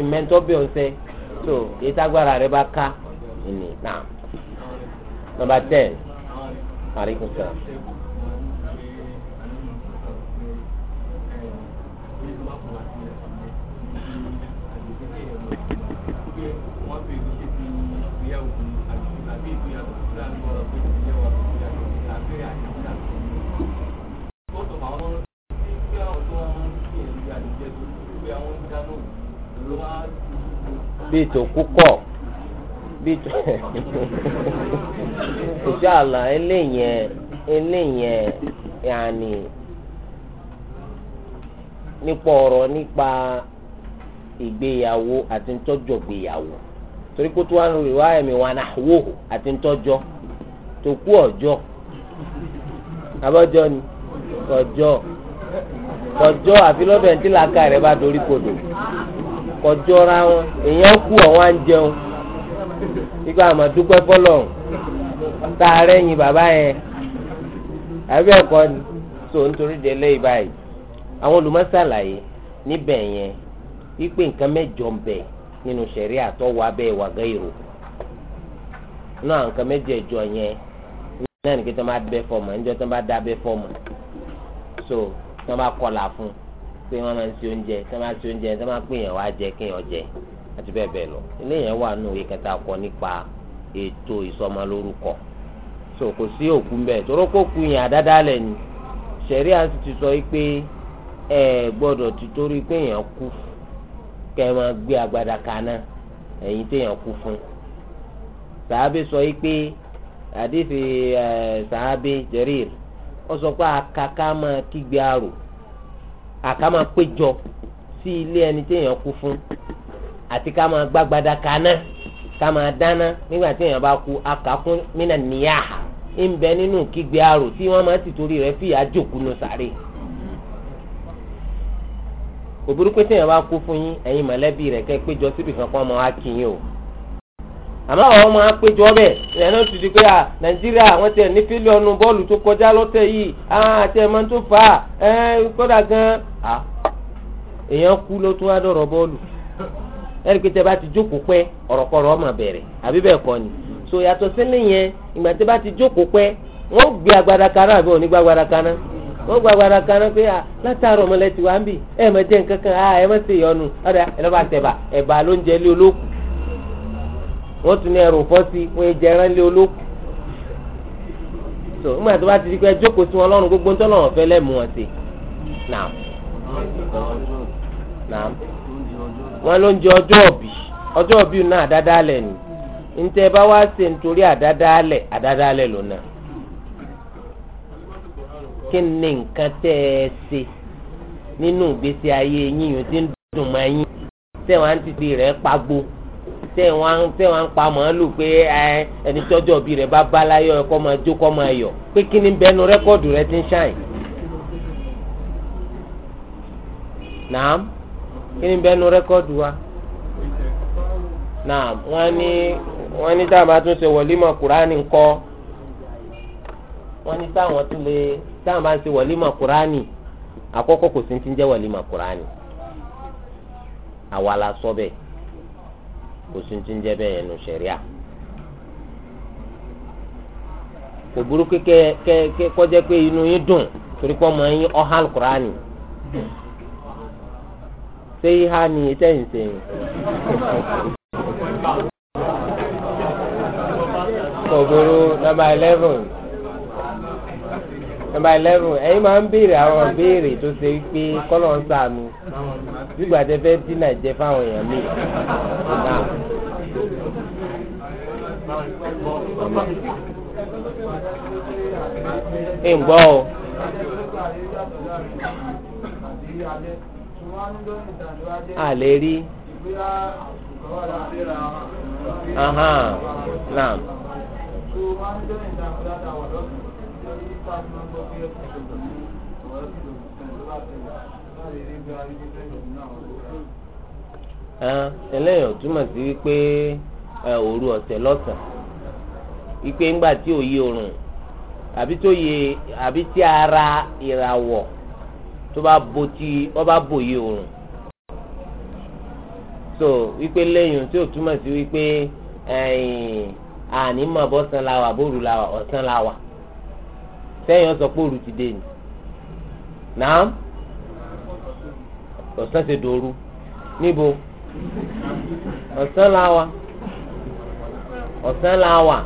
Speaker 1: ìmẹ̀ntọ́ bí ọ̀sẹ̀ so rẹ bá ká náà bíi tòkú kọ̀ bíi tó ìṣàlà eléyẹn eléyẹn yàní nípa ọ̀rọ̀ nípa ìgbéyàwó àti ntọ́jọ́ gbéyàwó torí kó tó wà ní ìwà ẹ̀mí wa náà wò àti ntọ́jọ́ tòkú ọjọ́ abọ́jọ́ ni kọjọ́ kọjọ́ àfi lọ́dọ̀ ẹ̀ làákà rẹ̀ bá dorí kodò kọjọra wọn èèyàn kú ọ̀wọ́n à ń jẹun nígbà àmọ́ dúpẹ́ tá a rẹ́yìn bàbá yẹn àbí ẹ̀kọ́ ni tó nítorí de lẹ́yìn báyìí àwọn olùmọ̀sálàyé níbẹ̀ yẹn wípé nǹkan mẹ́jọ ń bẹ nínú sẹ̀rí àtọ́wọ́ abẹ́ ìwàgẹ́ ìrò náà nǹkan mẹ́jẹ̀ẹ̀jọ yẹn náà nìkan tó máa dábẹ́ fọ́ọ̀mù ẹ̀ńjọ́ tó máa dábẹ́ fọ́ọ̀mù so tó máa kọlà fún un pé wọ́n máa ń ṣe oúnjẹ tí wọ́n máa ṣe oúnjẹ tí wọ́n máa pè yàn wá jẹ kí yàn jẹ àti bẹ́ẹ̀ bẹ́ẹ̀ lọ eléyàn wà nù kẹta kọ nípa ètò ìsọmọlórúkọ so kò sí òkú kó ku yàn sì ti sọ pé ẹ ti torí pé yàn kú gbé agbada kaná kú fún sọ pé sọ pé akaka máa kígbe àká máa péjọ sí ilé ẹni tí èèyàn kú fún àti ká máa gbàgbàdà kaná ká máa dáná nígbà tí èèyàn bá kú àkàkún mínà níyàhà ń bẹ nínú kígbe àrò tí wọ́n máa ti torí rẹ̀ fìyà jòkú nù sàrè kò burú pé téèyàn bá kú fún yín ẹ̀yin mọ̀lẹ́bí rẹ̀ kẹ́ péjọ síbi kan kọ́ ọmọ wa kì yín o àmọ́ àwọn ọmọ apéjọ bẹ́ẹ̀ ilẹ̀ náà ti di pé à nàìjíríà wọ́n tiẹ̀ ní fílíọ̀nù bọ́ọ̀lù tó kọjá lọ́tẹ̀ yìí àti ẹ̀ máa tó fà á kódà gan a èèyàn kú ló tún wá dọ̀rọ̀ bọ́ọ̀lù ẹ̀rí pé tẹ́ bá ti jókòó pẹ́ ọ̀rọ̀kọ̀rọ̀ ọmọ bẹ̀rẹ̀ àbí bẹ́ẹ̀ kọ́ ni so yàtọ̀ sílẹ̀ yẹn ìgbà tẹ́ bá ti jókòó pẹ́ wọ́n gbé agbada kaná àbí òní gbá agbada kaná wọ́n gbá agbada kaná pé à wá ń bì ẹ̀ mọ̀ jẹ́ ẹ̀ mọ̀ sí ìyọnu ọ̀dà ẹ̀ lọ́ba wọ́n ló ń jẹ ọjọ́ òbí ọjọ́ òbí náà àdáda ni ntẹ bá wá ṣe nítorí àdáda lẹ̀ àdáda kí ni nǹkan tẹ́ ẹ ṣe nínú ìgbésí ayé yíyan tí ń dùn ti di pagbo Se wọ́n tẹ́ pa màálù pé ẹni tọ́jọ́ òbí rẹ̀ bá bá láyọ̀ kó máa jó kó máa yọ̀ pé kí ni ti ń ṣàyìn. naam kí ni bẹ́ẹ̀ nu rẹ́kọ́dù wa naam wọ́n ní wọ́n ní táwọn bá tún ṣe wọ̀límọ̀ kúránì ńkọ́ wọ́n ní táwọn tún lè táwọn bá ń ṣe wọ̀límọ̀ kúránì àkọ́kọ́ kò sí ti ń jẹ́ wọ̀límọ̀ kúránì àwa la sọ bẹ́ẹ̀ kò sí ti ń jẹ́ bẹ́ẹ̀ yẹn nu ṣẹ̀ríà. kò burú kẹ kẹ kẹ pé inú yín dùn torí pé ọmọ yín ọhán kúránì ṣé ihá ni iṣẹ́ ìṣẹ̀yìn. kòkòrò nọ́mbà eleven
Speaker 2: nọ́mbà eleven ẹ̀yin máa ń béèrè àwọn béèrè tó ṣe pé kọ́lọ̀ ń
Speaker 1: sànù nígbà tẹ fẹ́ dínà jẹ fáwọn èèyàn mi.
Speaker 2: ǹgbọ́ o.
Speaker 3: a lè rí.
Speaker 1: eléyìí túmọ̀ sí wípé eh, òru ọ̀sẹ̀ lọ́sàn wípé ńgbà tí ò yí àbí tí ara ìràwọ̀. tó bá bo tí wọ́n bá bo yìí oòrùn so wípé lẹ́yìn tí ò túmọ̀ sí wípé àní mọ̀ bọ́ san la wà bóru la wà ọ̀sán la wà sẹ́yìn sọ pé òru ti dé ni nàám ọ̀sán ti dòru níbo ọ̀sán la wà ọ̀sán la wà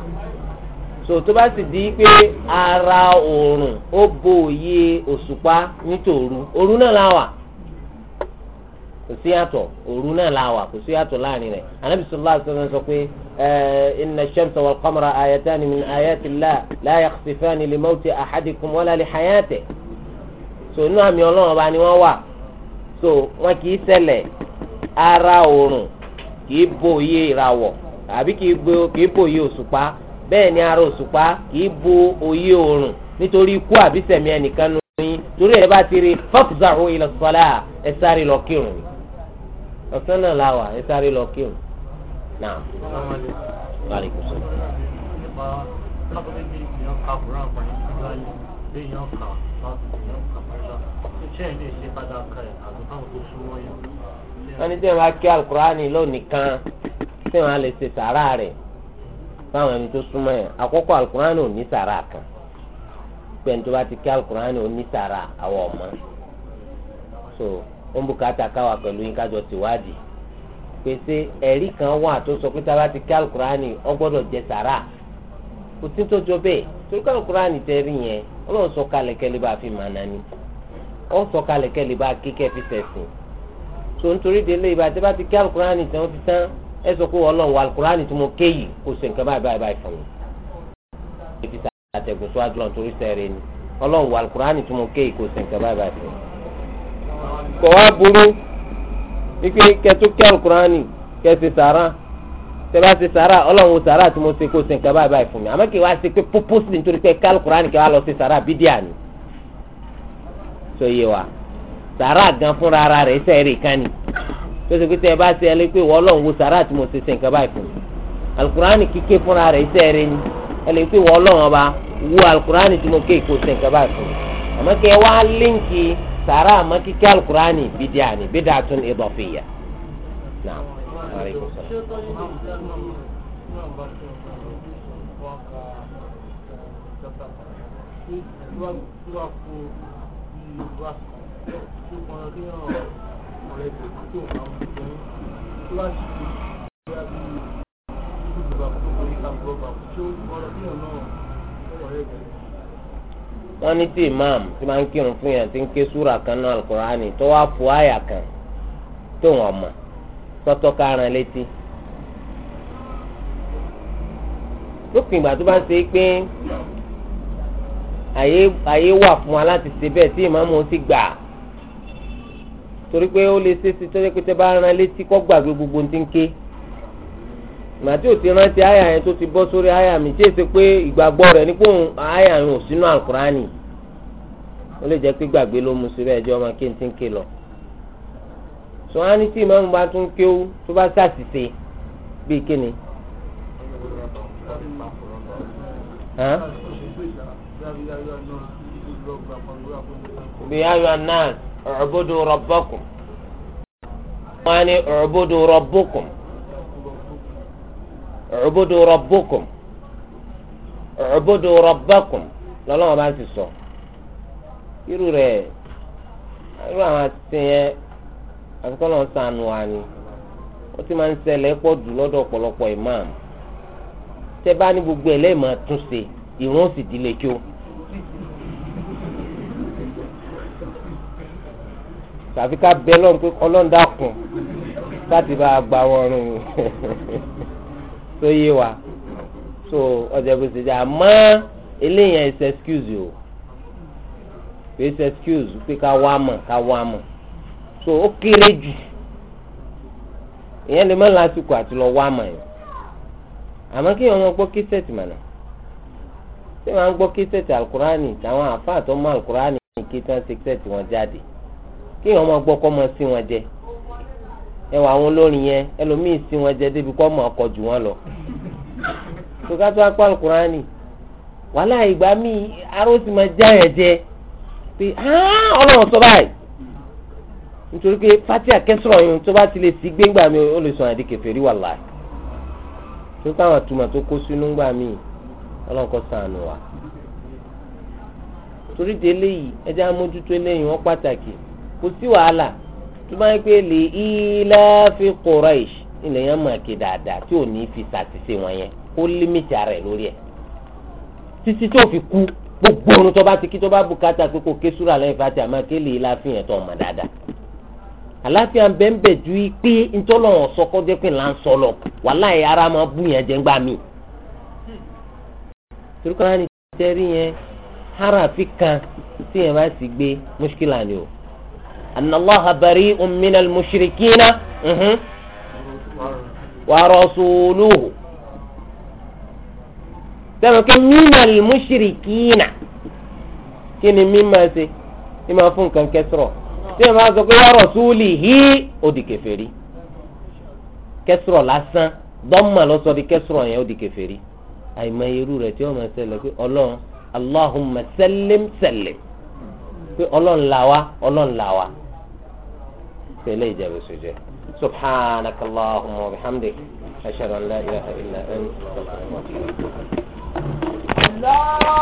Speaker 1: so tó bá sì di pé ara oòrùn ó bo òye òṣùpá nítòru òru náà la wà kò sí yàtọ̀ òru náà la wà kò sí yàtọ̀ láàrin rẹ̀ anabi sallallahu alaihi sọ pé inna ash-shamsa wal qamara ayatani min ayati llah la yakhsifani li mawti ahadikum wala li hayatihi so inú àmì ọlọ́run ọba ni wọ́n wà so wọn kì í ṣẹlẹ̀ ara oòrùn kì í bo òye ìràwọ̀ àbí kì í bo òye òṣùpá bẹ́ẹ̀ ni ara òṣùpá kì í bo òye oòrùn nítorí ikú àbí ẹnìkan nù yín torí ẹ̀ bá ti rí fafza'u ila salah ẹ sáré lọ kírun ni ọ̀sán náà la wà ẹ sáré lọ kírun náà báyìí kò sọ. wọ́n ní sẹ́wọ̀n á kí alukur'ani lónìí kan sẹ́wọ̀n á lè ṣe sàárà rẹ̀. fáwọn ẹni tó súnmọ́ yẹn àkọ́kọ́ alukur'an ò ní sàrà kan pé tó bá ti kí alukur'an ò ní sàrà so ó ń bùkátà káwa pẹ̀lú yín kájọ tìwádìí pèsè ẹ̀rí kan wà tó sọ pé táwa ti kí alukur'an ó gbọ́dọ̀ jẹ sàrà kò sí tó jọ bẹ́ẹ̀ torí kí alukur'an tẹ rí yẹn ọlọ́run sọ kalẹ̀ kẹ́lẹ́ bá fi màá nani ó sọ kalẹ̀ kẹ́lẹ́ bá kíkẹ́ fi fẹ̀sìn so nítorí délé ẹ sọ pé ọlọ́run wa alukurani tí mo ké yìí kò ṣe nǹkan báyìí báyìí báyìí fún mi. ètí sàtẹ̀gùn tó adúlọ̀ torí sẹ́ẹ̀rẹ́ ni ọlọ́run wa alukurani tí mo ké yìí kò ṣe nǹkan báyìí báyìí fún mi. kò wá burú wípé kẹtù kẹ alukurani kẹ ṣe sàrà tẹ́lá ṣe sàrà ọlọ́run wo sàrà tí mo ṣe kò ṣe nǹkan báyìí báyìí fún mi àmọ́ kí wá ṣe pé purposely nítorí pé kẹ alukurani kẹ wá lọ ṣe sàrà bídíà ni tó ṣe pé tẹ ẹ bá ṣe ẹ lé pé wọ́n lọ́n wo sàrà tí mo ṣe ṣe nǹkan báyìí fún mi alukurani kíké fúnra rẹ̀ iṣẹ́ rẹ̀ ni ẹ lè pé wọ́n lọ́n ọba wo alukurani tí mo ké kó ṣe nǹkan báyìí fún mi àmọ́ kẹ wá líǹkì sàrà àmọ́ kíké alukurani bídí àní bídí àtún ìdọ̀fìyà náà.
Speaker 3: Thank you ọ̀rẹ́ rẹ̀ tí òun máa ń fún un tó bá sì fi bóyá bí ìjọba kó wọlé kàbúrò bá tí ó ọ̀rọ̀ bí ọ̀nà ọ̀rẹ́ rẹ̀.
Speaker 1: wọ́n ní tí imam tí máa ń kírun fún yàn tí ń ké súra kan náà alukurani tó wá fu àyà kan tó wọn mọ̀ sọ́tọ́ kárán létí. lópin ìgbà tó bá ń ṣe pé àyè wà fún wa láti ṣe bẹ́ẹ̀ tí ìmáàmù ti gbà á torí pé ó lè ṣeéṣe tó jẹ́ pé tẹ́ bá ran létí kọ́ gbàgbé gbogbo ti ń ké màtí ò ti rántí àyà yẹn tó ti bọ́ sórí àyà mi tí èsè pé ìgbàgbọ́ rẹ̀ nípò àyà yẹn ò sínú àlùkùránì ó lè jẹ́ pé gbàgbé ló mu síbẹ̀ ẹjọ́ ọmọ kéńtì ń ké lọ. sọ wá ní tí ìmáàmù bá tún kéwú tó bá ṣàṣìṣe bíi kíni. bí ayọ̀ náà. ọ̀bùdù rọ̀bọ̀kùn wọ́n á ní ọ̀bùdù rọ̀bọ̀kùn ọ̀bùdù rọ̀bọ̀kùn ọ̀bùdù rọ̀bọ̀kùn lọ́lọ́wọ́ bá ti sọ irú rẹ̀ irú àwọn àti yẹn àfikún náà ni ti máa ń ṣẹlẹ̀ pọ̀ jù lọ́dọ̀ ọ̀pọ̀lọpọ̀ ìmáàmù tẹ́ bá ní gbogbo ẹ̀ tún ṣe ìrún kí tàbí ká bẹ lọ́n pé ọlọ́run dákun láti bá a gba wọn rìn tó yé wa so ọjà bó ṣe jẹ àmọ́ eléyàn is excuse o is excuse pé ká wá mọ̀ ká wá mọ̀ so ó kéré jù ìyẹn lè má lásìkò àti lọ wá mọ̀ yẹn àmọ́ kí wọ́n gbọ́ kí sẹ́ẹ̀tì mọ̀nà tí wọ́n gbọ́ kí alukurani tàwọn àfa àtọ́mọ́ alukurani kí tí wọ́n ti sẹ́ẹ̀tì wọn jáde. kí wọn máa gbọ́ kọ́ máa sí wọn jẹ ẹ wọ àwọn olórin yẹn ẹlòmíì sí wọn jẹ débi kọ́ máa kọ jù wọn lọ tó ká tó apá alukurani wàhálà ìgbà míì arósì máa já yẹn jẹ pé ọlọ́run sọ báyìí nítorí pé fati akẹ́sọ̀rọ̀ yìí tó bá lè sí mi ó lè sọ àdé kò sí wàhálà tó bá ń pè lè ìlàfi Quraish ilẹ̀ yẹn mọ̀ kí dáadáa tí ò ní fi ṣàtìṣe wọn yẹn kó límìtì ara ẹ̀ lórí ẹ̀ títí tó fi kú gbogbo orun tó bá ti kí tó bá bùkátà pé kò ké súrà lẹ́yìn fàtí àmọ́ kí lè láfi yẹn tó ọmọ dáadáa àláfíà ń bẹ́ẹ̀ bẹ́ẹ̀ ju pé ntọ́lọ́wọ̀n sọ kọ́ jẹ́ pé là ń sọ lọ wàláhì ara máa bú yẹn jẹ́ ńgbà mí. turkana ni tẹ́rí yẹn harafi kan tí yẹn bá sì gbé mùṣkílà ni o anallaha bari'un minal mushrikina wa rasuluhu sẹ́wọ̀n kí minal mushrikina kí ni mímọ̀ ṣe kí máa fún nǹkan kẹsìrọ̀ tí wọ́n máa sọ pé wa rasulihi ó di kèfèrí kẹsìrọ̀ lásán dọ́mà lọ́sọ̀ di kẹsìrọ̀ yẹn ó di kèfèrí àìmọ̀ irú rẹ̀ tí wọ́n máa ṣẹlẹ̀ pé ọlọ́run allahumma sallim sallim pé ọlọ́run là wá ọlọ́run là wá. سيلي جاب سجي سبحانك اللهم وبحمدك أشهد أن لا إله إلا أنت
Speaker 2: الله